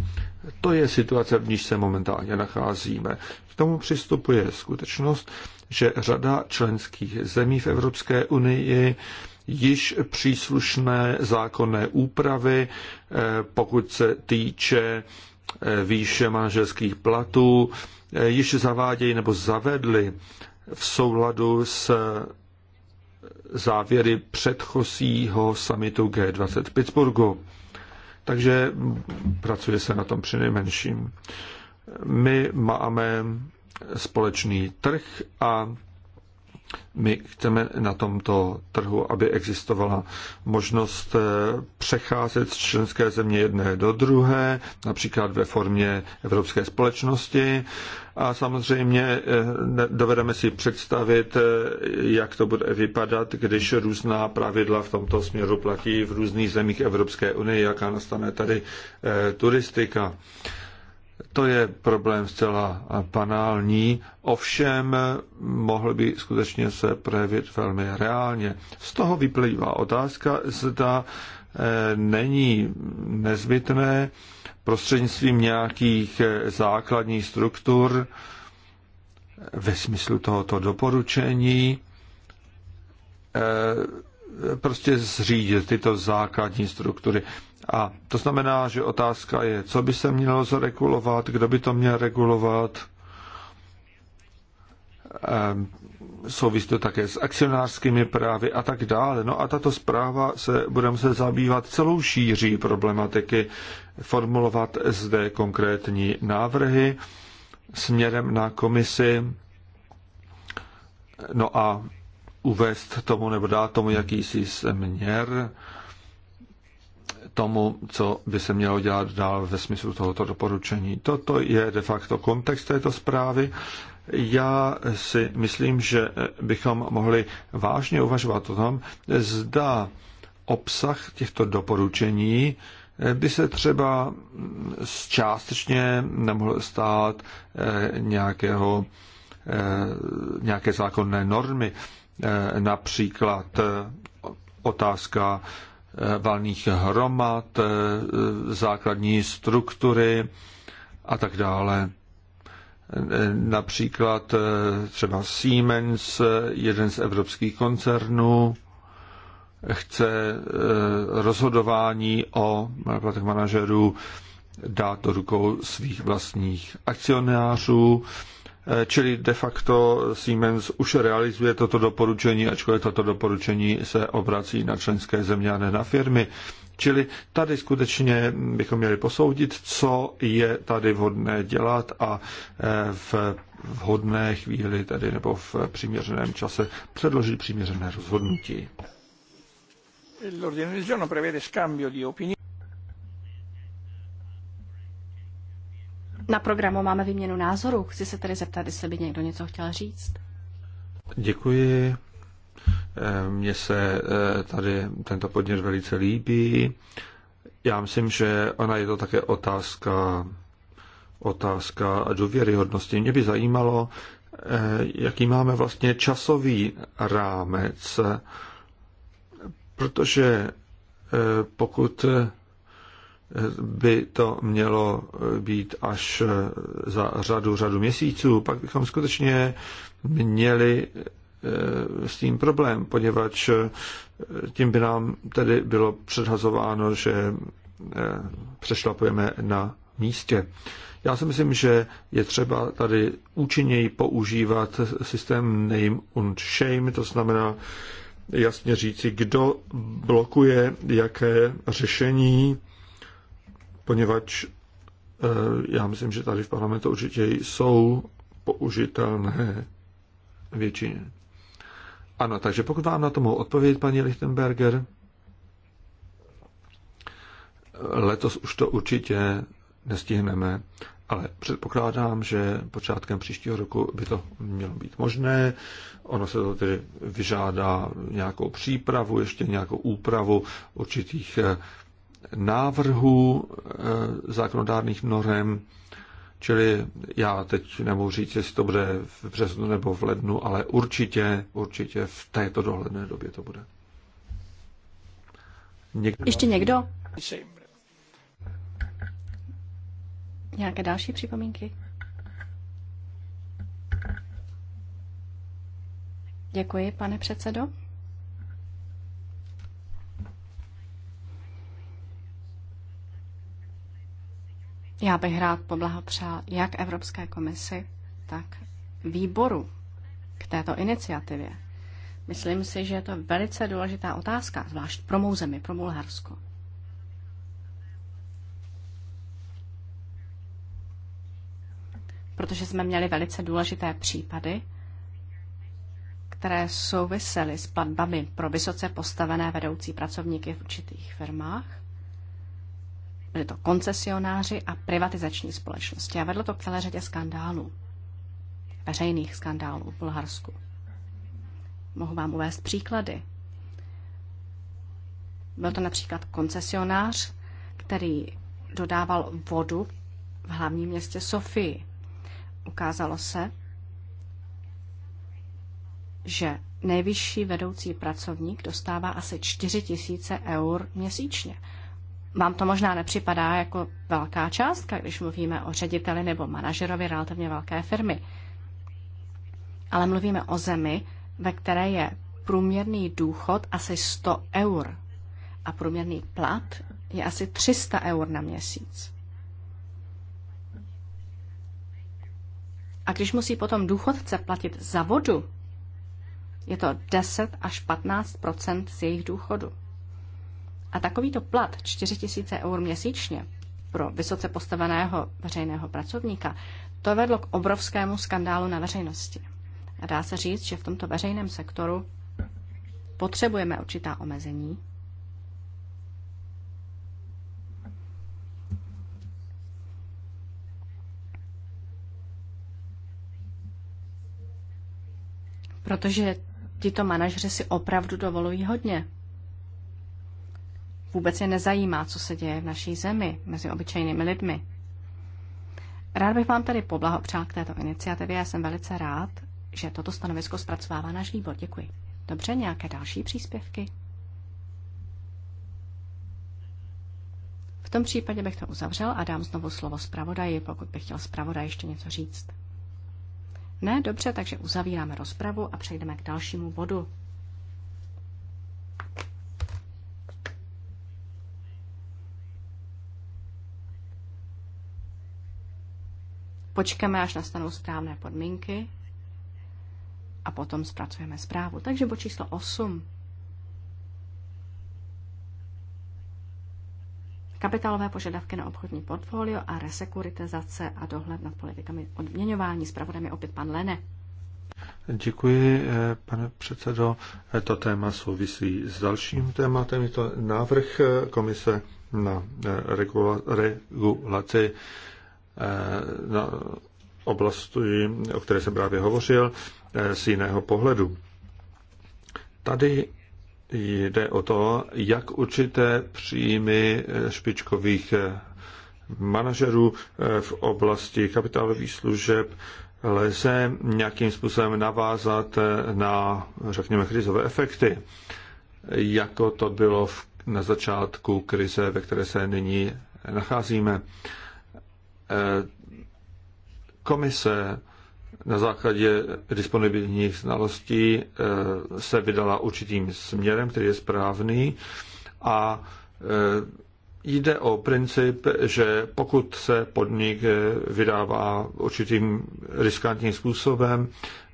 To je situace, v níž se momentálně nacházíme. K tomu přistupuje skutečnost, že řada členských zemí v Evropské unii již příslušné zákonné úpravy, eh, pokud se týče eh, výše manželských platů, eh, již zavádějí nebo zavedly v souladu s závěry předchozího samitu G20 v Pittsburghu. Takže pracuje se na tom přinejmenším. My máme společný trh a my chceme na tomto trhu, aby existovala možnost eh, přecházet z členské země jedné do druhé, například ve formě evropské společnosti. A samozřejmě eh, dovedeme si představit, eh, jak to bude vypadat, když různá pravidla v tomto směru platí v různých zemích Evropské unie, jaká nastane tady turistika. To je problém zcela banální, ovšem mohl by skutečně se projevit velmi reálně. Z toho vyplývá otázka, zda eh, není nezbytné prostřednictvím nějakých eh, základních struktur eh, ve smyslu tohoto doporučení prostě zřídit tyto základní struktury. A to znamená, že otázka je, co by se mělo zaregulovat, kdo by to měl regulovat. Ehm, souvisí to také s akcionářskými právy a tak dále. No a tato zpráva se budeme se zabývat celou šíří problematiky, formulovat zde konkrétní návrhy směrem na komisi. No a uvést tomu nebo dát tomu jakýsi směr tomu, co by se mělo dělat dál ve smyslu tohoto doporučení. Toto je de facto kontext této zprávy. Já si myslím, že bychom mohli vážně uvažovat o tom, zda obsah těchto doporučení by se třeba částečně nemohl stát eh, nějakého, eh, nějaké zákonné normy. Eh, například eh, otázka eh, valných hromad, základní struktury a tak dále. Například třeba Siemens, jeden z evropských koncernů, chce rozhodování o platech manažerů dát do rukou svých vlastních akcionářů Eh, čili de facto Siemens už realizuje toto doporučení, ačkoliv toto doporučení se obrací na členské země a ne na firmy. Čili tady skutečně bychom měli posoudit, co je tady vhodné dělat a eh, v vhodné chvíli tedy nebo v přiměřeném čase předložit přiměřené rozhodnutí. Na programu máme výměnu názorů. Chci se tedy zeptat, jestli by někdo něco chtěl říct. Děkuji. Eh, mně se eh, tady tento podnět velice líbí. Já myslím, že ona je to také otázka otázka důvěryhodnosti. Mě by zajímalo, eh, jaký máme vlastně časový rámec, protože pokud by to mělo být až za řadu, řadu měsíců, pak bychom skutečně měli eh, s tím problém, poněvadž eh, tím by nám tedy bylo předhazováno, že eh, přešlapujeme na místě. Já si myslím, že je třeba tady účinněji používat systém name and shame, to znamená jasně říci, kdo blokuje jaké řešení, poněvadž eh, já myslím, že tady v parlamentu určitě jsou použitelné většině. Ano, takže pokud vám na to mohu odpovědět, paní Lichtenberger, letos už to určitě nestihneme, ale předpokládám, že počátkem příštího roku by to mělo být možné. Ono se to tedy vyžádá nějakou přípravu, ještě nějakou úpravu určitých eh, návrhů eh, zákonodárných norem, čili já teď nemůžu říct, jestli to bude v březnu nebo v lednu, ale určitě, určitě v této dohledné době to bude. Někdo? Ještě někdo? Nějaké další připomínky? Děkuji, pane předsedo. Já bych rád poblahopřál jak Evropské komisi, tak výboru k této iniciativě. Myslím si, že je to velice důležitá otázka, zvlášť pro mou zemi, pro Bulharsko. Protože jsme měli velice důležité případy, které souvisely s platbami pro vysoce postavené vedoucí pracovníky v určitých firmách byly to koncesionáři a privatizační společnosti. A vedlo to k celé řadě skandálů, veřejných skandálů v Bulharsku. Mohu vám uvést příklady. Byl to například koncesionář, který dodával vodu v hlavním městě Sofii. Ukázalo se, že nejvyšší vedoucí pracovník dostává asi 4 000 eur měsíčně vám to možná nepřipadá jako velká částka, když mluvíme o řediteli nebo manažerovi relativně velké firmy. Ale mluvíme o zemi, ve které je průměrný důchod asi 100 eur a průměrný plat je asi 300 eur na měsíc. A když musí potom důchodce platit za vodu, je to 10 až 15 z jejich důchodu. A takovýto plat 4 tisíce eur měsíčně pro vysoce postaveného veřejného pracovníka, to vedlo k obrovskému skandálu na veřejnosti. A dá se říct, že v tomto veřejném sektoru potřebujeme určitá omezení. Protože tito manažeři si opravdu dovolují hodně vůbec je nezajímá, co se děje v naší zemi mezi obyčejnými lidmi. Rád bych vám tady poblahopřál k této iniciativě. Já jsem velice rád, že toto stanovisko zpracovává náš výbor. Děkuji. Dobře, nějaké další příspěvky? V tom případě bych to uzavřel a dám znovu slovo zpravodaji, pokud bych chtěl zpravodaj ještě něco říct. Ne, dobře, takže uzavíráme rozpravu a přejdeme k dalšímu bodu počkáme, až nastanou správné podmínky a potom zpracujeme zprávu. Takže bod číslo 8. Kapitálové požadavky na obchodní portfolio a resekuritizace a dohled nad politikami odměňování. Zpravodem je opět pan Lene. Děkuji, eh, pane předsedo. Eh, to téma souvisí s dalším tématem. Je to návrh eh, komise na regulaci Eh, na oblasti, o které jsem právě hovořil, eh, z jiného pohledu. Tady jde o to, jak určité příjmy eh, špičkových manažerů v oblasti kapitálových služeb lze nějakým způsobem navázat na, řekněme, krizové efekty, jako to bylo v, na začátku krize, ve které se nyní nacházíme. Eh, komise na základě disponibilních znalostí eh, se vydala určitým směrem, který je správný a eh, jde o princip, že pokud se podnik vydává určitým riskantním způsobem,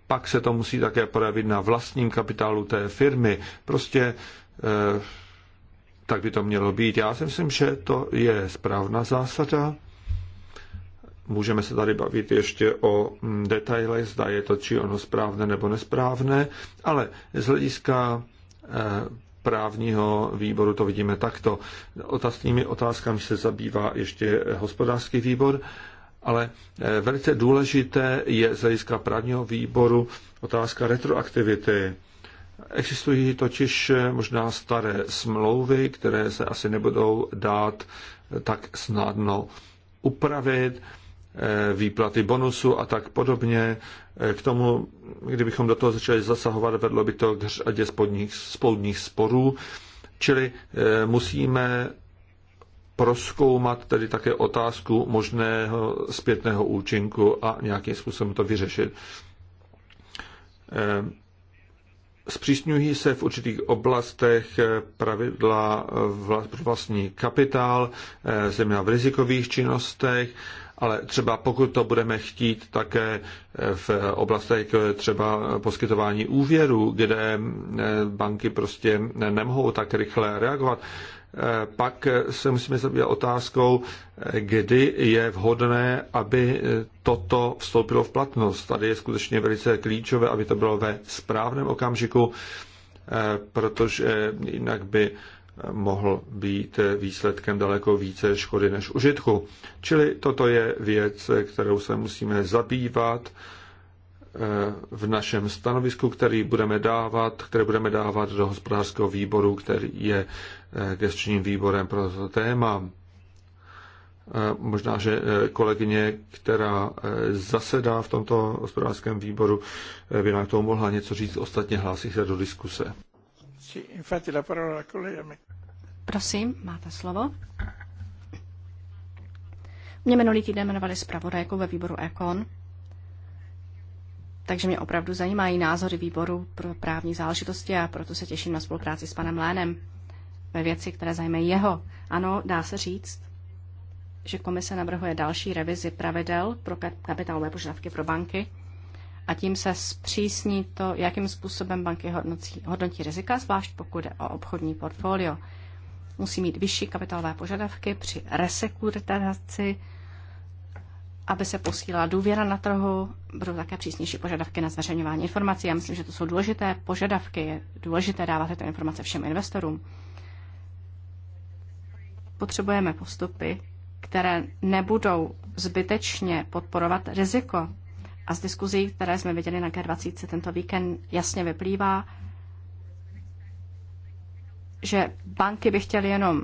pak se to musí také projevit na vlastním kapitálu té firmy. Prostě tak by to mělo být. Já si myslím, že to je správná zásada Můžeme se tady bavit ještě o mm, detailech, zda je to či ono správné nebo nesprávné, ale z hlediska eh, právního výboru to vidíme takto. Otázkými otázkami se zabývá ještě hospodářský výbor, ale eh, velice důležité je z hlediska právního výboru otázka retroaktivity. Existují totiž eh, možná staré smlouvy, které se asi nebudou dát tak snadno upravit Eh, výplaty bonusu a tak podobně. Eh, k tomu, kdybychom do toho začali zasahovat, vedlo by to k řadě spodních, spodních sporů. Čili eh, musíme proskoumat tedy také otázku možného zpětného účinku a nějakým způsobem to vyřešit. Zpřísňují se v určitých oblastech pravidla pro vlastní kapitál, zejména v rizikových činnostech ale třeba pokud to budeme chtít také eh, v oblastech eh, třeba poskytování úvěru, kde eh, banky prostě nemohou tak rychle reagovat, pak se musíme zabývat otázkou, kdy je vhodné, aby toto vstoupilo v platnost. Tady je skutečně velice klíčové, aby to bylo ve správném okamžiku, protože jinak by mohl být výsledkem daleko více škody než užitku. Čili toto je věc, kterou se musíme zabývat eh, v našem stanovisku, který budeme dávat, které budeme dávat do hospodářského výboru, který je eh, gestčním výborem pro toto téma. Eh, možná, že kolegyně, která zasedá v tomto hospodářském výboru, by nám k tomu mohla něco říct, ostatně hlásí se do diskuse. Prosím, máte slovo. Mě minulý týden jmenovali zpravodajkou ve výboru Econ, takže mě opravdu zajímají názory výboru pro právní záležitosti a proto se těším na spolupráci s panem Lénem ve věci, které zajímají jeho. Ano, dá se říct, že komise navrhuje další revizi pravidel pro kapitálové požadavky pro banky a tím se zpřísní to, jakým způsobem banky hodnotí, hodnotí rizika, zvlášť pokud jde o obchodní portfolio. Musí mít vyšší kapitálové požadavky při resekuritaci, aby se posílala důvěra na trhu, budou také přísnější požadavky na zveřejňování informací. Já myslím, že to jsou důležité požadavky, je důležité dávat tyto informace všem investorům. Potřebujeme postupy, které nebudou zbytečně podporovat riziko, a z diskuzí, které jsme viděli na G20 tento víkend, jasně vyplývá, že banky by chtěly jenom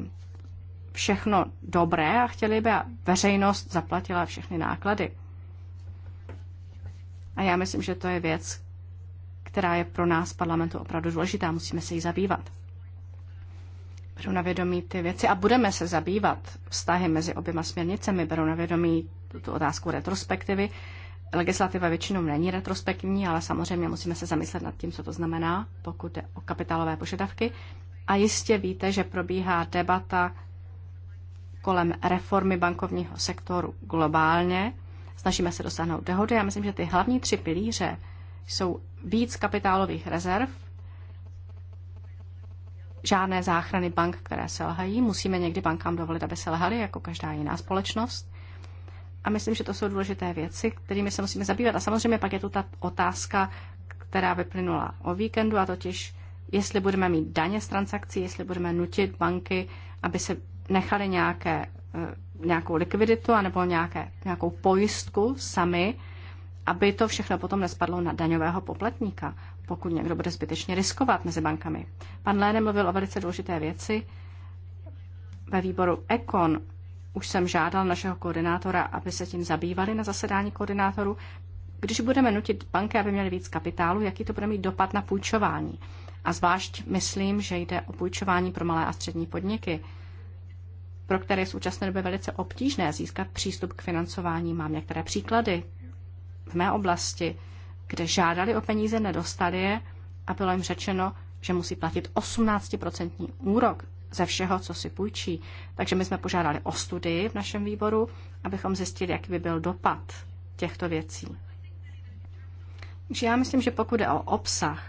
všechno dobré a chtěly by, a veřejnost zaplatila všechny náklady. A já myslím, že to je věc, která je pro nás parlamentu opravdu důležitá. Musíme se jí zabývat. Beru na vědomí ty věci a budeme se zabývat vztahy mezi oběma směrnicemi. Beru na vědomí tu otázku retrospektivy legislativa většinou není retrospektivní, ale samozřejmě musíme se zamyslet nad tím, co to znamená, pokud jde o kapitálové požadavky. A jistě víte, že probíhá debata kolem reformy bankovního sektoru globálně. Snažíme se dosáhnout dohody. Já myslím, že ty hlavní tři pilíře jsou víc kapitálových rezerv, žádné záchrany bank, které selhají. Musíme někdy bankám dovolit, aby selhaly, jako každá jiná společnost. A myslím, že to jsou důležité věci, kterými se musíme zabývat. A samozřejmě pak je tu ta otázka, která vyplynula o víkendu, a totiž, jestli budeme mít daně z transakcí, jestli budeme nutit banky, aby se nechali nějaké, eh, nějakou likviditu anebo nějaké, nějakou pojistku sami, aby to všechno potom nespadlo na daňového poplatníka, pokud někdo bude zbytečně riskovat mezi bankami. Pan Léne mluvil o velice důležité věci. Ve výboru Econ už jsem žádal našeho koordinátora, aby se tím zabývali na zasedání koordinátoru. Když budeme nutit banky, aby měly víc kapitálu, jaký to bude mít dopad na půjčování? A zvlášť myslím, že jde o půjčování pro malé a střední podniky, pro které je v současné době velice obtížné získat přístup k financování. Mám některé příklady v mé oblasti, kde žádali o peníze, nedostali je a bylo jim řečeno, že musí platit 18% úrok ze všeho, co si půjčí. Takže my jsme požádali o studii v našem výboru, abychom zjistili, jaký by byl dopad těchto věcí. Takže já myslím, že pokud je o obsah,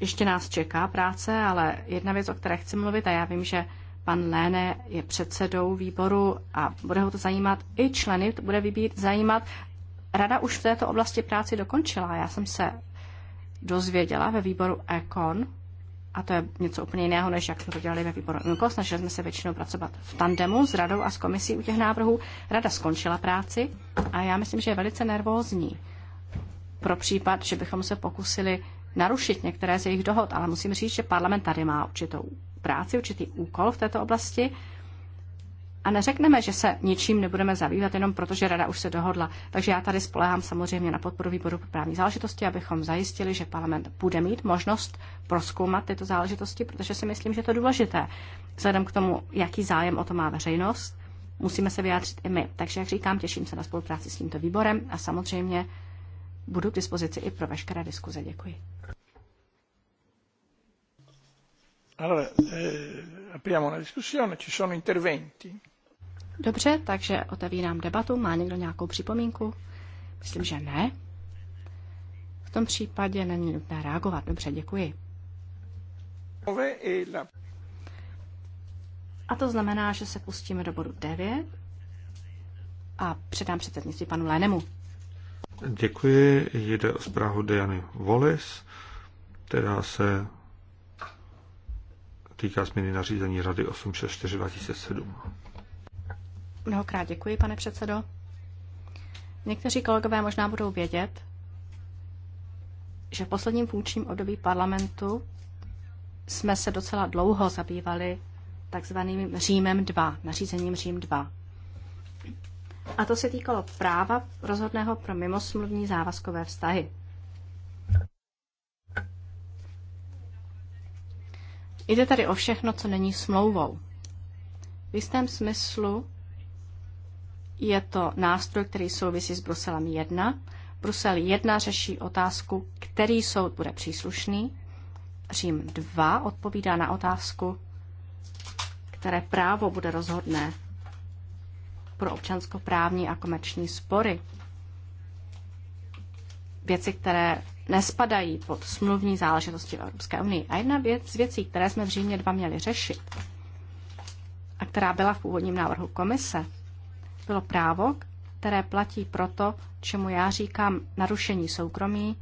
ještě nás čeká práce, ale jedna věc, o které chci mluvit, a já vím, že pan Léne je předsedou výboru a bude ho to zajímat, i členy to bude vybít, zajímat. Rada už v této oblasti práci dokončila. Já jsem se dozvěděla ve výboru Econ, a to je něco úplně jiného, než jak jsme to dělali ve výboru IMCO. Snažili jsme se většinou pracovat v tandemu s radou a s komisí u těch návrhů. Rada skončila práci a já myslím, že je velice nervózní pro případ, že bychom se pokusili narušit některé z jejich dohod, ale musím říct, že parlament tady má určitou práci, určitý úkol v této oblasti a neřekneme, že se ničím nebudeme zabývat jenom proto, že rada už se dohodla. Takže já tady spolehám samozřejmě na podporu výboru pro právní záležitosti, abychom zajistili, že parlament bude mít možnost proskoumat tyto záležitosti, protože si myslím, že to je důležité. Vzhledem k tomu, jaký zájem o to má veřejnost, musíme se vyjádřit i my. Takže, jak říkám, těším se na spolupráci s tímto výborem a samozřejmě budu k dispozici i pro veškeré diskuze. Děkuji. Allora, eh, apriamo una discussione, ci sono interventi. Dobře, takže otevírám debatu. Má někdo nějakou připomínku? Myslím, že ne. V tom případě není nutné reagovat. Dobře, děkuji. A to znamená, že se pustíme do bodu 9 a předám předsednictví panu Lénemu. Děkuji. Jde o zprávu Diany Wallis, která se týká změny nařízení Rady 864 2007. Mnohokrát děkuji, pane předsedo. Někteří kolegové možná budou vědět, že v posledním funkčním období parlamentu jsme se docela dlouho zabývali takzvaným Římem 2, nařízením Řím 2. A to se týkalo práva rozhodného pro mimosmluvní závazkové vztahy. Jde tady o všechno, co není smlouvou. V jistém smyslu je to nástroj, který souvisí s Bruselem 1. Brusel 1 řeší otázku, který soud bude příslušný. Řím 2 odpovídá na otázku, které právo bude rozhodné pro občanskoprávní a komerční spory. Věci, které nespadají pod smluvní záležitosti v Evropské unii. A jedna věc, z věcí, které jsme v Římě 2 měli řešit a která byla v původním návrhu komise, bylo právo, které platí proto, čemu já říkám narušení soukromí,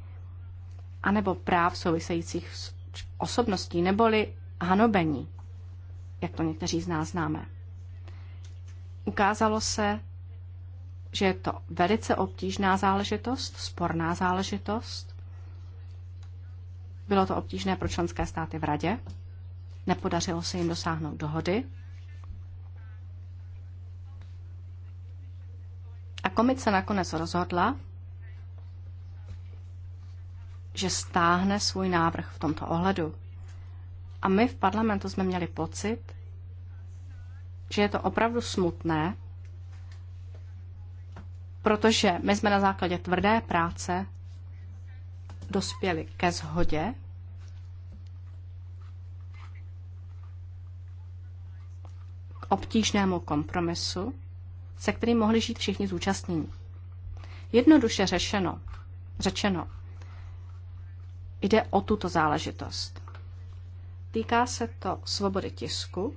anebo práv souvisejících s osobností, neboli hanobení, jak to někteří z nás známe. Ukázalo se, že je to velice obtížná záležitost, sporná záležitost. Bylo to obtížné pro členské státy v Radě, nepodařilo se jim dosáhnout dohody komice nakonec rozhodla, že stáhne svůj návrh v tomto ohledu. A my v parlamentu jsme měli pocit, že je to opravdu smutné, protože my jsme na základě tvrdé práce dospěli ke shodě k obtížnému kompromisu se kterým mohli žít všichni zúčastnění. Jednoduše řešeno, řečeno, jde o tuto záležitost. Týká se to svobody tisku,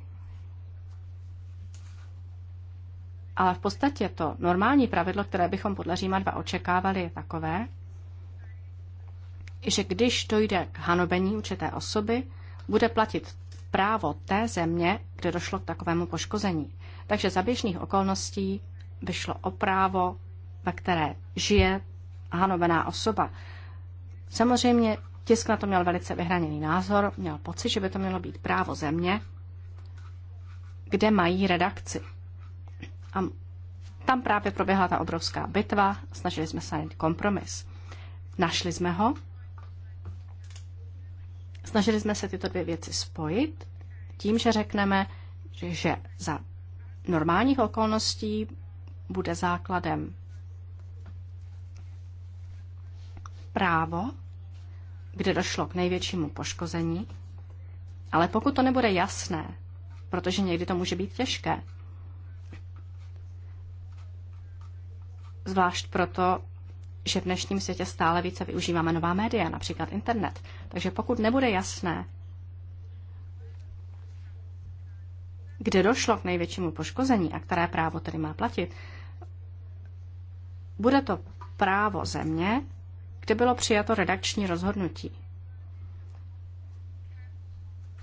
ale v podstatě to normální pravidlo, které bychom podle Říma 2 očekávali, je takové, že když dojde k hanobení určité osoby, bude platit právo té země, kde došlo k takovému poškození. Takže za běžných okolností by šlo o právo, ve které žije hanovená osoba. Samozřejmě tisk na to měl velice vyhraněný názor, měl pocit, že by to mělo být právo země, kde mají redakci. A tam právě proběhla ta obrovská bitva, snažili jsme se najít kompromis. Našli jsme ho, snažili jsme se tyto dvě věci spojit tím, že řekneme, že za normálních okolností bude základem. Právo, kde došlo k největšímu poškození, ale pokud to nebude jasné, protože někdy to může být těžké, zvlášť proto, že v dnešním světě stále více využíváme nová média, například internet. Takže pokud nebude jasné, kde došlo k největšímu poškození a které právo tedy má platit, bude to právo země, kde bylo přijato redakční rozhodnutí.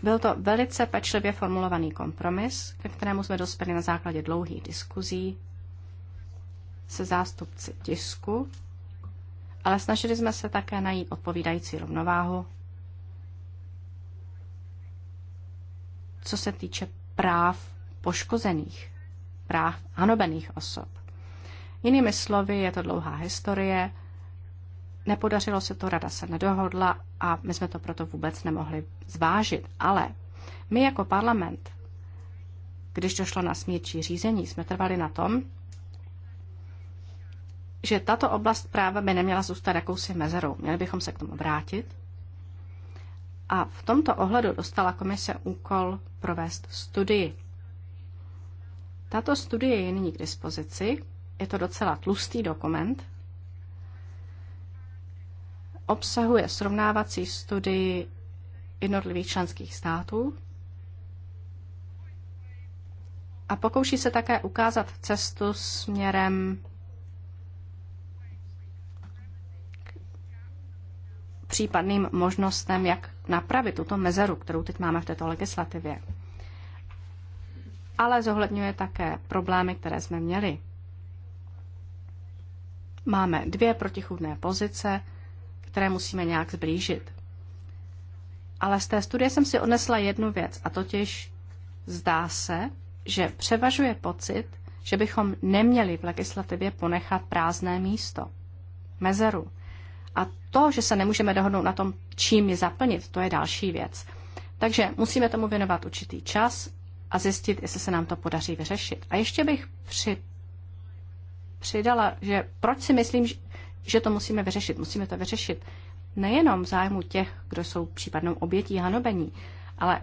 Byl to velice pečlivě formulovaný kompromis, ke kterému jsme dospěli na základě dlouhých diskuzí se zástupci tisku, ale snažili jsme se také najít odpovídající rovnováhu, co se týče práv poškozených, práv hanobených osob. Jinými slovy, je to dlouhá historie, nepodařilo se to, rada se nedohodla a my jsme to proto vůbec nemohli zvážit. Ale my jako parlament, když došlo na smětší řízení, jsme trvali na tom, že tato oblast práva by neměla zůstat jakousi mezerou. Měli bychom se k tomu vrátit a v tomto ohledu dostala komise úkol provést studii. Tato studie je nyní k dispozici. Je to docela tlustý dokument. Obsahuje srovnávací studii jednotlivých členských států a pokouší se také ukázat cestu směrem případným možnostem, jak napravit tuto mezeru, kterou teď máme v této legislativě. Ale zohledňuje také problémy, které jsme měli. Máme dvě protichůdné pozice, které musíme nějak zblížit. Ale z té studie jsem si odnesla jednu věc, a totiž zdá se, že převažuje pocit, že bychom neměli v legislativě ponechat prázdné místo, mezeru, a to, že se nemůžeme dohodnout na tom, čím je zaplnit, to je další věc. Takže musíme tomu věnovat určitý čas a zjistit, jestli se nám to podaří vyřešit. A ještě bych při, přidala, že proč si myslím, že to musíme vyřešit. Musíme to vyřešit nejenom v zájmu těch, kdo jsou případnou obětí hanobení, ale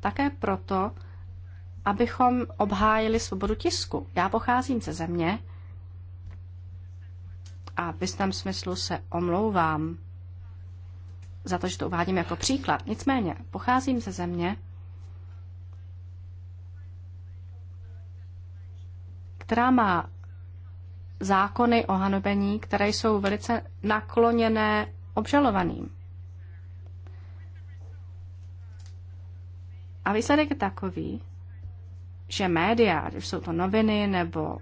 také proto, abychom obhájili svobodu tisku. Já pocházím ze země, a v jistém smyslu se omlouvám za to, že to uvádím jako příklad. Nicméně, pocházím ze země, která má zákony o hanobení, které jsou velice nakloněné obžalovaným. A výsledek je takový, že média, ať jsou to noviny nebo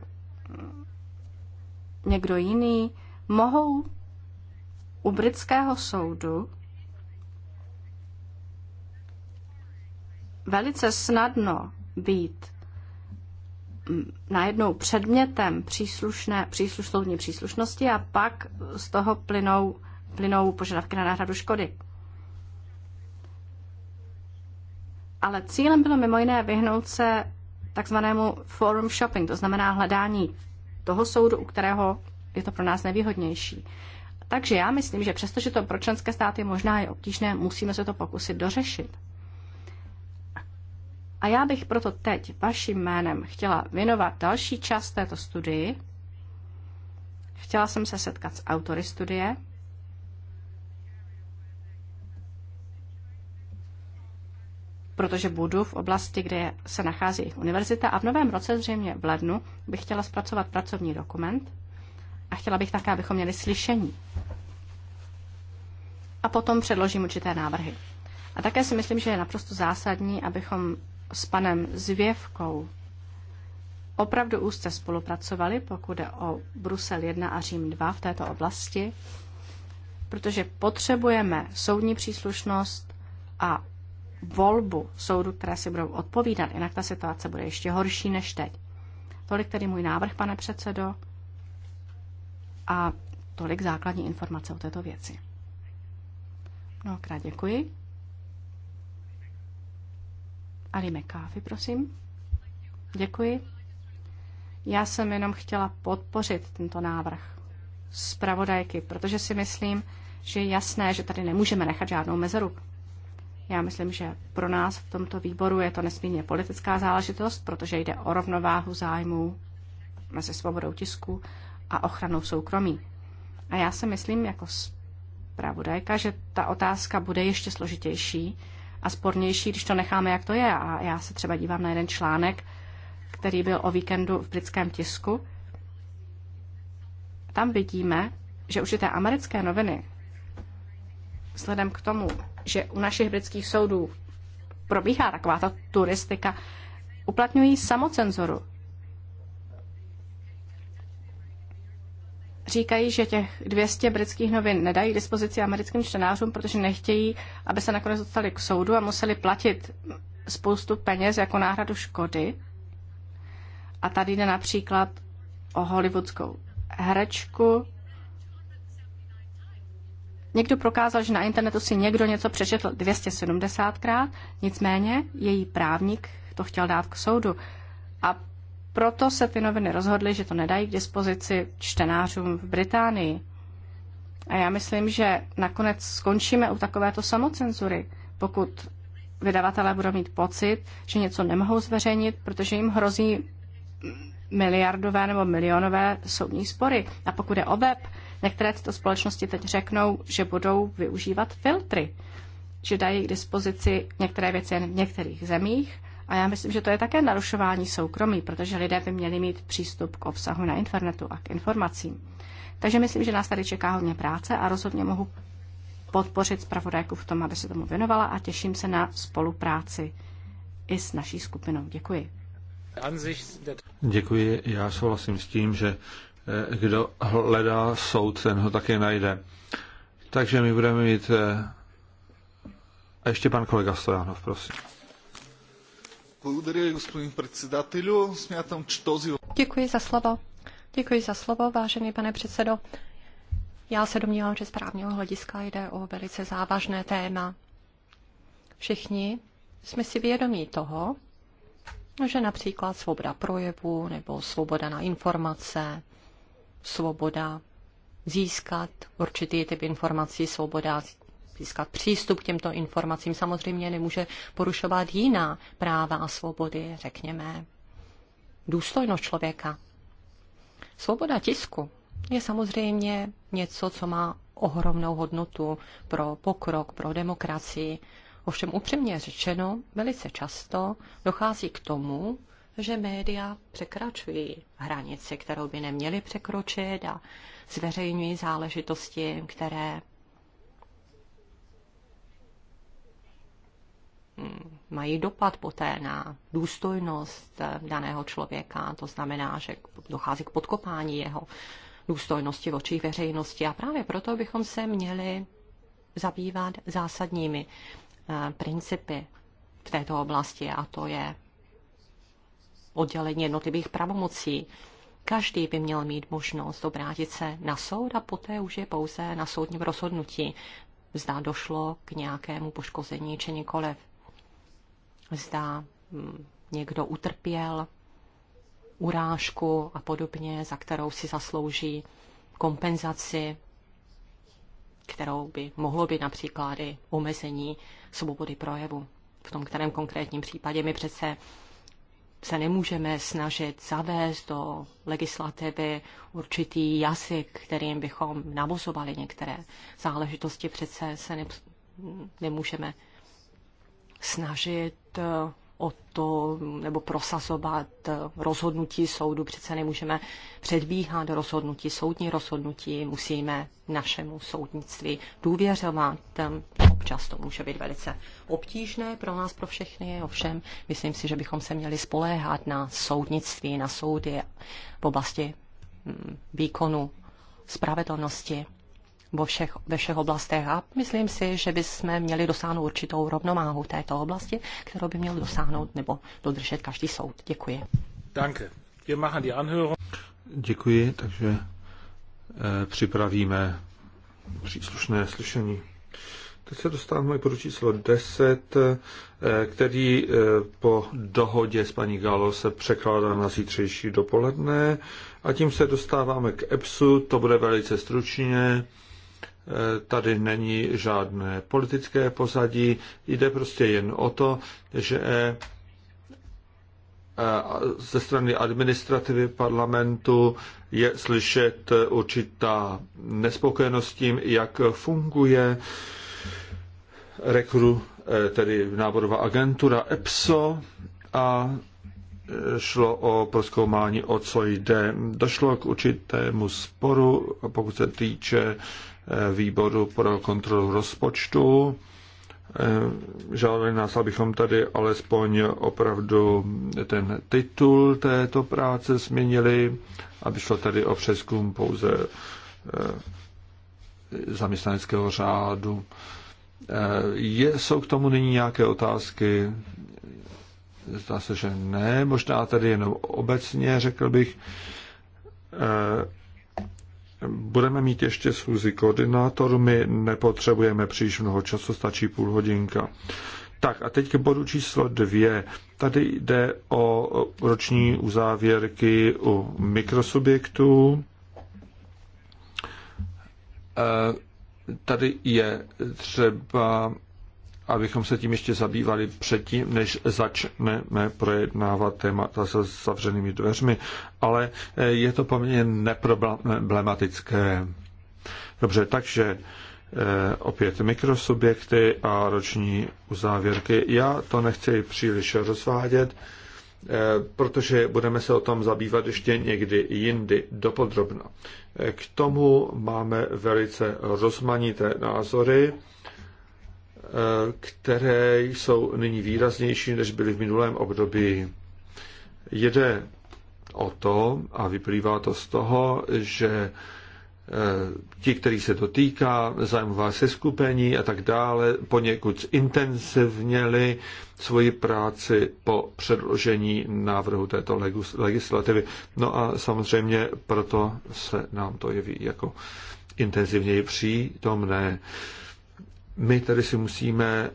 někdo jiný, mohou u britského soudu velice snadno být mm, najednou předmětem příslušné, příslušnou příslušnosti a pak z toho plynou, plynou požadavky na náhradu škody. Ale cílem bylo mimo jiné vyhnout se takzvanému forum shopping, to znamená hledání toho soudu, u kterého je to pro nás nevýhodnější. Takže já myslím, že přestože to pro členské státy možná je obtížné, musíme se to pokusit dořešit. A já bych proto teď vaším jménem chtěla věnovat další část této studii. Chtěla jsem se setkat s autory studie. protože budu v oblasti, kde se nachází jejich univerzita a v novém roce, zřejmě v lednu, bych chtěla zpracovat pracovní dokument, a chtěla bych také, abychom měli slyšení. A potom předložím určité návrhy. A také si myslím, že je naprosto zásadní, abychom s panem Zvěvkou opravdu úzce spolupracovali, pokud jde o Brusel 1 a Řím 2 v této oblasti, protože potřebujeme soudní příslušnost a volbu soudu, které si budou odpovídat, jinak ta situace bude ještě horší než teď. Tolik tedy můj návrh, pane předsedo. A tolik základní informace o této věci. Mnohokrát děkuji. Ali Mekáfi, prosím. Děkuji. Já jsem jenom chtěla podpořit tento návrh zpravodajky, protože si myslím, že je jasné, že tady nemůžeme nechat žádnou mezeru. Já myslím, že pro nás v tomto výboru je to nesmírně politická záležitost, protože jde o rovnováhu zájmů mezi svobodou tisku a ochranou soukromí. A já si myslím jako zpravodajka, že ta otázka bude ještě složitější a spornější, když to necháme, jak to je. A já se třeba dívám na jeden článek, který byl o víkendu v britském tisku. Tam vidíme, že určité americké noviny, vzhledem k tomu, že u našich britských soudů probíhá taková ta turistika, uplatňují samocenzoru. říkají, že těch 200 britských novin nedají k dispozici americkým čtenářům, protože nechtějí, aby se nakonec dostali k soudu a museli platit spoustu peněz jako náhradu škody. A tady jde například o hollywoodskou herečku. Někdo prokázal, že na internetu si někdo něco přečetl 270krát, nicméně její právník to chtěl dát k soudu. A proto se ty noviny rozhodly, že to nedají k dispozici čtenářům v Británii. A já myslím, že nakonec skončíme u takovéto samocenzury, pokud vydavatelé budou mít pocit, že něco nemohou zveřejnit, protože jim hrozí miliardové nebo milionové soudní spory. A pokud je o web, některé tyto společnosti teď řeknou, že budou využívat filtry, že dají k dispozici některé věci jen v některých zemích a já myslím, že to je také narušování soukromí, protože lidé by měli mít přístup k obsahu na internetu a k informacím. Takže myslím, že nás tady čeká hodně práce a rozhodně mohu podpořit zpravodajku v tom, aby se tomu věnovala a těším se na spolupráci i s naší skupinou. Děkuji. Děkuji. Já souhlasím s tím, že eh, kdo hledá soud, ten ho také najde. Takže my budeme mít... Eh, a ještě pan kolega Stojanov, prosím. Děkuji za slovo. Děkuji za slovo, vážený pane předsedo. Já se domnívám, že z právního hlediska jde o velice závažné téma. Všichni jsme si vědomí toho, že například svoboda projevu nebo svoboda na informace, svoboda získat určitý typ informací, svoboda získat přístup k těmto informacím. Samozřejmě nemůže porušovat jiná práva a svobody, řekněme, důstojnost člověka. Svoboda tisku je samozřejmě něco, co má ohromnou hodnotu pro pokrok, pro demokracii. Ovšem upřímně řečeno, velice často dochází k tomu, že média překračují hranici, kterou by neměly překročit a zveřejňují záležitosti, které Mm, mají dopad poté na důstojnost eh, daného člověka. To znamená, že dochází k podkopání jeho důstojnosti v očích veřejnosti. A právě proto bychom se měli zabývat zásadními eh, principy v této oblasti, a to je oddělení jednotlivých pravomocí. Každý by měl mít možnost obrátit se na soud a poté už je pouze na soudním rozhodnutí, zda došlo k nějakému poškození či nikoliv zda hm, někdo utrpěl urážku a podobně, za kterou si zaslouží kompenzaci, kterou by mohlo být například i omezení svobody projevu. V tom kterém konkrétním případě my přece se nemůžeme snažit zavést do legislativy určitý jazyk, kterým bychom navozovali některé záležitosti. Přece se ne, nemůžeme snažit eh, o to nebo prosazovat eh, rozhodnutí soudu. Přece nemůžeme předbíhat rozhodnutí, soudní rozhodnutí. Musíme našemu soudnictví důvěřovat. Občas to může být velice obtížné pro nás, pro všechny. Ovšem, myslím si, že bychom se měli spoléhat na soudnictví, na soudy v oblasti mm, výkonu spravedlnosti vo všech, ve všech oblastech. A myslím si, že bychom měli dosáhnout určitou rovnováhu této oblasti, kterou by měl dosáhnout nebo dodržet každý soud. Děkuji. Danke. Wir machen die Anhörung. Děkuji, takže eh, připravíme příslušné slyšení. Teď se dostáváme k bodu číslo 10, eh, který eh, po dohodě s paní Galo se překládá na zítřejší dopoledne. A tím se dostáváme k EPSu, to bude velice stručně tady není žádné politické pozadí, jde prostě jen o to, že eh, ze strany administrativy parlamentu je slyšet určitá nespokojenost tím, jak funguje rekru, eh, tedy náborová agentura EPSO a eh, šlo o proskoumání, o co jde. Došlo k určitému sporu, pokud se týče výboru pro kontrolu rozpočtu. Žádali nás, abychom tady alespoň opravdu ten titul této práce změnili, aby šlo tady o přeskum pouze eh, zaměstnaneckého řádu. Eh, je, jsou k tomu nyní nějaké otázky? Zdá se, že ne. Možná tady jenom obecně řekl bych, eh, Budeme mít ještě schůzi koordinátorů, my nepotřebujeme příliš mnoho času, stačí půl hodinka. Tak a teď k bodu číslo dvě. Tady jde o roční uzávěrky u mikrosubjektů. Eh, tady je třeba abychom se tím ještě zabývali předtím, než začneme projednávat témata se zavřenými dveřmi, ale eh, je to poměrně neproblematické. Dobře, takže eh, opět mikrosubjekty a roční uzávěrky. Já to nechci příliš rozvádět, eh, protože budeme se o tom zabývat ještě někdy jindy dopodrobno. K tomu máme velice rozmanité názory které jsou nyní výraznější, než byly v minulém období. Jde o to, a vyplývá to z toho, že e, ti, který se to týká, zájmová seskupení a tak dále, poněkud intenzivněli svoji práci po předložení návrhu této legislativy. No a samozřejmě proto se nám to jeví jako intenzivněji přítomné. My tady si musíme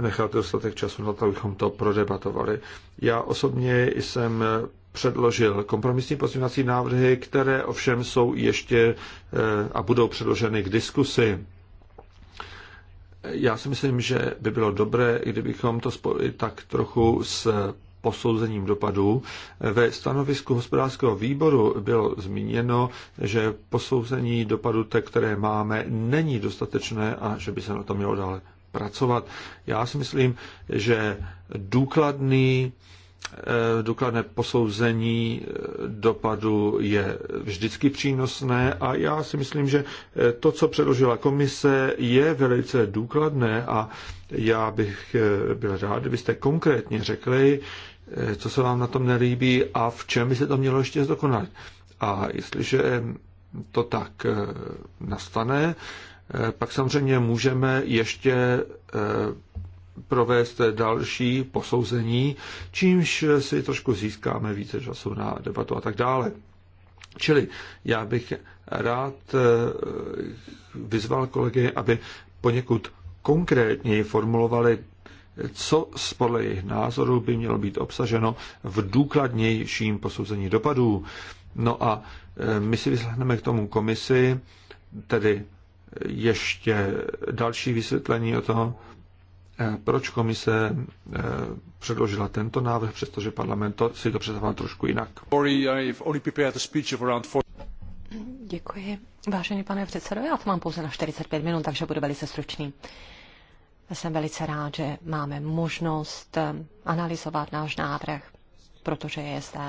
nechat dostatek času na to, abychom to prodebatovali. Já osobně jsem předložil kompromisní pozměňovací návrhy, které ovšem jsou ještě eh, a budou předloženy k diskusi. Já si myslím, že by bylo dobré, kdybychom to spojili tak trochu s posouzením dopadů. Ve stanovisku hospodářského výboru bylo zmíněno, že posouzení dopadů, te, které máme, není dostatečné a že by se na to mělo dále pracovat. Já si myslím, že důkladný eh, důkladné posouzení eh, dopadu je vždycky přínosné a já si myslím, že eh, to, co předložila komise, je velice důkladné a já bych byl rád, kdybyste konkrétně řekli, Eh, co se vám na tom nelíbí a v čem by se to mělo ještě zdokonalit. A jestliže to tak eh, nastane, eh, pak samozřejmě můžeme ještě provést další posouzení, čímž si trošku získáme více času na debatu a tak dále. Čili já bych rád vyzval kolegy, aby poněkud konkrétněji formulovali co podle jejich názoru by mělo být obsaženo v důkladnějším posouzení dopadů. No a e, my si vyslechneme k tomu komisi, tedy ještě další vysvětlení o tom, e, proč komise e, předložila tento návrh, přestože parlament to, si to představoval trošku jinak. Děkuji. Vážený pane předsedo, já to mám pouze na 45 minut, takže budu velice stručný. Jsem velice rád, že máme možnost ehm, analyzovat náš návrh protože je zde,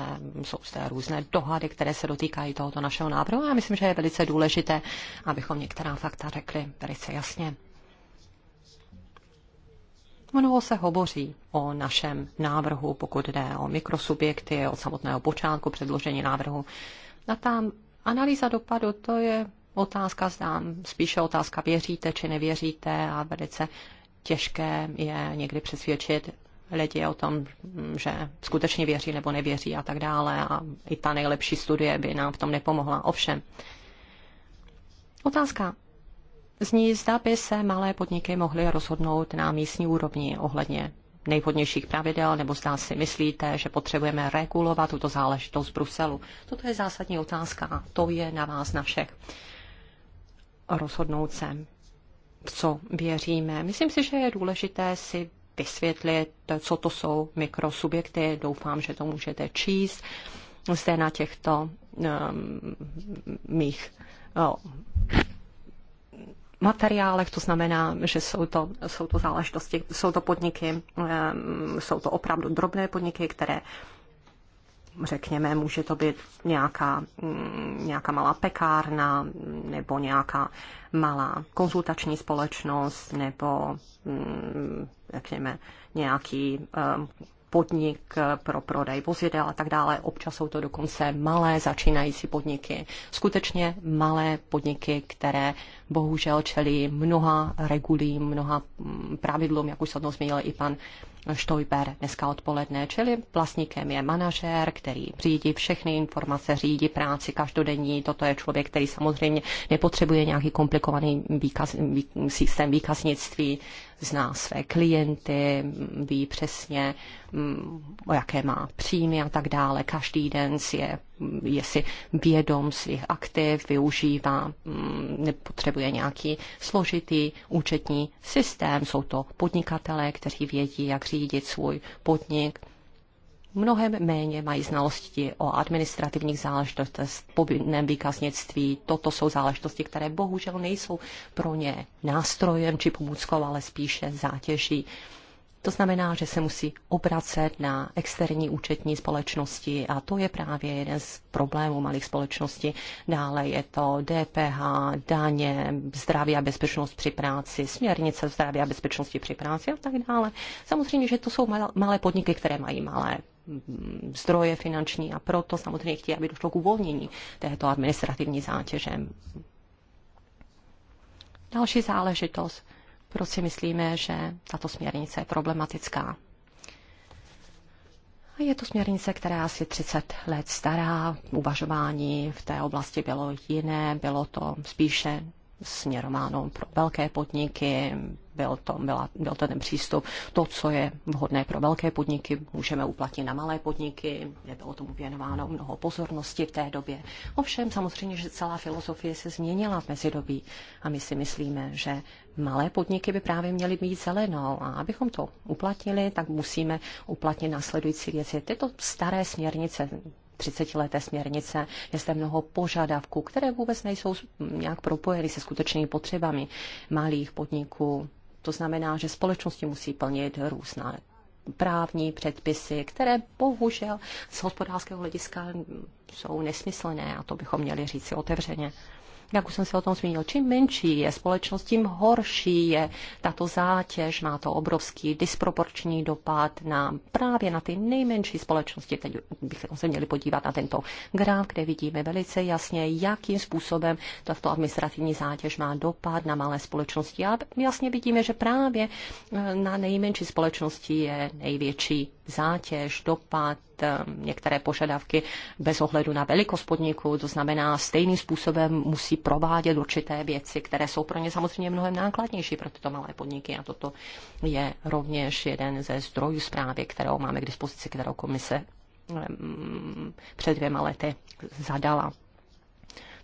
jsou zde různé dohady, které se dotýkají tohoto našeho návrhu a já myslím, že je velice důležité, abychom některá fakta řekli velice jasně. Mnoho se hovoří o našem návrhu, pokud jde o mikrosubjekty, od samotného počátku předložení návrhu. A tam analýza dopadu, to je otázka, zdám, spíše otázka, věříte či nevěříte a velice těžké je někdy přesvědčit lidi o tom, že skutečně věří nebo nevěří a tak dále. A i ta nejlepší studie by nám v tom nepomohla. Ovšem, otázka zní, zda by se malé podniky mohly rozhodnout na místní úrovni ohledně nejvhodnějších pravidel, nebo zda si myslíte, že potřebujeme regulovat tuto záležitost z Bruselu. Toto je zásadní otázka a to je na vás na všech rozhodnout se co věříme. Myslím si, že je důležité si vysvětlit, co to jsou mikrosubjekty. Doufám, že to můžete číst zde na těchto um, mých oh, materiálech, to znamená, že jsou to, jsou to záležitosti, jsou to podniky, um, jsou to opravdu drobné podniky, které řekněme, může to být nějaká, mm, nějaká malá pekárna nebo nějaká malá konzultační společnost nebo, mm, řekněme, nějaký ehm, podnik pro prodej vozidel a tak dále. Občas jsou to dokonce malé začínající podniky, skutečně malé podniky, které bohužel čelí mnoha regulím, mnoha mm, pravidlům, jak už se o zmínil i pan Štojber dneska odpoledne, čili vlastníkem je manažér, který řídí všechny informace, řídí práci každodenní. Toto je člověk, který samozřejmě nepotřebuje nějaký komplikovaný výkaz, vý, systém výkaznictví, zná své klienty, ví přesně, mm, o jaké má příjmy a tak dále. Každý den si je, je si vědom svých aktiv, využívá, mm, nepotřebuje potřebuje nějaký složitý účetní systém. Jsou to podnikatelé, kteří vědí, jak řídit svůj podnik. Mnohem méně mají znalosti o administrativních záležitostech, povinném výkaznictví. Toto jsou záležitosti, které bohužel nejsou pro ně nástrojem či pomůckou, ale spíše zátěží. To znamená, že se musí obracet na externí účetní společnosti a to je právě jeden z problémů malých společností. Dále je to DPH, daně, zdraví a bezpečnost při práci, směrnice zdraví a bezpečnosti při práci a tak dále. Samozřejmě, že to jsou malé podniky, které mají malé mm, zdroje finanční a proto samozřejmě chtějí, aby došlo k uvolnění této administrativní zátěže. Další záležitost proč si myslíme, že tato směrnice je problematická. A je to směrnice, která asi 30 let stará. Uvažování v té oblasti bylo jiné, bylo to spíše směrováno pro velké podniky, byl to, byla, byl to ten přístup. To, co je vhodné pro velké podniky, můžeme uplatnit na malé podniky. Nebylo tomu věnováno mnoho pozornosti v té době. Ovšem, samozřejmě, že celá filozofie se změnila v mezidobí a my si myslíme, že malé podniky by právě měly být zelenou a abychom to uplatnili, tak musíme uplatnit následující věci. Tyto staré směrnice 30-leté směrnice, je zde mnoho požadavků, které vůbec nejsou nějak propojeny se skutečnými potřebami malých podniků, to znamená, že společnosti musí plnit různé právní předpisy, které bohužel z hospodářského hlediska jsou nesmyslné a to bychom měli říci otevřeně jak už jsem se o tom zmínil, čím menší je společnost, tím horší je tato zátěž, má to obrovský disproporční dopad na právě na ty nejmenší společnosti. Teď bychom se měli podívat na tento graf, kde vidíme velice jasně, jakým způsobem tato administrativní zátěž má dopad na malé společnosti. A jasně vidíme, že právě eh, na nejmenší společnosti je největší zátěž, dopad, eh, některé požadavky bez ohledu na velikost podniku, to znamená stejným způsobem musí provádět určité věci, které jsou pro ně samozřejmě mnohem nákladnější pro tyto malé podniky a toto je rovněž jeden ze zdrojů zprávy, kterou máme k dispozici, kterou komise eh, mm, před dvěma lety zadala.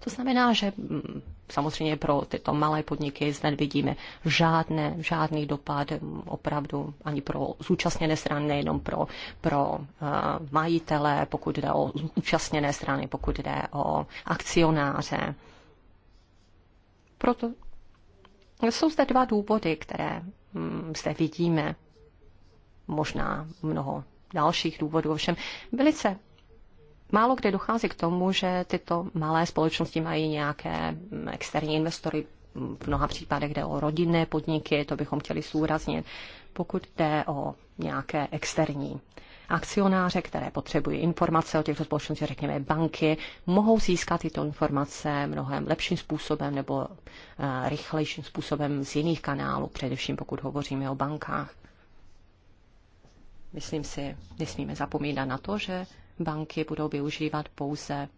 To znamená, že mm, samozřejmě pro tyto malé podniky zde vidíme žádné, žádný dopad mm, opravdu ani pro zúčastněné strany, nejenom pro, pro uh, majitele, pokud jde o zúčastněné strany, pokud jde o akcionáře. Proto jsou zde dva důvody, které um, zde vidíme. Možná mnoho dalších důvodů, ovšem velice Málo kde dochází k tomu, že tyto malé společnosti mají nějaké externí investory, v mnoha případech jde o rodinné podniky, to bychom chtěli zúraznit, pokud jde o nějaké externí akcionáře, které potřebují informace o těchto společnostech, řekněme banky, mohou získat tyto informace mnohem lepším způsobem nebo eh, rychlejším způsobem z jiných kanálů, především pokud hovoříme o bankách. Myslím si, nesmíme zapomínat na to, že banky budou využívat pouze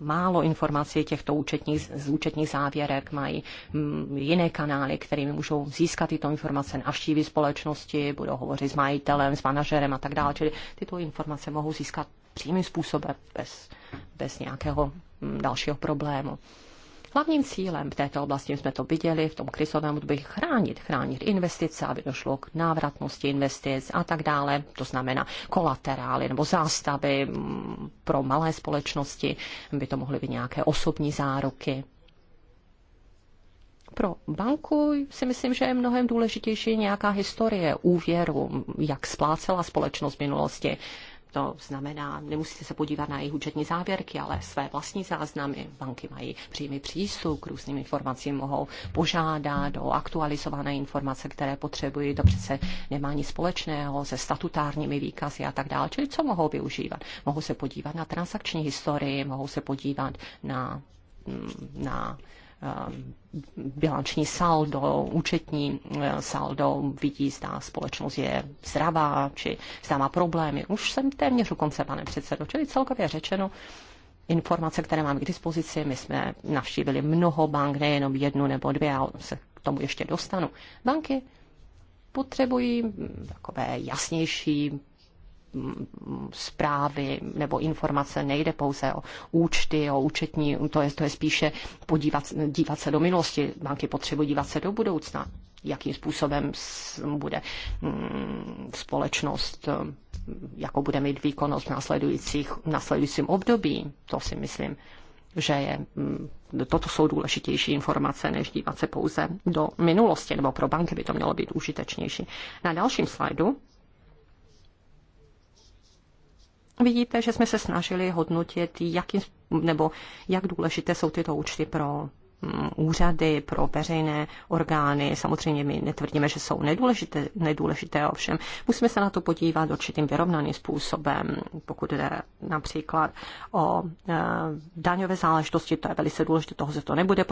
málo informací těchto účetních, z účetních závěrek, mají mm, jiné kanály, kterými můžou získat tyto informace, navštíví společnosti, budou hovořit s majitelem, s manažerem a tak dále. Čili tyto informace mohou získat přímým způsobem bez, bez nějakého mm, dalšího problému. Hlavním cílem v této oblasti jsme to viděli v tom krizovém období chránit, chránit investice, aby došlo k návratnosti investic a tak dále. To znamená kolaterály nebo zástavy mm, pro malé společnosti, by to mohly být nějaké osobní záruky pro banku si myslím, že je mnohem důležitější nějaká historie úvěru, jak splácela společnost v minulosti, to znamená, nemusíte se podívat na jejich účetní závěrky, ale své vlastní záznamy. Banky mají přímý přístup k různým informacím, mohou požádat o aktualizované informace, které potřebují. To přece nemá nic společného se statutárními výkazy a tak dále. Čili co mohou využívat? Mohou se podívat na transakční historii, mohou se podívat na, na Eh, bilanční saldo, účetní eh, saldo, vidí, zda společnost je zdravá, či zda má problémy. Už jsem téměř u konce, pane předsedo, čili celkově řečeno, informace, které mám k dispozici, my jsme navštívili mnoho bank, nejenom jednu nebo dvě, a se k tomu ještě dostanu. Banky potřebují takové jasnější zprávy nebo informace, nejde pouze o účty, o účetní, to je, to je spíše podívat, dívat se do minulosti. Banky potřebují dívat se do budoucna, jakým způsobem bude mm, společnost, jako bude mít výkonnost v následujících, v následujícím období. To si myslím, že je, mm, toto jsou důležitější informace, než dívat se pouze do minulosti, nebo pro banky by to mělo být užitečnější. Na dalším slajdu Vidíte, že jsme se snažili hodnotit, jakým, nebo jak důležité jsou tyto účty pro Mm, úřady, pro veřejné orgány. Samozřejmě my netvrdíme, že jsou nedůležité, nedůležité ovšem. Musíme se na to podívat určitým vyrovnaným způsobem, pokud jde například o e, daňové záležitosti, to je velice důležité, toho se to nebude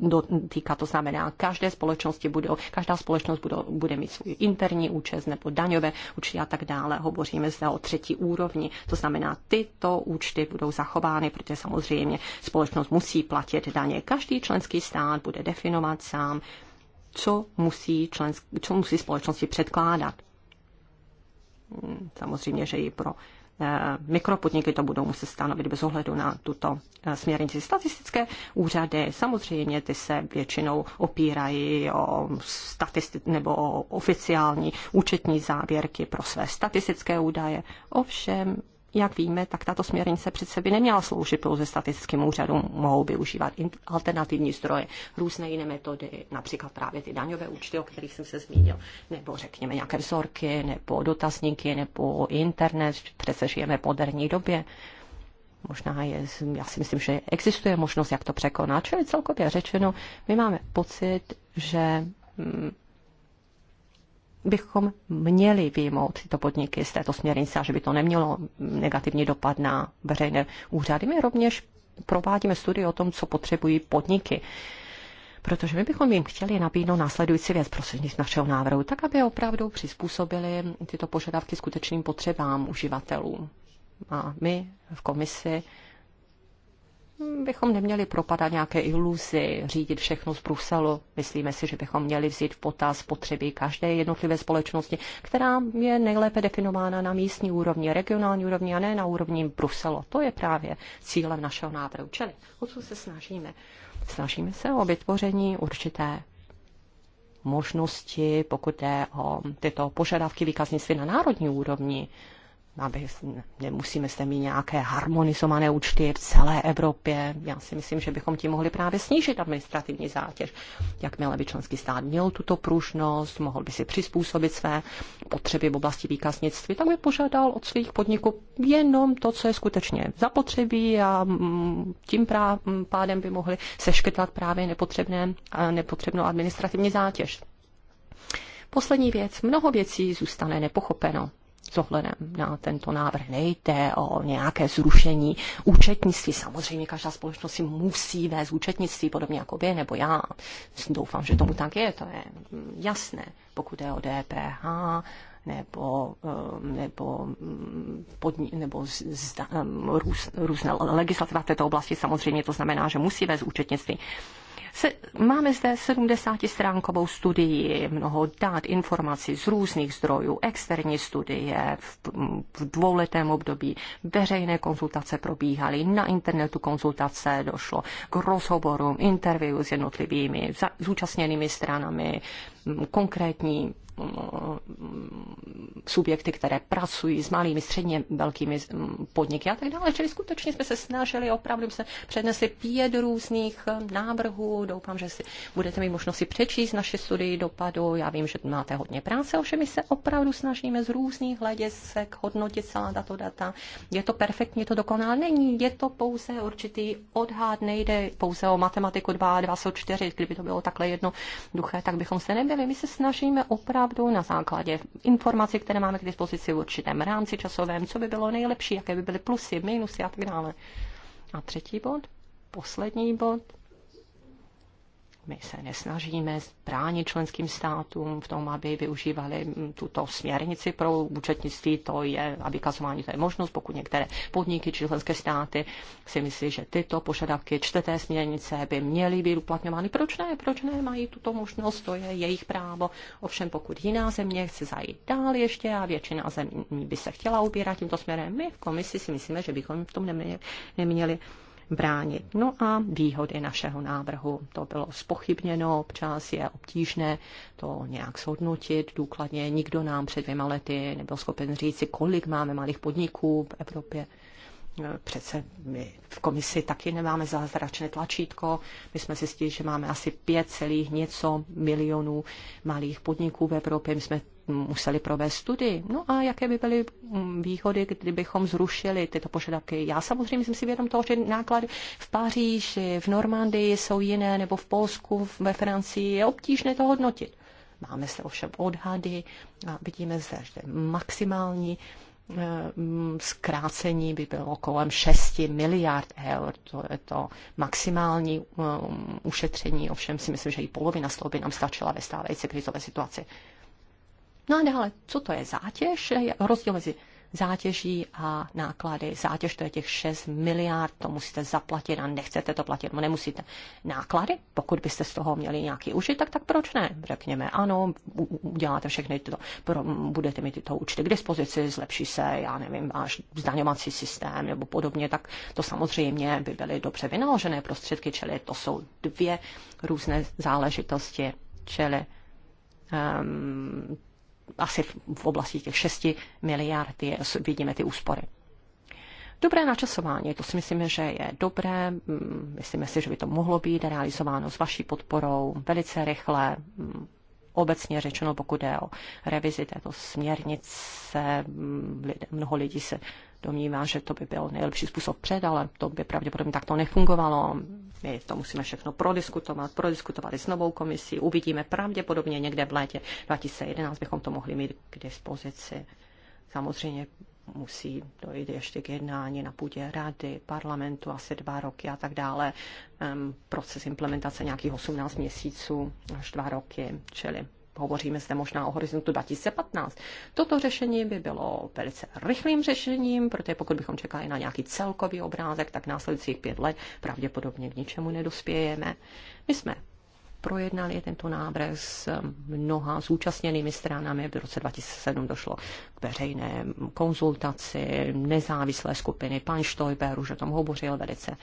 dotýkat, to znamená, každé společnosti budou, každá společnost budou, bude mít svůj interní účet nebo daňové účty a tak dále. Hovoříme zde o třetí úrovni, to znamená, tyto účty budou zachovány, protože samozřejmě společnost musí platit daně. Každý členský stát bude definovat sám, co musí, člensk, co musí společnosti předkládat. Hmm, samozřejmě, že i pro eh, mikropodniky to budou muset stanovit bez ohledu na tuto eh, směrnici. Statistické úřady samozřejmě ty se většinou opírají o statisti- nebo o oficiální účetní závěrky pro své statistické údaje. Ovšem jak víme, tak tato směrnice přece by neměla sloužit pouze statistickým úřadům, mohou využívat alternativní zdroje, různé jiné metody, například právě ty daňové účty, o kterých jsem se zmínil, nebo řekněme nějaké vzorky, nebo dotazníky, nebo internet, přece žijeme v moderní době. Možná je, já si myslím, že existuje možnost, jak to překonat, čili celkově řečeno, my máme pocit, že mm, bychom měli vyjmout tyto podniky z této směrnice a že by to nemělo negativní dopad na veřejné úřady. My rovněž provádíme studii o tom, co potřebují podniky. Protože my bychom jim chtěli nabídnout následující věc prostřednictvím našeho návrhu, tak aby opravdu přizpůsobili tyto požadavky skutečným potřebám uživatelů. A my v komisi bychom neměli propadat nějaké iluzi, řídit všechno z Bruselu. Myslíme si, že bychom měli vzít v potaz potřeby každé jednotlivé společnosti, která je nejlépe definována na místní úrovni, regionální úrovni a ne na úrovni Bruselu. To je právě cílem našeho návrhu. Čili o co se snažíme? Snažíme se o vytvoření určité možnosti, pokud jde o tyto požadavky výkaznictví na národní úrovni, aby nemusíme se mít nějaké harmonizované účty v celé Evropě. Já si myslím, že bychom tím mohli právě snížit administrativní zátěž. Jakmile by členský stát měl tuto pružnost, mohl by si přizpůsobit své potřeby v oblasti výkaznictví, tak by požádal od svých podniků jenom to, co je skutečně zapotřebí a mm, tím mm, pádem by mohli seškytat právě nepotřebné, nepotřebnou administrativní zátěž. Poslední věc. Mnoho věcí zůstane nepochopeno s ohledem na tento návrh nejde o nějaké zrušení účetnictví. Samozřejmě každá společnost si musí vést účetnictví, podobně jako vy nebo já. Doufám, že tomu tak je, to je mm, jasné. Pokud je o DPH, nebo, mm, nebo, mm, podni, nebo zda, růz, různé legislativa v této oblasti. Samozřejmě to znamená, že musí vést účetnictví. Se, máme zde 70-stránkovou studii, mnoho dát, informací z různých zdrojů, externí studie, v, v dvouletém období veřejné konzultace probíhaly, na internetu konzultace došlo k rozhovorům, interview s jednotlivými zúčastněnými stranami, konkrétní Eh, subjekty, které pracují s malými, středně velkými hm, podniky a tak dále. Čili skutečně jsme se snažili, opravdu se přednesli pět různých eh, návrhů. Doufám, že si budete mít možnost si přečíst naše studii dopadu. Já vím, že máte hodně práce, ovšem my se opravdu snažíme z různých hledisek hodnotit celá tato data. Je to perfektně, to dokonal není. Je to pouze určitý odhad, nejde pouze o matematiku 2 a 2 jsou 4. Kdyby to bylo takhle jednoduché, tak bychom se nebyli. My se snažíme opravdu opravdu na základě informací, které máme k dispozici v určitém rámci časovém, co by bylo nejlepší, jaké by byly plusy, minusy a tak dále. A třetí bod, poslední bod, my se nesnažíme bránit členským státům v tom, aby využívali mm, tuto směrnici pro účetnictví. To je, a vykazování to je možnost, pokud některé podniky či členské státy si myslí, že tyto požadavky čteté směrnice by měly být uplatňovány. Proč ne? Proč ne? Mají tuto možnost, to je jejich právo. Ovšem, pokud jiná země chce zajít dál ještě a většina zemí by se chtěla ubírat tímto směrem, my v komisi si myslíme, že bychom v tom neměli, neměli bránit. No a výhody našeho návrhu. To bylo spochybněno, občas je obtížné to nějak shodnotit důkladně. Nikdo nám před dvěma lety nebyl schopen říci, kolik máme malých podniků v Evropě. Přece my v komisi taky nemáme zázračné tlačítko. My jsme zjistili, že máme asi 5 celých něco milionů malých podniků v Evropě. My jsme museli provést studii. No a jaké by byly mm, výhody, kdybychom zrušili tyto požadavky? Já samozřejmě jsem si vědom toho, že náklady v Paříži, v Normandii jsou jiné, nebo v Polsku, ve Francii je obtížné to hodnotit. Máme se ovšem odhady a vidíme zde, že maximální eh, mm, zkrácení by bylo kolem 6 miliard eur. To je to maximální eh, ušetření, ovšem si myslím, že i polovina slov by nám stačila ve stávající krizové situaci. No a dále, co to je zátěž? Je rozdíl mezi zátěží a náklady. Zátěž to je těch 6 miliard, to musíte zaplatit a nechcete to platit, no nemusíte. Náklady, pokud byste z toho měli nějaký užitek, tak proč ne? Řekněme, ano, uděláte všechny tyto, budete mít tyto účty k dispozici, zlepší se, já nevím, váš zdaňovací systém nebo podobně, tak to samozřejmě by byly dobře vynaložené prostředky, čili to jsou dvě různé záležitosti, čili um, asi v oblasti těch 6 miliard je, vidíme ty úspory. Dobré načasování, to si myslíme, že je dobré. Mm, myslíme si, že by to mohlo být realizováno s vaší podporou velice rychle. Mm, obecně řečeno, pokud jde o revizi této směrnice, mm, mnoho lidí se domnívá, že to by byl nejlepší způsob před, ale to by pravděpodobně takto nefungovalo. My to musíme všechno prodiskutovat, prodiskutovat i s novou komisí. Uvidíme pravděpodobně někde v létě 2011 bychom to mohli mít k dispozici. Samozřejmě musí dojít ještě k jednání na půdě rady, parlamentu, asi dva roky a tak dále. Um, proces implementace nějakých 18 měsíců až dva roky, čili hovoříme zde možná o horizontu 2015. Toto řešení by bylo velice rychlým řešením, protože pokud bychom čekali na nějaký celkový obrázek, tak následujících pět let pravděpodobně k ničemu nedospějeme. My jsme projednali tento návrh s mnoha zúčastněnými stranami. V roce 2007 došlo k veřejné konzultaci nezávislé skupiny. Pan Štojber už o tom hovořil velice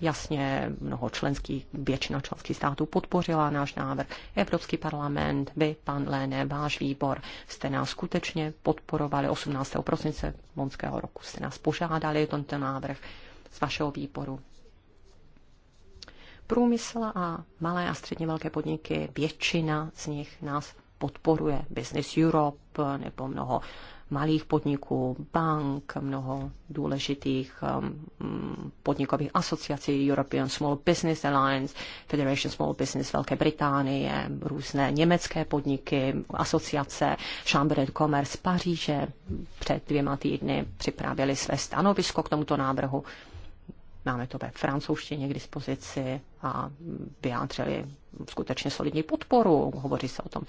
jasně mnoho členských, většina členských států podpořila náš návrh. Evropský parlament, vy, pan Léne, váš výbor, jste nás skutečně podporovali 18. prosince monského roku. Jste nás požádali tento návrh z vašeho výboru. Průmysl a malé a středně velké podniky, většina z nich nás podporuje Business Europe nebo mnoho malých podniků, bank, mnoho důležitých um, podnikových asociací, European Small Business Alliance, Federation Small Business Velké Británie, různé německé podniky, asociace, Chambre de Commerce Paříže před dvěma týdny připravili své stanovisko k tomuto návrhu máme to ve francouzštině k dispozici a vyjádřili skutečně solidní podporu. Hovoří se o tom,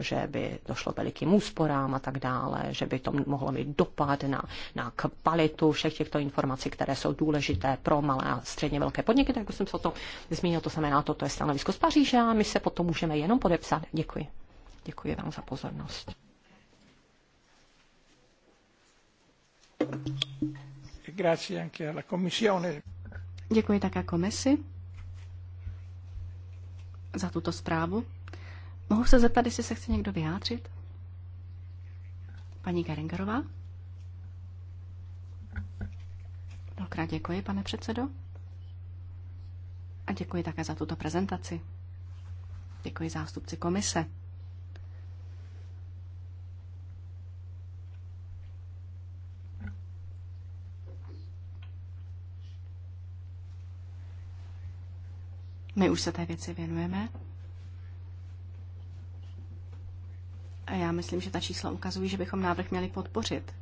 že by došlo velikým úsporám a tak dále, že by to mohlo mít dopad na, na kvalitu všech těchto informací, které jsou důležité pro malé a středně velké podniky. Tak jsem se o tom zmínil, to znamená, toto je stanovisko z Paříže a my se potom můžeme jenom podepsat. Děkuji. Děkuji vám za pozornost. Děkuji také komisi za tuto zprávu. Mohu se zeptat, jestli se chce někdo vyjádřit? Paní Geringerová? Mnohokrát děkuji, pane předsedo. A děkuji také za tuto prezentaci. Děkuji zástupci komise. My už se té věci věnujeme. A já myslím, že ta čísla ukazují, že bychom návrh měli podpořit.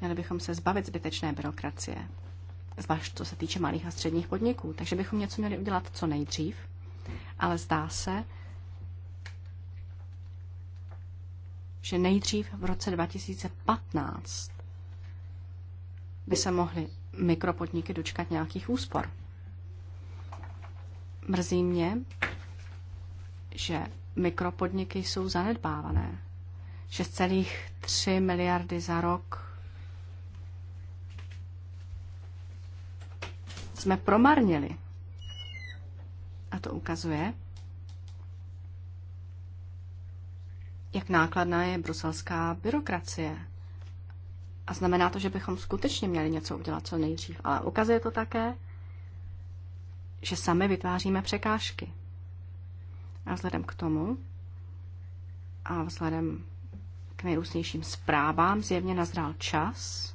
Měli bychom se zbavit zbytečné byrokracie, zvlášť co se týče malých a středních podniků. Takže bychom něco měli udělat co nejdřív, ale zdá se, že nejdřív v roce 2015 by se mohly mikropodniky dočkat nějakých úspor. Mrzí mě, že mikropodniky jsou zanedbávané. 6,3 miliardy za rok jsme promarnili. A to ukazuje, jak nákladná je bruselská byrokracie. A znamená to, že bychom skutečně měli něco udělat co nejdřív. Ale ukazuje to také, že sami vytváříme překážky. A vzhledem k tomu a vzhledem k nejrůznějším zprávám zjevně nazrál čas,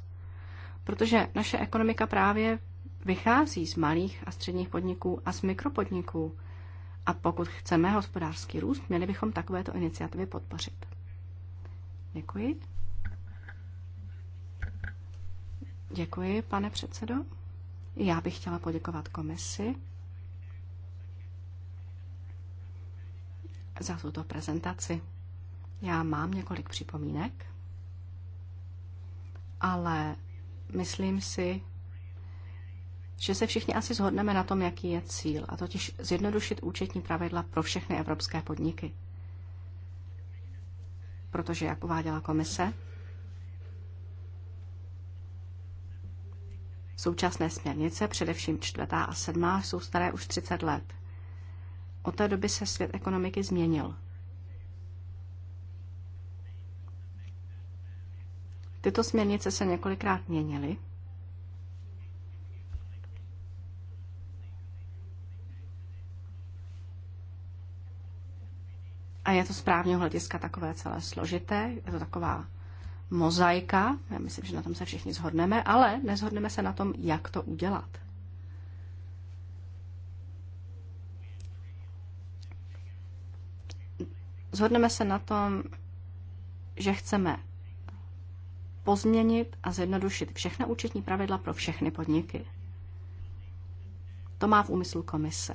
protože naše ekonomika právě vychází z malých a středních podniků a z mikropodniků. A pokud chceme hospodářský růst, měli bychom takovéto iniciativy podpořit. Děkuji. Děkuji, pane předsedo. Já bych chtěla poděkovat komisi za tuto prezentaci. Já mám několik připomínek, ale myslím si, že se všichni asi zhodneme na tom, jaký je cíl, a totiž zjednodušit účetní pravidla pro všechny evropské podniky. Protože, jak uváděla komise, současné směrnice, především čtvrtá a sedmá, jsou staré už 30 let. Od té doby se svět ekonomiky změnil. Tyto směrnice se několikrát měnily. A je to z právního hlediska takové celé složité, je to taková mozaika, já myslím, že na tom se všichni zhodneme, ale nezhodneme se na tom, jak to udělat. Zhodneme se na tom, že chceme pozměnit a zjednodušit všechna účetní pravidla pro všechny podniky. To má v úmyslu komise.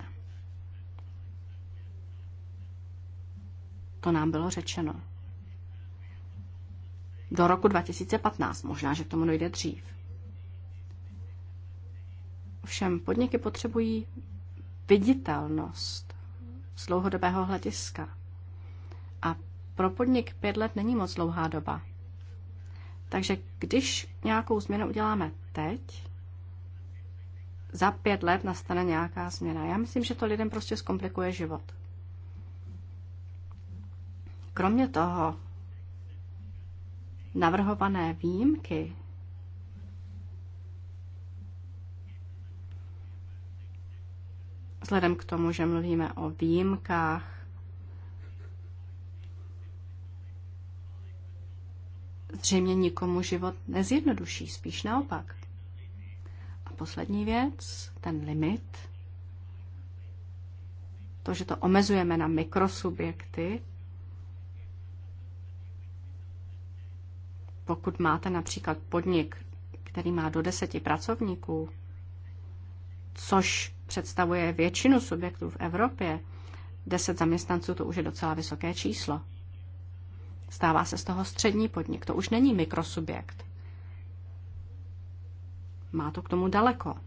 To nám bylo řečeno. Do roku 2015, možná, že k tomu dojde dřív. Ovšem podniky potřebují viditelnost z dlouhodobého hlediska pro podnik pět let není moc dlouhá doba. Takže když nějakou změnu uděláme teď, za pět let nastane nějaká změna. Já myslím, že to lidem prostě zkomplikuje život. Kromě toho, navrhované výjimky vzhledem k tomu, že mluvíme o výjimkách zřejmě nikomu život nezjednoduší, spíš naopak. A poslední věc, ten limit, to, že to omezujeme na mikrosubjekty, pokud máte například podnik, který má do deseti pracovníků, což představuje většinu subjektů v Evropě, deset zaměstnanců to už je docela vysoké číslo. Stává se z toho střední podnik. To už není mikrosubjekt. Má to k tomu daleko.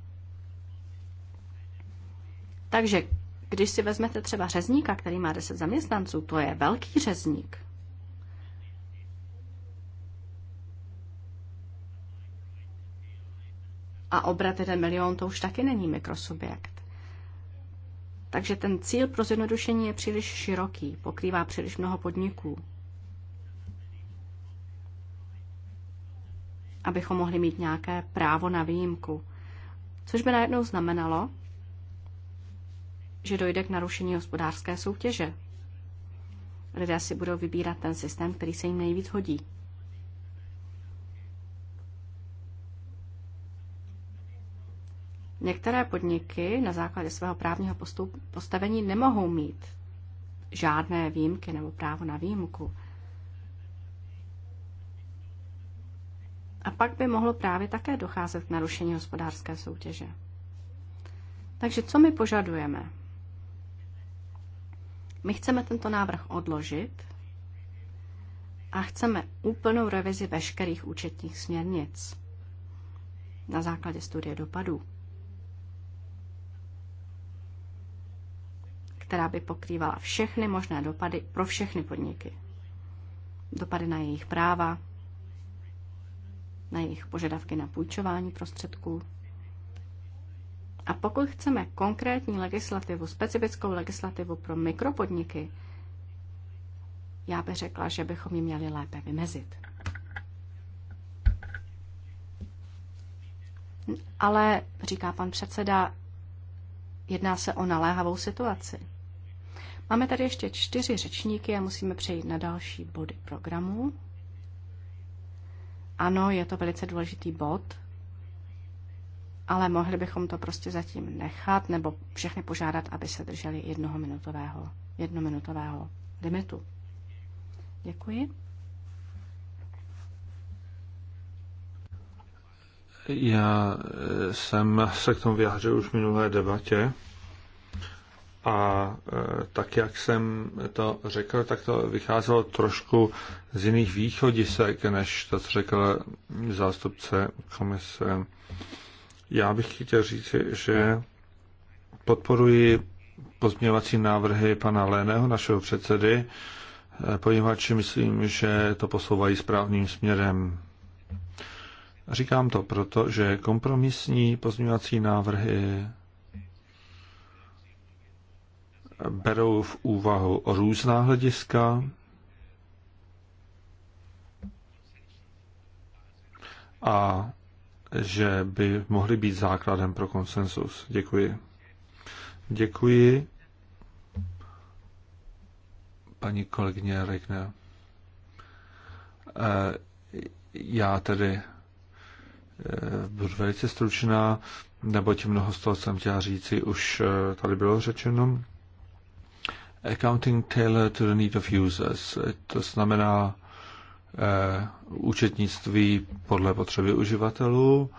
Takže když si vezmete třeba řezníka, který má 10 zaměstnanců, to je velký řezník. A obrat jeden milion, to už taky není mikrosubjekt. Takže ten cíl pro zjednodušení je příliš široký, pokrývá příliš mnoho podniků. abychom mohli mít nějaké právo na výjimku. Což by najednou znamenalo, že dojde k narušení hospodářské soutěže. Lidé si budou vybírat ten systém, který se jim nejvíc hodí. Některé podniky na základě svého právního postavení nemohou mít žádné výjimky nebo právo na výjimku. A pak by mohlo právě také docházet k narušení hospodářské soutěže. Takže co my požadujeme? My chceme tento návrh odložit a chceme úplnou revizi veškerých účetních směrnic na základě studie dopadů, která by pokrývala všechny možné dopady pro všechny podniky. Dopady na jejich práva, na jejich požadavky na půjčování prostředků. A pokud chceme konkrétní legislativu, specifickou legislativu pro mikropodniky, já bych řekla, že bychom ji měli lépe vymezit. Ale, říká pan předseda, jedná se o naléhavou situaci. Máme tady ještě čtyři řečníky a musíme přejít na další body programu. Ano, je to velice důležitý bod, ale mohli bychom to prostě zatím nechat nebo všechny požádat, aby se drželi jednoho minutového, jednominutového limitu. Děkuji. Já eh, jsem se k tomu vyjádřil už v minulé debatě. A e, tak, jak jsem to řekl, tak to vycházelo trošku z jiných východisek, než to, co řekl zástupce komise. Já bych chtěl říct, že podporuji pozměňovací návrhy pana Léného, našeho předsedy, e, poněvadž myslím, že to posouvají správným směrem. Říkám to proto, že kompromisní pozměňovací návrhy berou v úvahu různá hlediska a že by mohly být základem pro konsensus. Děkuji. Děkuji. Paní kolegyně Regner. Eh, já tedy eh, budu velice stručná, neboť mnoho z toho, jsem chtěla říci, už eh, tady bylo řečeno accounting tailored to the need of users, to znamená eh, účetnictví podle potřeby uživatelů.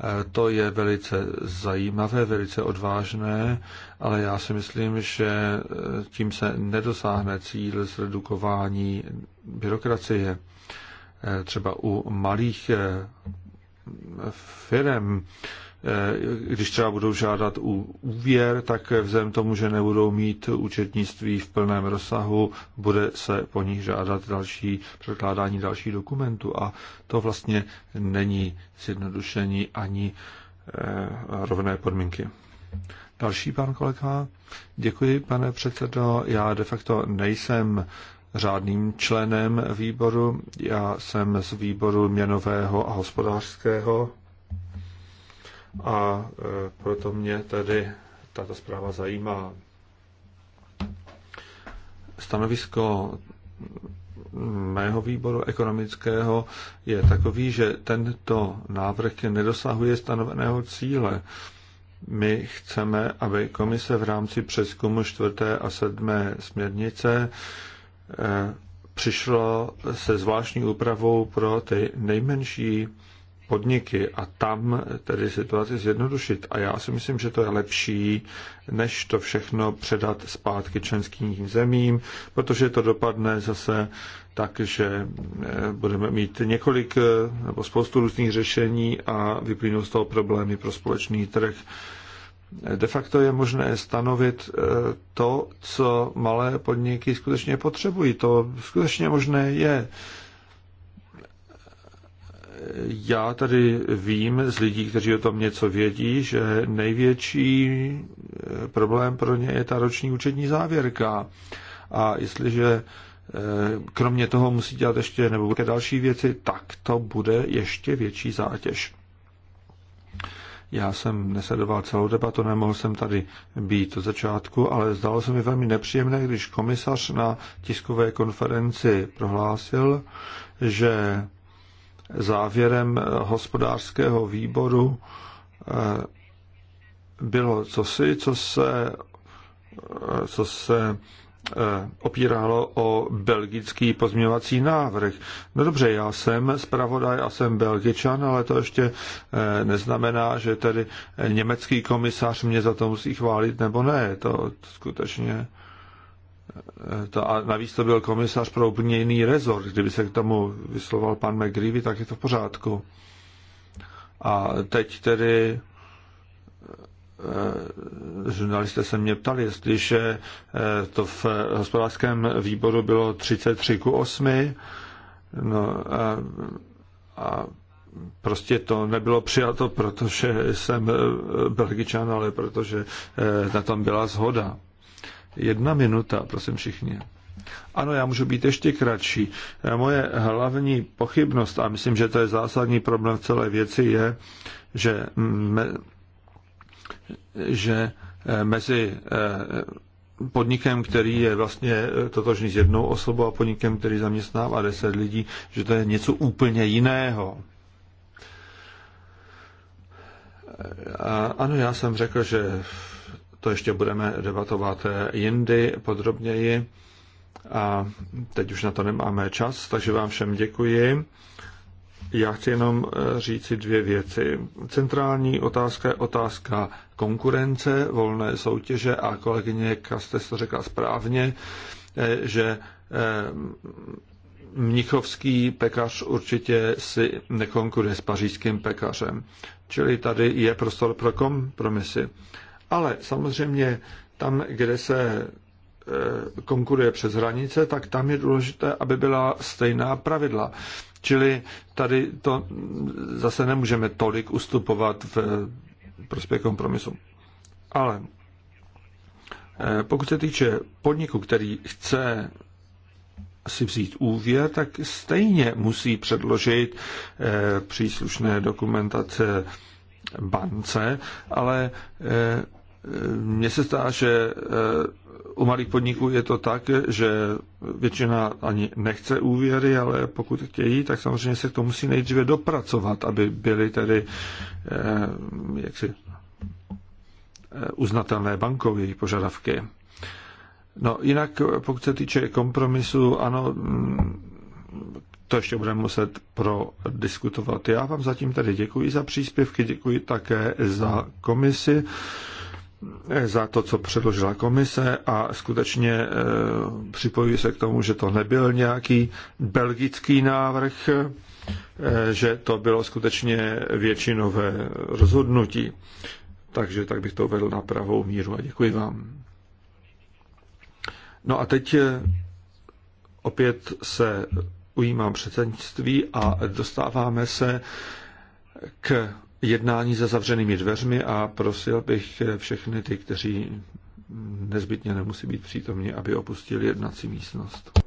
Eh, to je velice zajímavé, velice odvážné, ale já si myslím, že eh, tím se nedosáhne cíl zredukování byrokracie. třeba u malých firm Eh, když třeba budou žádat úvěr, tak vzhledem tomu, že nebudou mít účetnictví v plném rozsahu, bude se po nich žádat další překládání další dokumentu a to vlastně není zjednodušení ani eh, rovné podmínky. Další pan kolega. Děkuji, pane předsedo. Já de facto nejsem řádným členem výboru. Já jsem z výboru měnového a hospodářského a e, proto mě tedy tato zpráva zajímá. Stanovisko mého výboru ekonomického je takový, že tento návrh nedosahuje stanoveného cíle. My chceme, aby komise v rámci přeskumu čtvrté a sedmé směrnice e, přišlo se zvláštní úpravou pro ty nejmenší podniky a tam tedy situaci zjednodušit. A já si myslím, že to je lepší, než to všechno předat zpátky členským zemím, protože to dopadne zase tak, že eh, budeme mít několik eh, nebo spoustu různých řešení a vyplynou z toho problémy pro společný trh. De facto je možné stanovit eh, to, co malé podniky skutečně potřebují. To skutečně možné je já tady vím z lidí, kteří o tom něco vědí, že největší eh, problém pro ně je ta roční účetní závěrka. A jestliže eh, kromě toho musí dělat ještě nebo ke další věci, tak to bude ještě větší zátěž. Já jsem nesledoval celou debatu, nemohl jsem tady být od začátku, ale zdálo se mi velmi nepříjemné, když komisař na tiskové konferenci prohlásil, že závěrem hospodářského výboru eh, bylo cosi, co se, eh, co se eh, opíralo o belgický pozměňovací návrh. No dobře, já jsem zpravodaj a jsem belgičan, ale to ještě neznamená, že tedy německý komisař mě za to musí chválit nebo ne. To skutečně to, a navíc to byl komisař pro úplně jiný rezort. Kdyby se k tomu vysloval pan McGreevy, tak je to v pořádku. A teď tedy eh, žurnalisté se mě ptali, jestliže eh, to v hospodářském výboru bylo 33 ku 8, no a, eh, a prostě to nebylo přijato, protože jsem Belgičan, ale protože na tom byla zhoda. Jedna minuta, prosím všichni. Ano, já můžu být ještě kratší. Moje hlavní pochybnost, a myslím, že to je zásadní problém v celé věci, je, že, me, že eh, mezi eh, podnikem, který je vlastně eh, totožný s jednou osobou a podnikem, který zaměstnává deset lidí, že to je něco úplně jiného. A ano, já jsem řekl, že v to ještě budeme debatovat eh, jindy podrobněji. A teď už na to nemáme čas, takže vám všem děkuji. Já chci jenom eh, říci dvě věci. Centrální otázka je otázka konkurence, volné soutěže a kolegyně Kaste to řekla správně, eh, že mnichovský pekař určitě si nekonkuruje s pařížským pekařem. Čili tady je prostor pro kompromisy. Ale samozřejmě tam, kde se eh, konkuruje přes hranice, tak tam je důležité, aby byla stejná pravidla. Čili tady to mm, zase nemůžeme tolik ustupovat v eh, prospěch kompromisu. Ale eh, pokud se týče podniku, který chce si vzít úvěr, tak stejně musí předložit příslušné dokumentace bance, ale mně se zdá, že e, u malých podniků je to tak, že většina ani nechce úvěry, ale pokud chtějí, tak samozřejmě se to musí nejdříve dopracovat, aby byly tedy e, jaksi e, uznatelné bankovní požadavky. No jinak, pokud se týče kompromisu, ano, to ještě budeme muset prodiskutovat. Já vám zatím tady děkuji za příspěvky, děkuji také za komisi za to, co předložila komise a skutečně eh, připojuji se k tomu, že to nebyl nějaký belgický návrh, eh, že to bylo skutečně většinové rozhodnutí. Takže tak bych to uvedl na pravou míru a děkuji vám. No a teď eh, opět se ujímám předsednictví a dostáváme se k jednání za zavřenými dveřmi a prosil bych všechny ty, kteří nezbytně nemusí být přítomni, aby opustili jednací místnost.